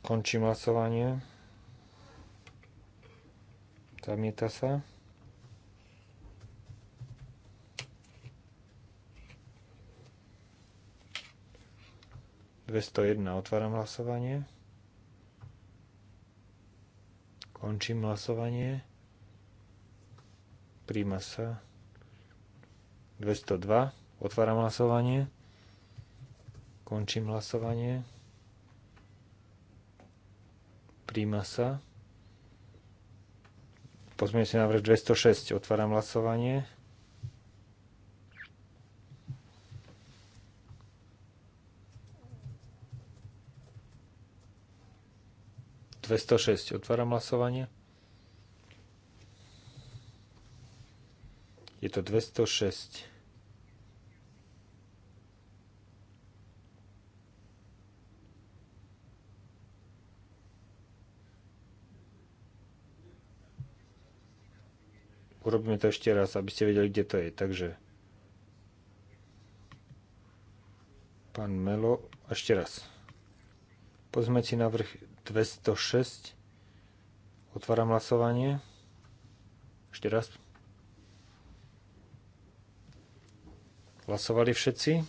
Končím hlasovanie. Zamieta sa. Dvesto jedna. Otváram hlasovanie. Končím hlasovanie. Príjma sa. 202. Otváram hlasovanie. Končím hlasovanie. Príjma sa. Pozmeňujúci návrh 206. Otváram hlasovanie. Otváram hlasovanie. Je to 206. urobíme to ešte raz, aby ste vedeli, kde to je. Takže pán Melo, ešte raz. na návrh 206. Otváram hlasovanie. Ešte raz. Hlasovali všetci?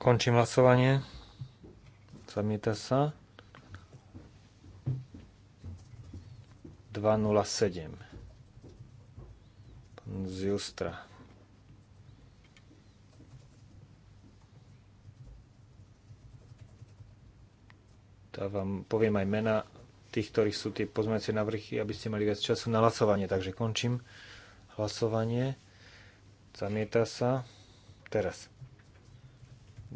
Končím hlasovanie. Zamieta sa. 207. Pán Zilstra. Tá vám poviem aj mena tých, ktorých sú tie pozmeňujúce navrhy, aby ste mali viac času na hlasovanie. Takže končím hlasovanie. Zamieta sa. Teraz.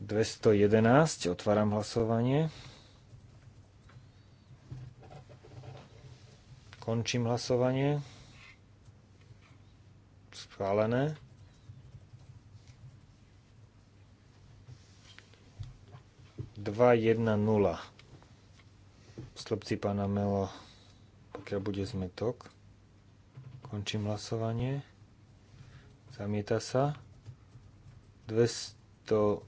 211. Otváram hlasovanie. Končím hlasovanie. Schválené. Dva, jedna, nula. Stĺpci pána Melo, pokiaľ bude zmetok. Končím hlasovanie. Zamieta sa. 214.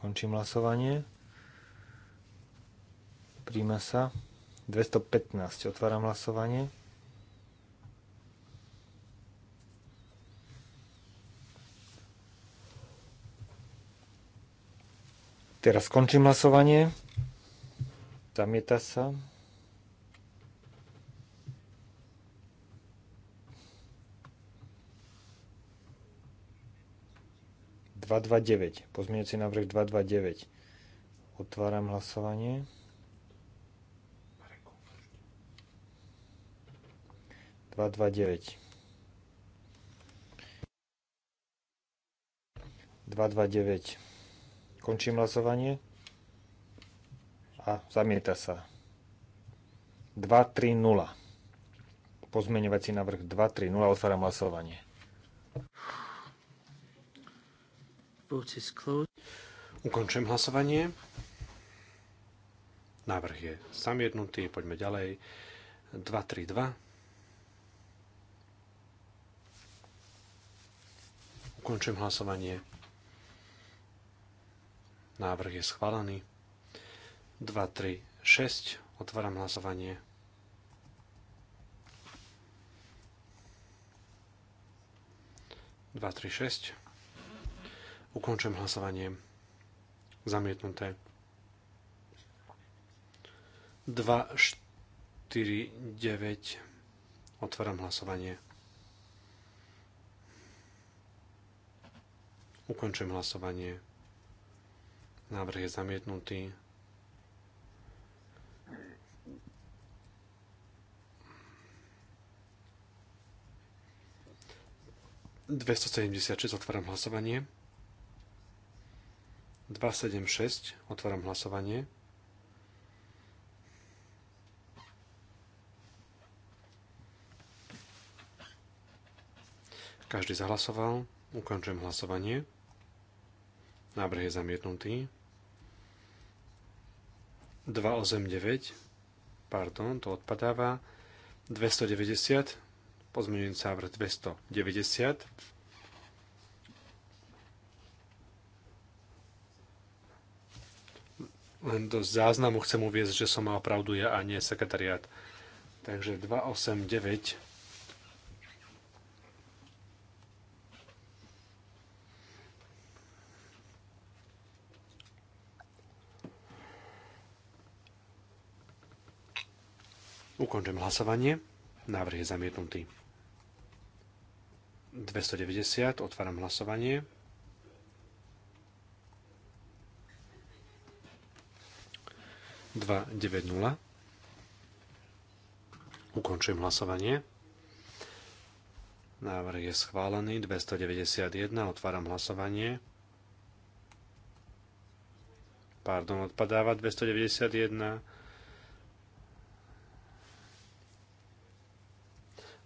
Končím hlasovanie. Príjma sa. 215. Otváram hlasovanie. Teraz skončím hlasovanie. Zamieta sa. Pozmienujúci návrh 229. Otváram hlasovanie. 229. 229. Končím hlasovanie. A zamieta sa. 230. Pozmeňovací návrh 230. Otváram hlasovanie. Ukončujem hlasovanie. Návrh je zamietnutý. Poďme ďalej. 232. Ukončujem hlasovanie. Návrh je schválený. 2, 3, 6. Otváram hlasovanie. Dva, tri, šesť. Ukončujem hlasovanie. Zamietnuté. Dva, štyri, deväť. Otváram hlasovanie. Ukončujem hlasovanie. Návrh je zamietnutý. ...276 otváram hlasovanie. 276 otváram hlasovanie. Každý zahlasoval. Ukončujem hlasovanie. Návrh je zamietnutý. 289, pardon, to odpadáva. 290, pozmeňujem návrh 290. Len do záznamu chcem uviezť, že som mal pravdu ja a nie sekretariát. Takže 289 Ukončím hlasovanie. Návrh je zamietnutý. 290. Otváram hlasovanie. nula. Ukončujem hlasovanie. Návrh je schválený. 291. Otváram hlasovanie. Pardon, odpadáva 291.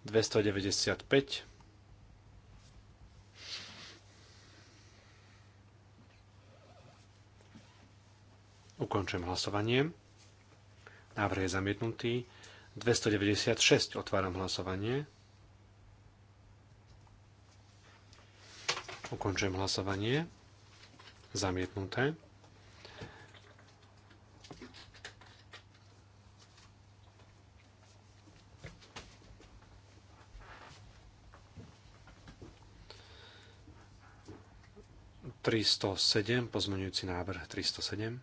295. Ukončujem hlasovanie. Návrh je zamietnutý. 296. Otváram hlasovanie. Ukončujem hlasovanie. Zamietnuté. 307, pozmeňujúci návrh 307.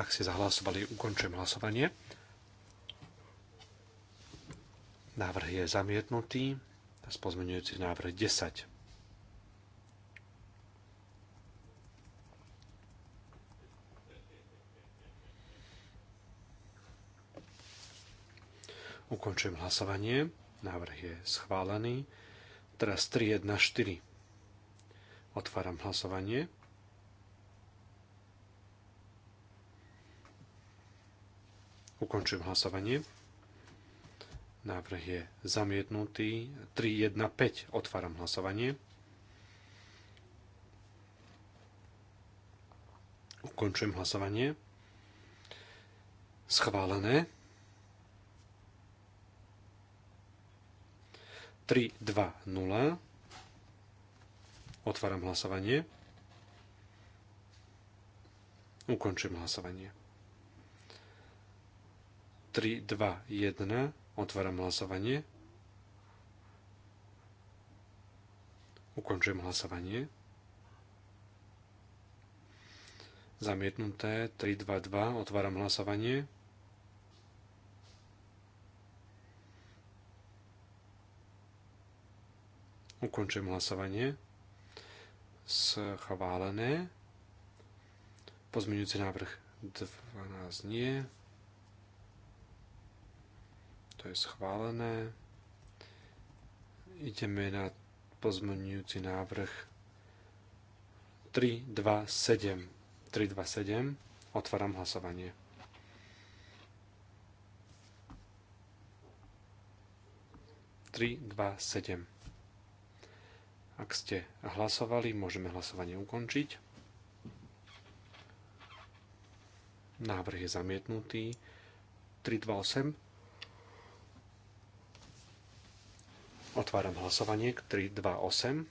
Ak ste zahlasovali, ukončujem hlasovanie. Návrh je zamietnutý. Teraz pozmeňujúci návrh 10. Ukončujem hlasovanie. Návrh je schválený. Teraz 3 1, 4. Otváram hlasovanie. Ukončujem hlasovanie. Návrh je zamietnutý. 3, 1, 5, Otváram hlasovanie. Ukončujem hlasovanie. Schválené. 3 2 0, Otváram hlasovanie. Ukončím hlasovanie. 3, 2, 1. Otváram hlasovanie. Ukončujem hlasovanie. Zamietnuté 3, 2, 2. Otváram hlasovanie. Ukončím hlasovanie. Schválené. Pozmeňujúci návrh 12 nie. To je schválené. Ideme na pozmeňujúci návrh 3, 2, 7. 3, 2, 7. Otváram hlasovanie. Tri, dva, sedem. Ak ste hlasovali, môžeme hlasovanie ukončiť. Návrh je zamietnutý. 328. Otváram hlasovanie k 328.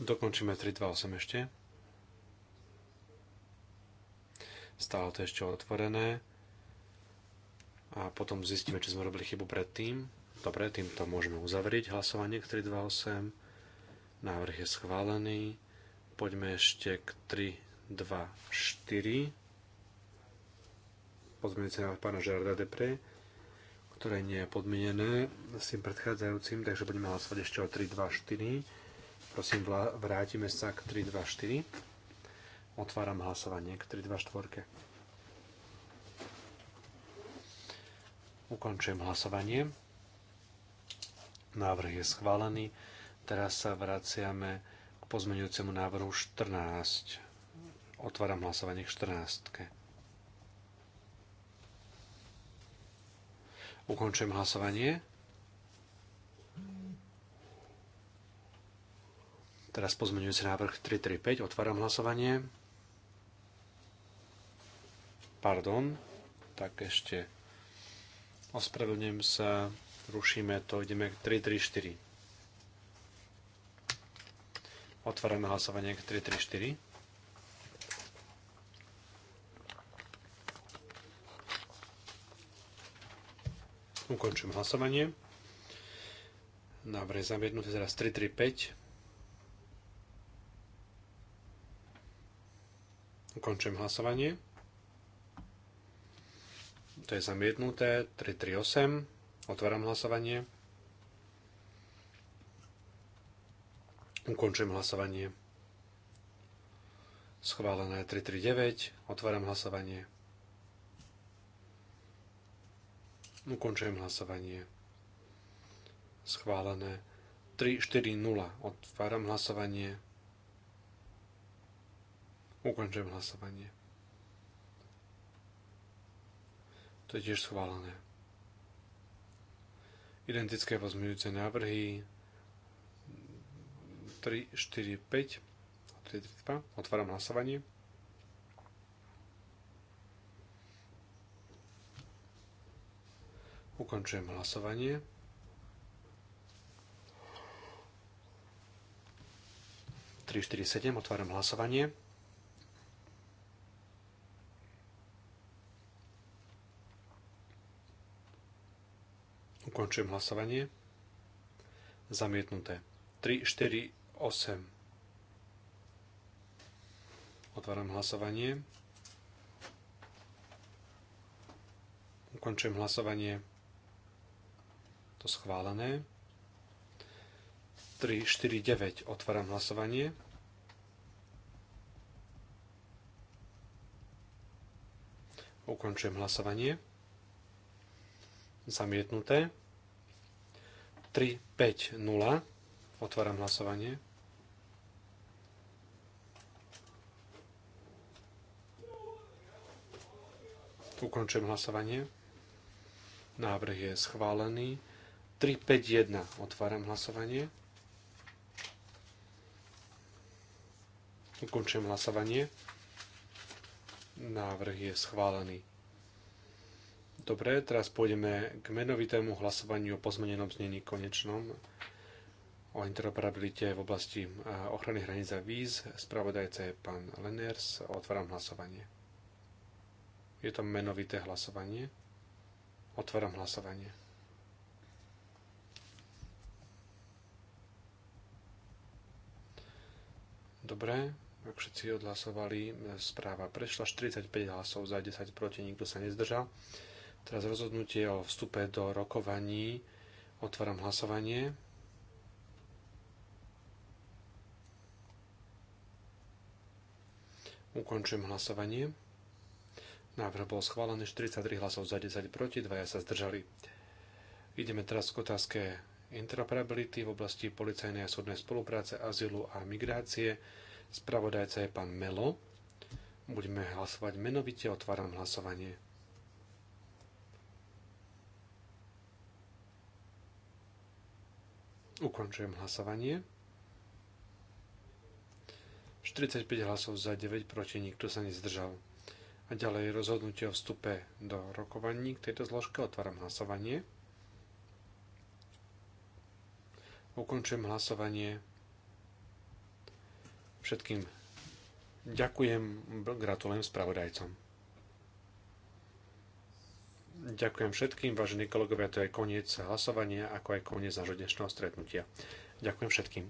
Dokončíme 328 ešte. Stále to ešte otvorené a potom zistíme, či sme robili chybu predtým. Dobre, týmto môžeme uzavrieť hlasovanie k 328. Návrh je schválený. Poďme ešte k 324. Pozmienice návrh pána Žerda Depre, ktoré nie je podmienené s tým predchádzajúcim, takže budeme hlasovať ešte o 324. Prosím, vrátime sa k 324. Otváram hlasovanie k 324. Ukončujem hlasovanie. Návrh je schválený. Teraz sa vraciame k pozmeňujúcemu návrhu 14. Otváram hlasovanie k 14. Ukončujem hlasovanie. Teraz pozmeňujúci návrh 335. Otváram hlasovanie. Pardon. Tak ešte Ospravedlňujem sa, rušíme to, ideme k 334. Otvárame hlasovanie k 334. Ukončím hlasovanie. Dobre, zamietnuté teraz 335. Ukončujem hlasovanie to je zamietnuté, 338, otváram hlasovanie, ukončujem hlasovanie, schválené 339, otváram hlasovanie, ukončujem hlasovanie, schválené 340, otváram hlasovanie, ukončujem hlasovanie. To je tiež schválené. Identické pozmeňujúce návrhy 3, 4, 5 3, 3, 2. Otváram hlasovanie. Ukončujem hlasovanie. Tri, štyri, sedem. Otváram hlasovanie. Ukončujem hlasovanie. Zamietnuté. 3, 4, 8. Otváram hlasovanie. Ukončujem hlasovanie. To schválené. 3, 4, 9. Otváram hlasovanie. Ukončujem hlasovanie. Zamietnuté. 3, 5, 0. Otváram hlasovanie. Ukončujem hlasovanie. Návrh je schválený. 351. Otváram hlasovanie. Ukončujem hlasovanie. Návrh je schválený. Dobre, teraz pôjdeme k menovitému hlasovaniu o pozmenenom znení konečnom o interoperabilite v oblasti ochrany hraníc a víz. Spravodajca je pán Leners. Otváram hlasovanie. Je to menovité hlasovanie. Otváram hlasovanie. Dobre, ak všetci odhlasovali, e, správa prešla 45 hlasov za 10 proti, nikto sa nezdržal. Teraz rozhodnutie o vstupe do rokovaní. Otváram hlasovanie. Ukončujem hlasovanie. Návrh bol schválený 43 hlasov za 10 proti, dvaja sa zdržali. Ideme teraz k otázke interoperability v oblasti policajnej a súdnej spolupráce, azylu a migrácie. Spravodajca je pán Melo. Budeme hlasovať menovite, otváram hlasovanie. Ukončujem hlasovanie. 45 hlasov za 9, proti nikto sa nezdržal. A ďalej rozhodnutie o vstupe do rokovaní k tejto zložke. Otváram hlasovanie. Ukončujem hlasovanie. Všetkým ďakujem, gratulujem spravodajcom. Ďakujem všetkým, vážení kolegovia, to je koniec hlasovania, ako aj koniec nášho dnešného stretnutia. Ďakujem všetkým.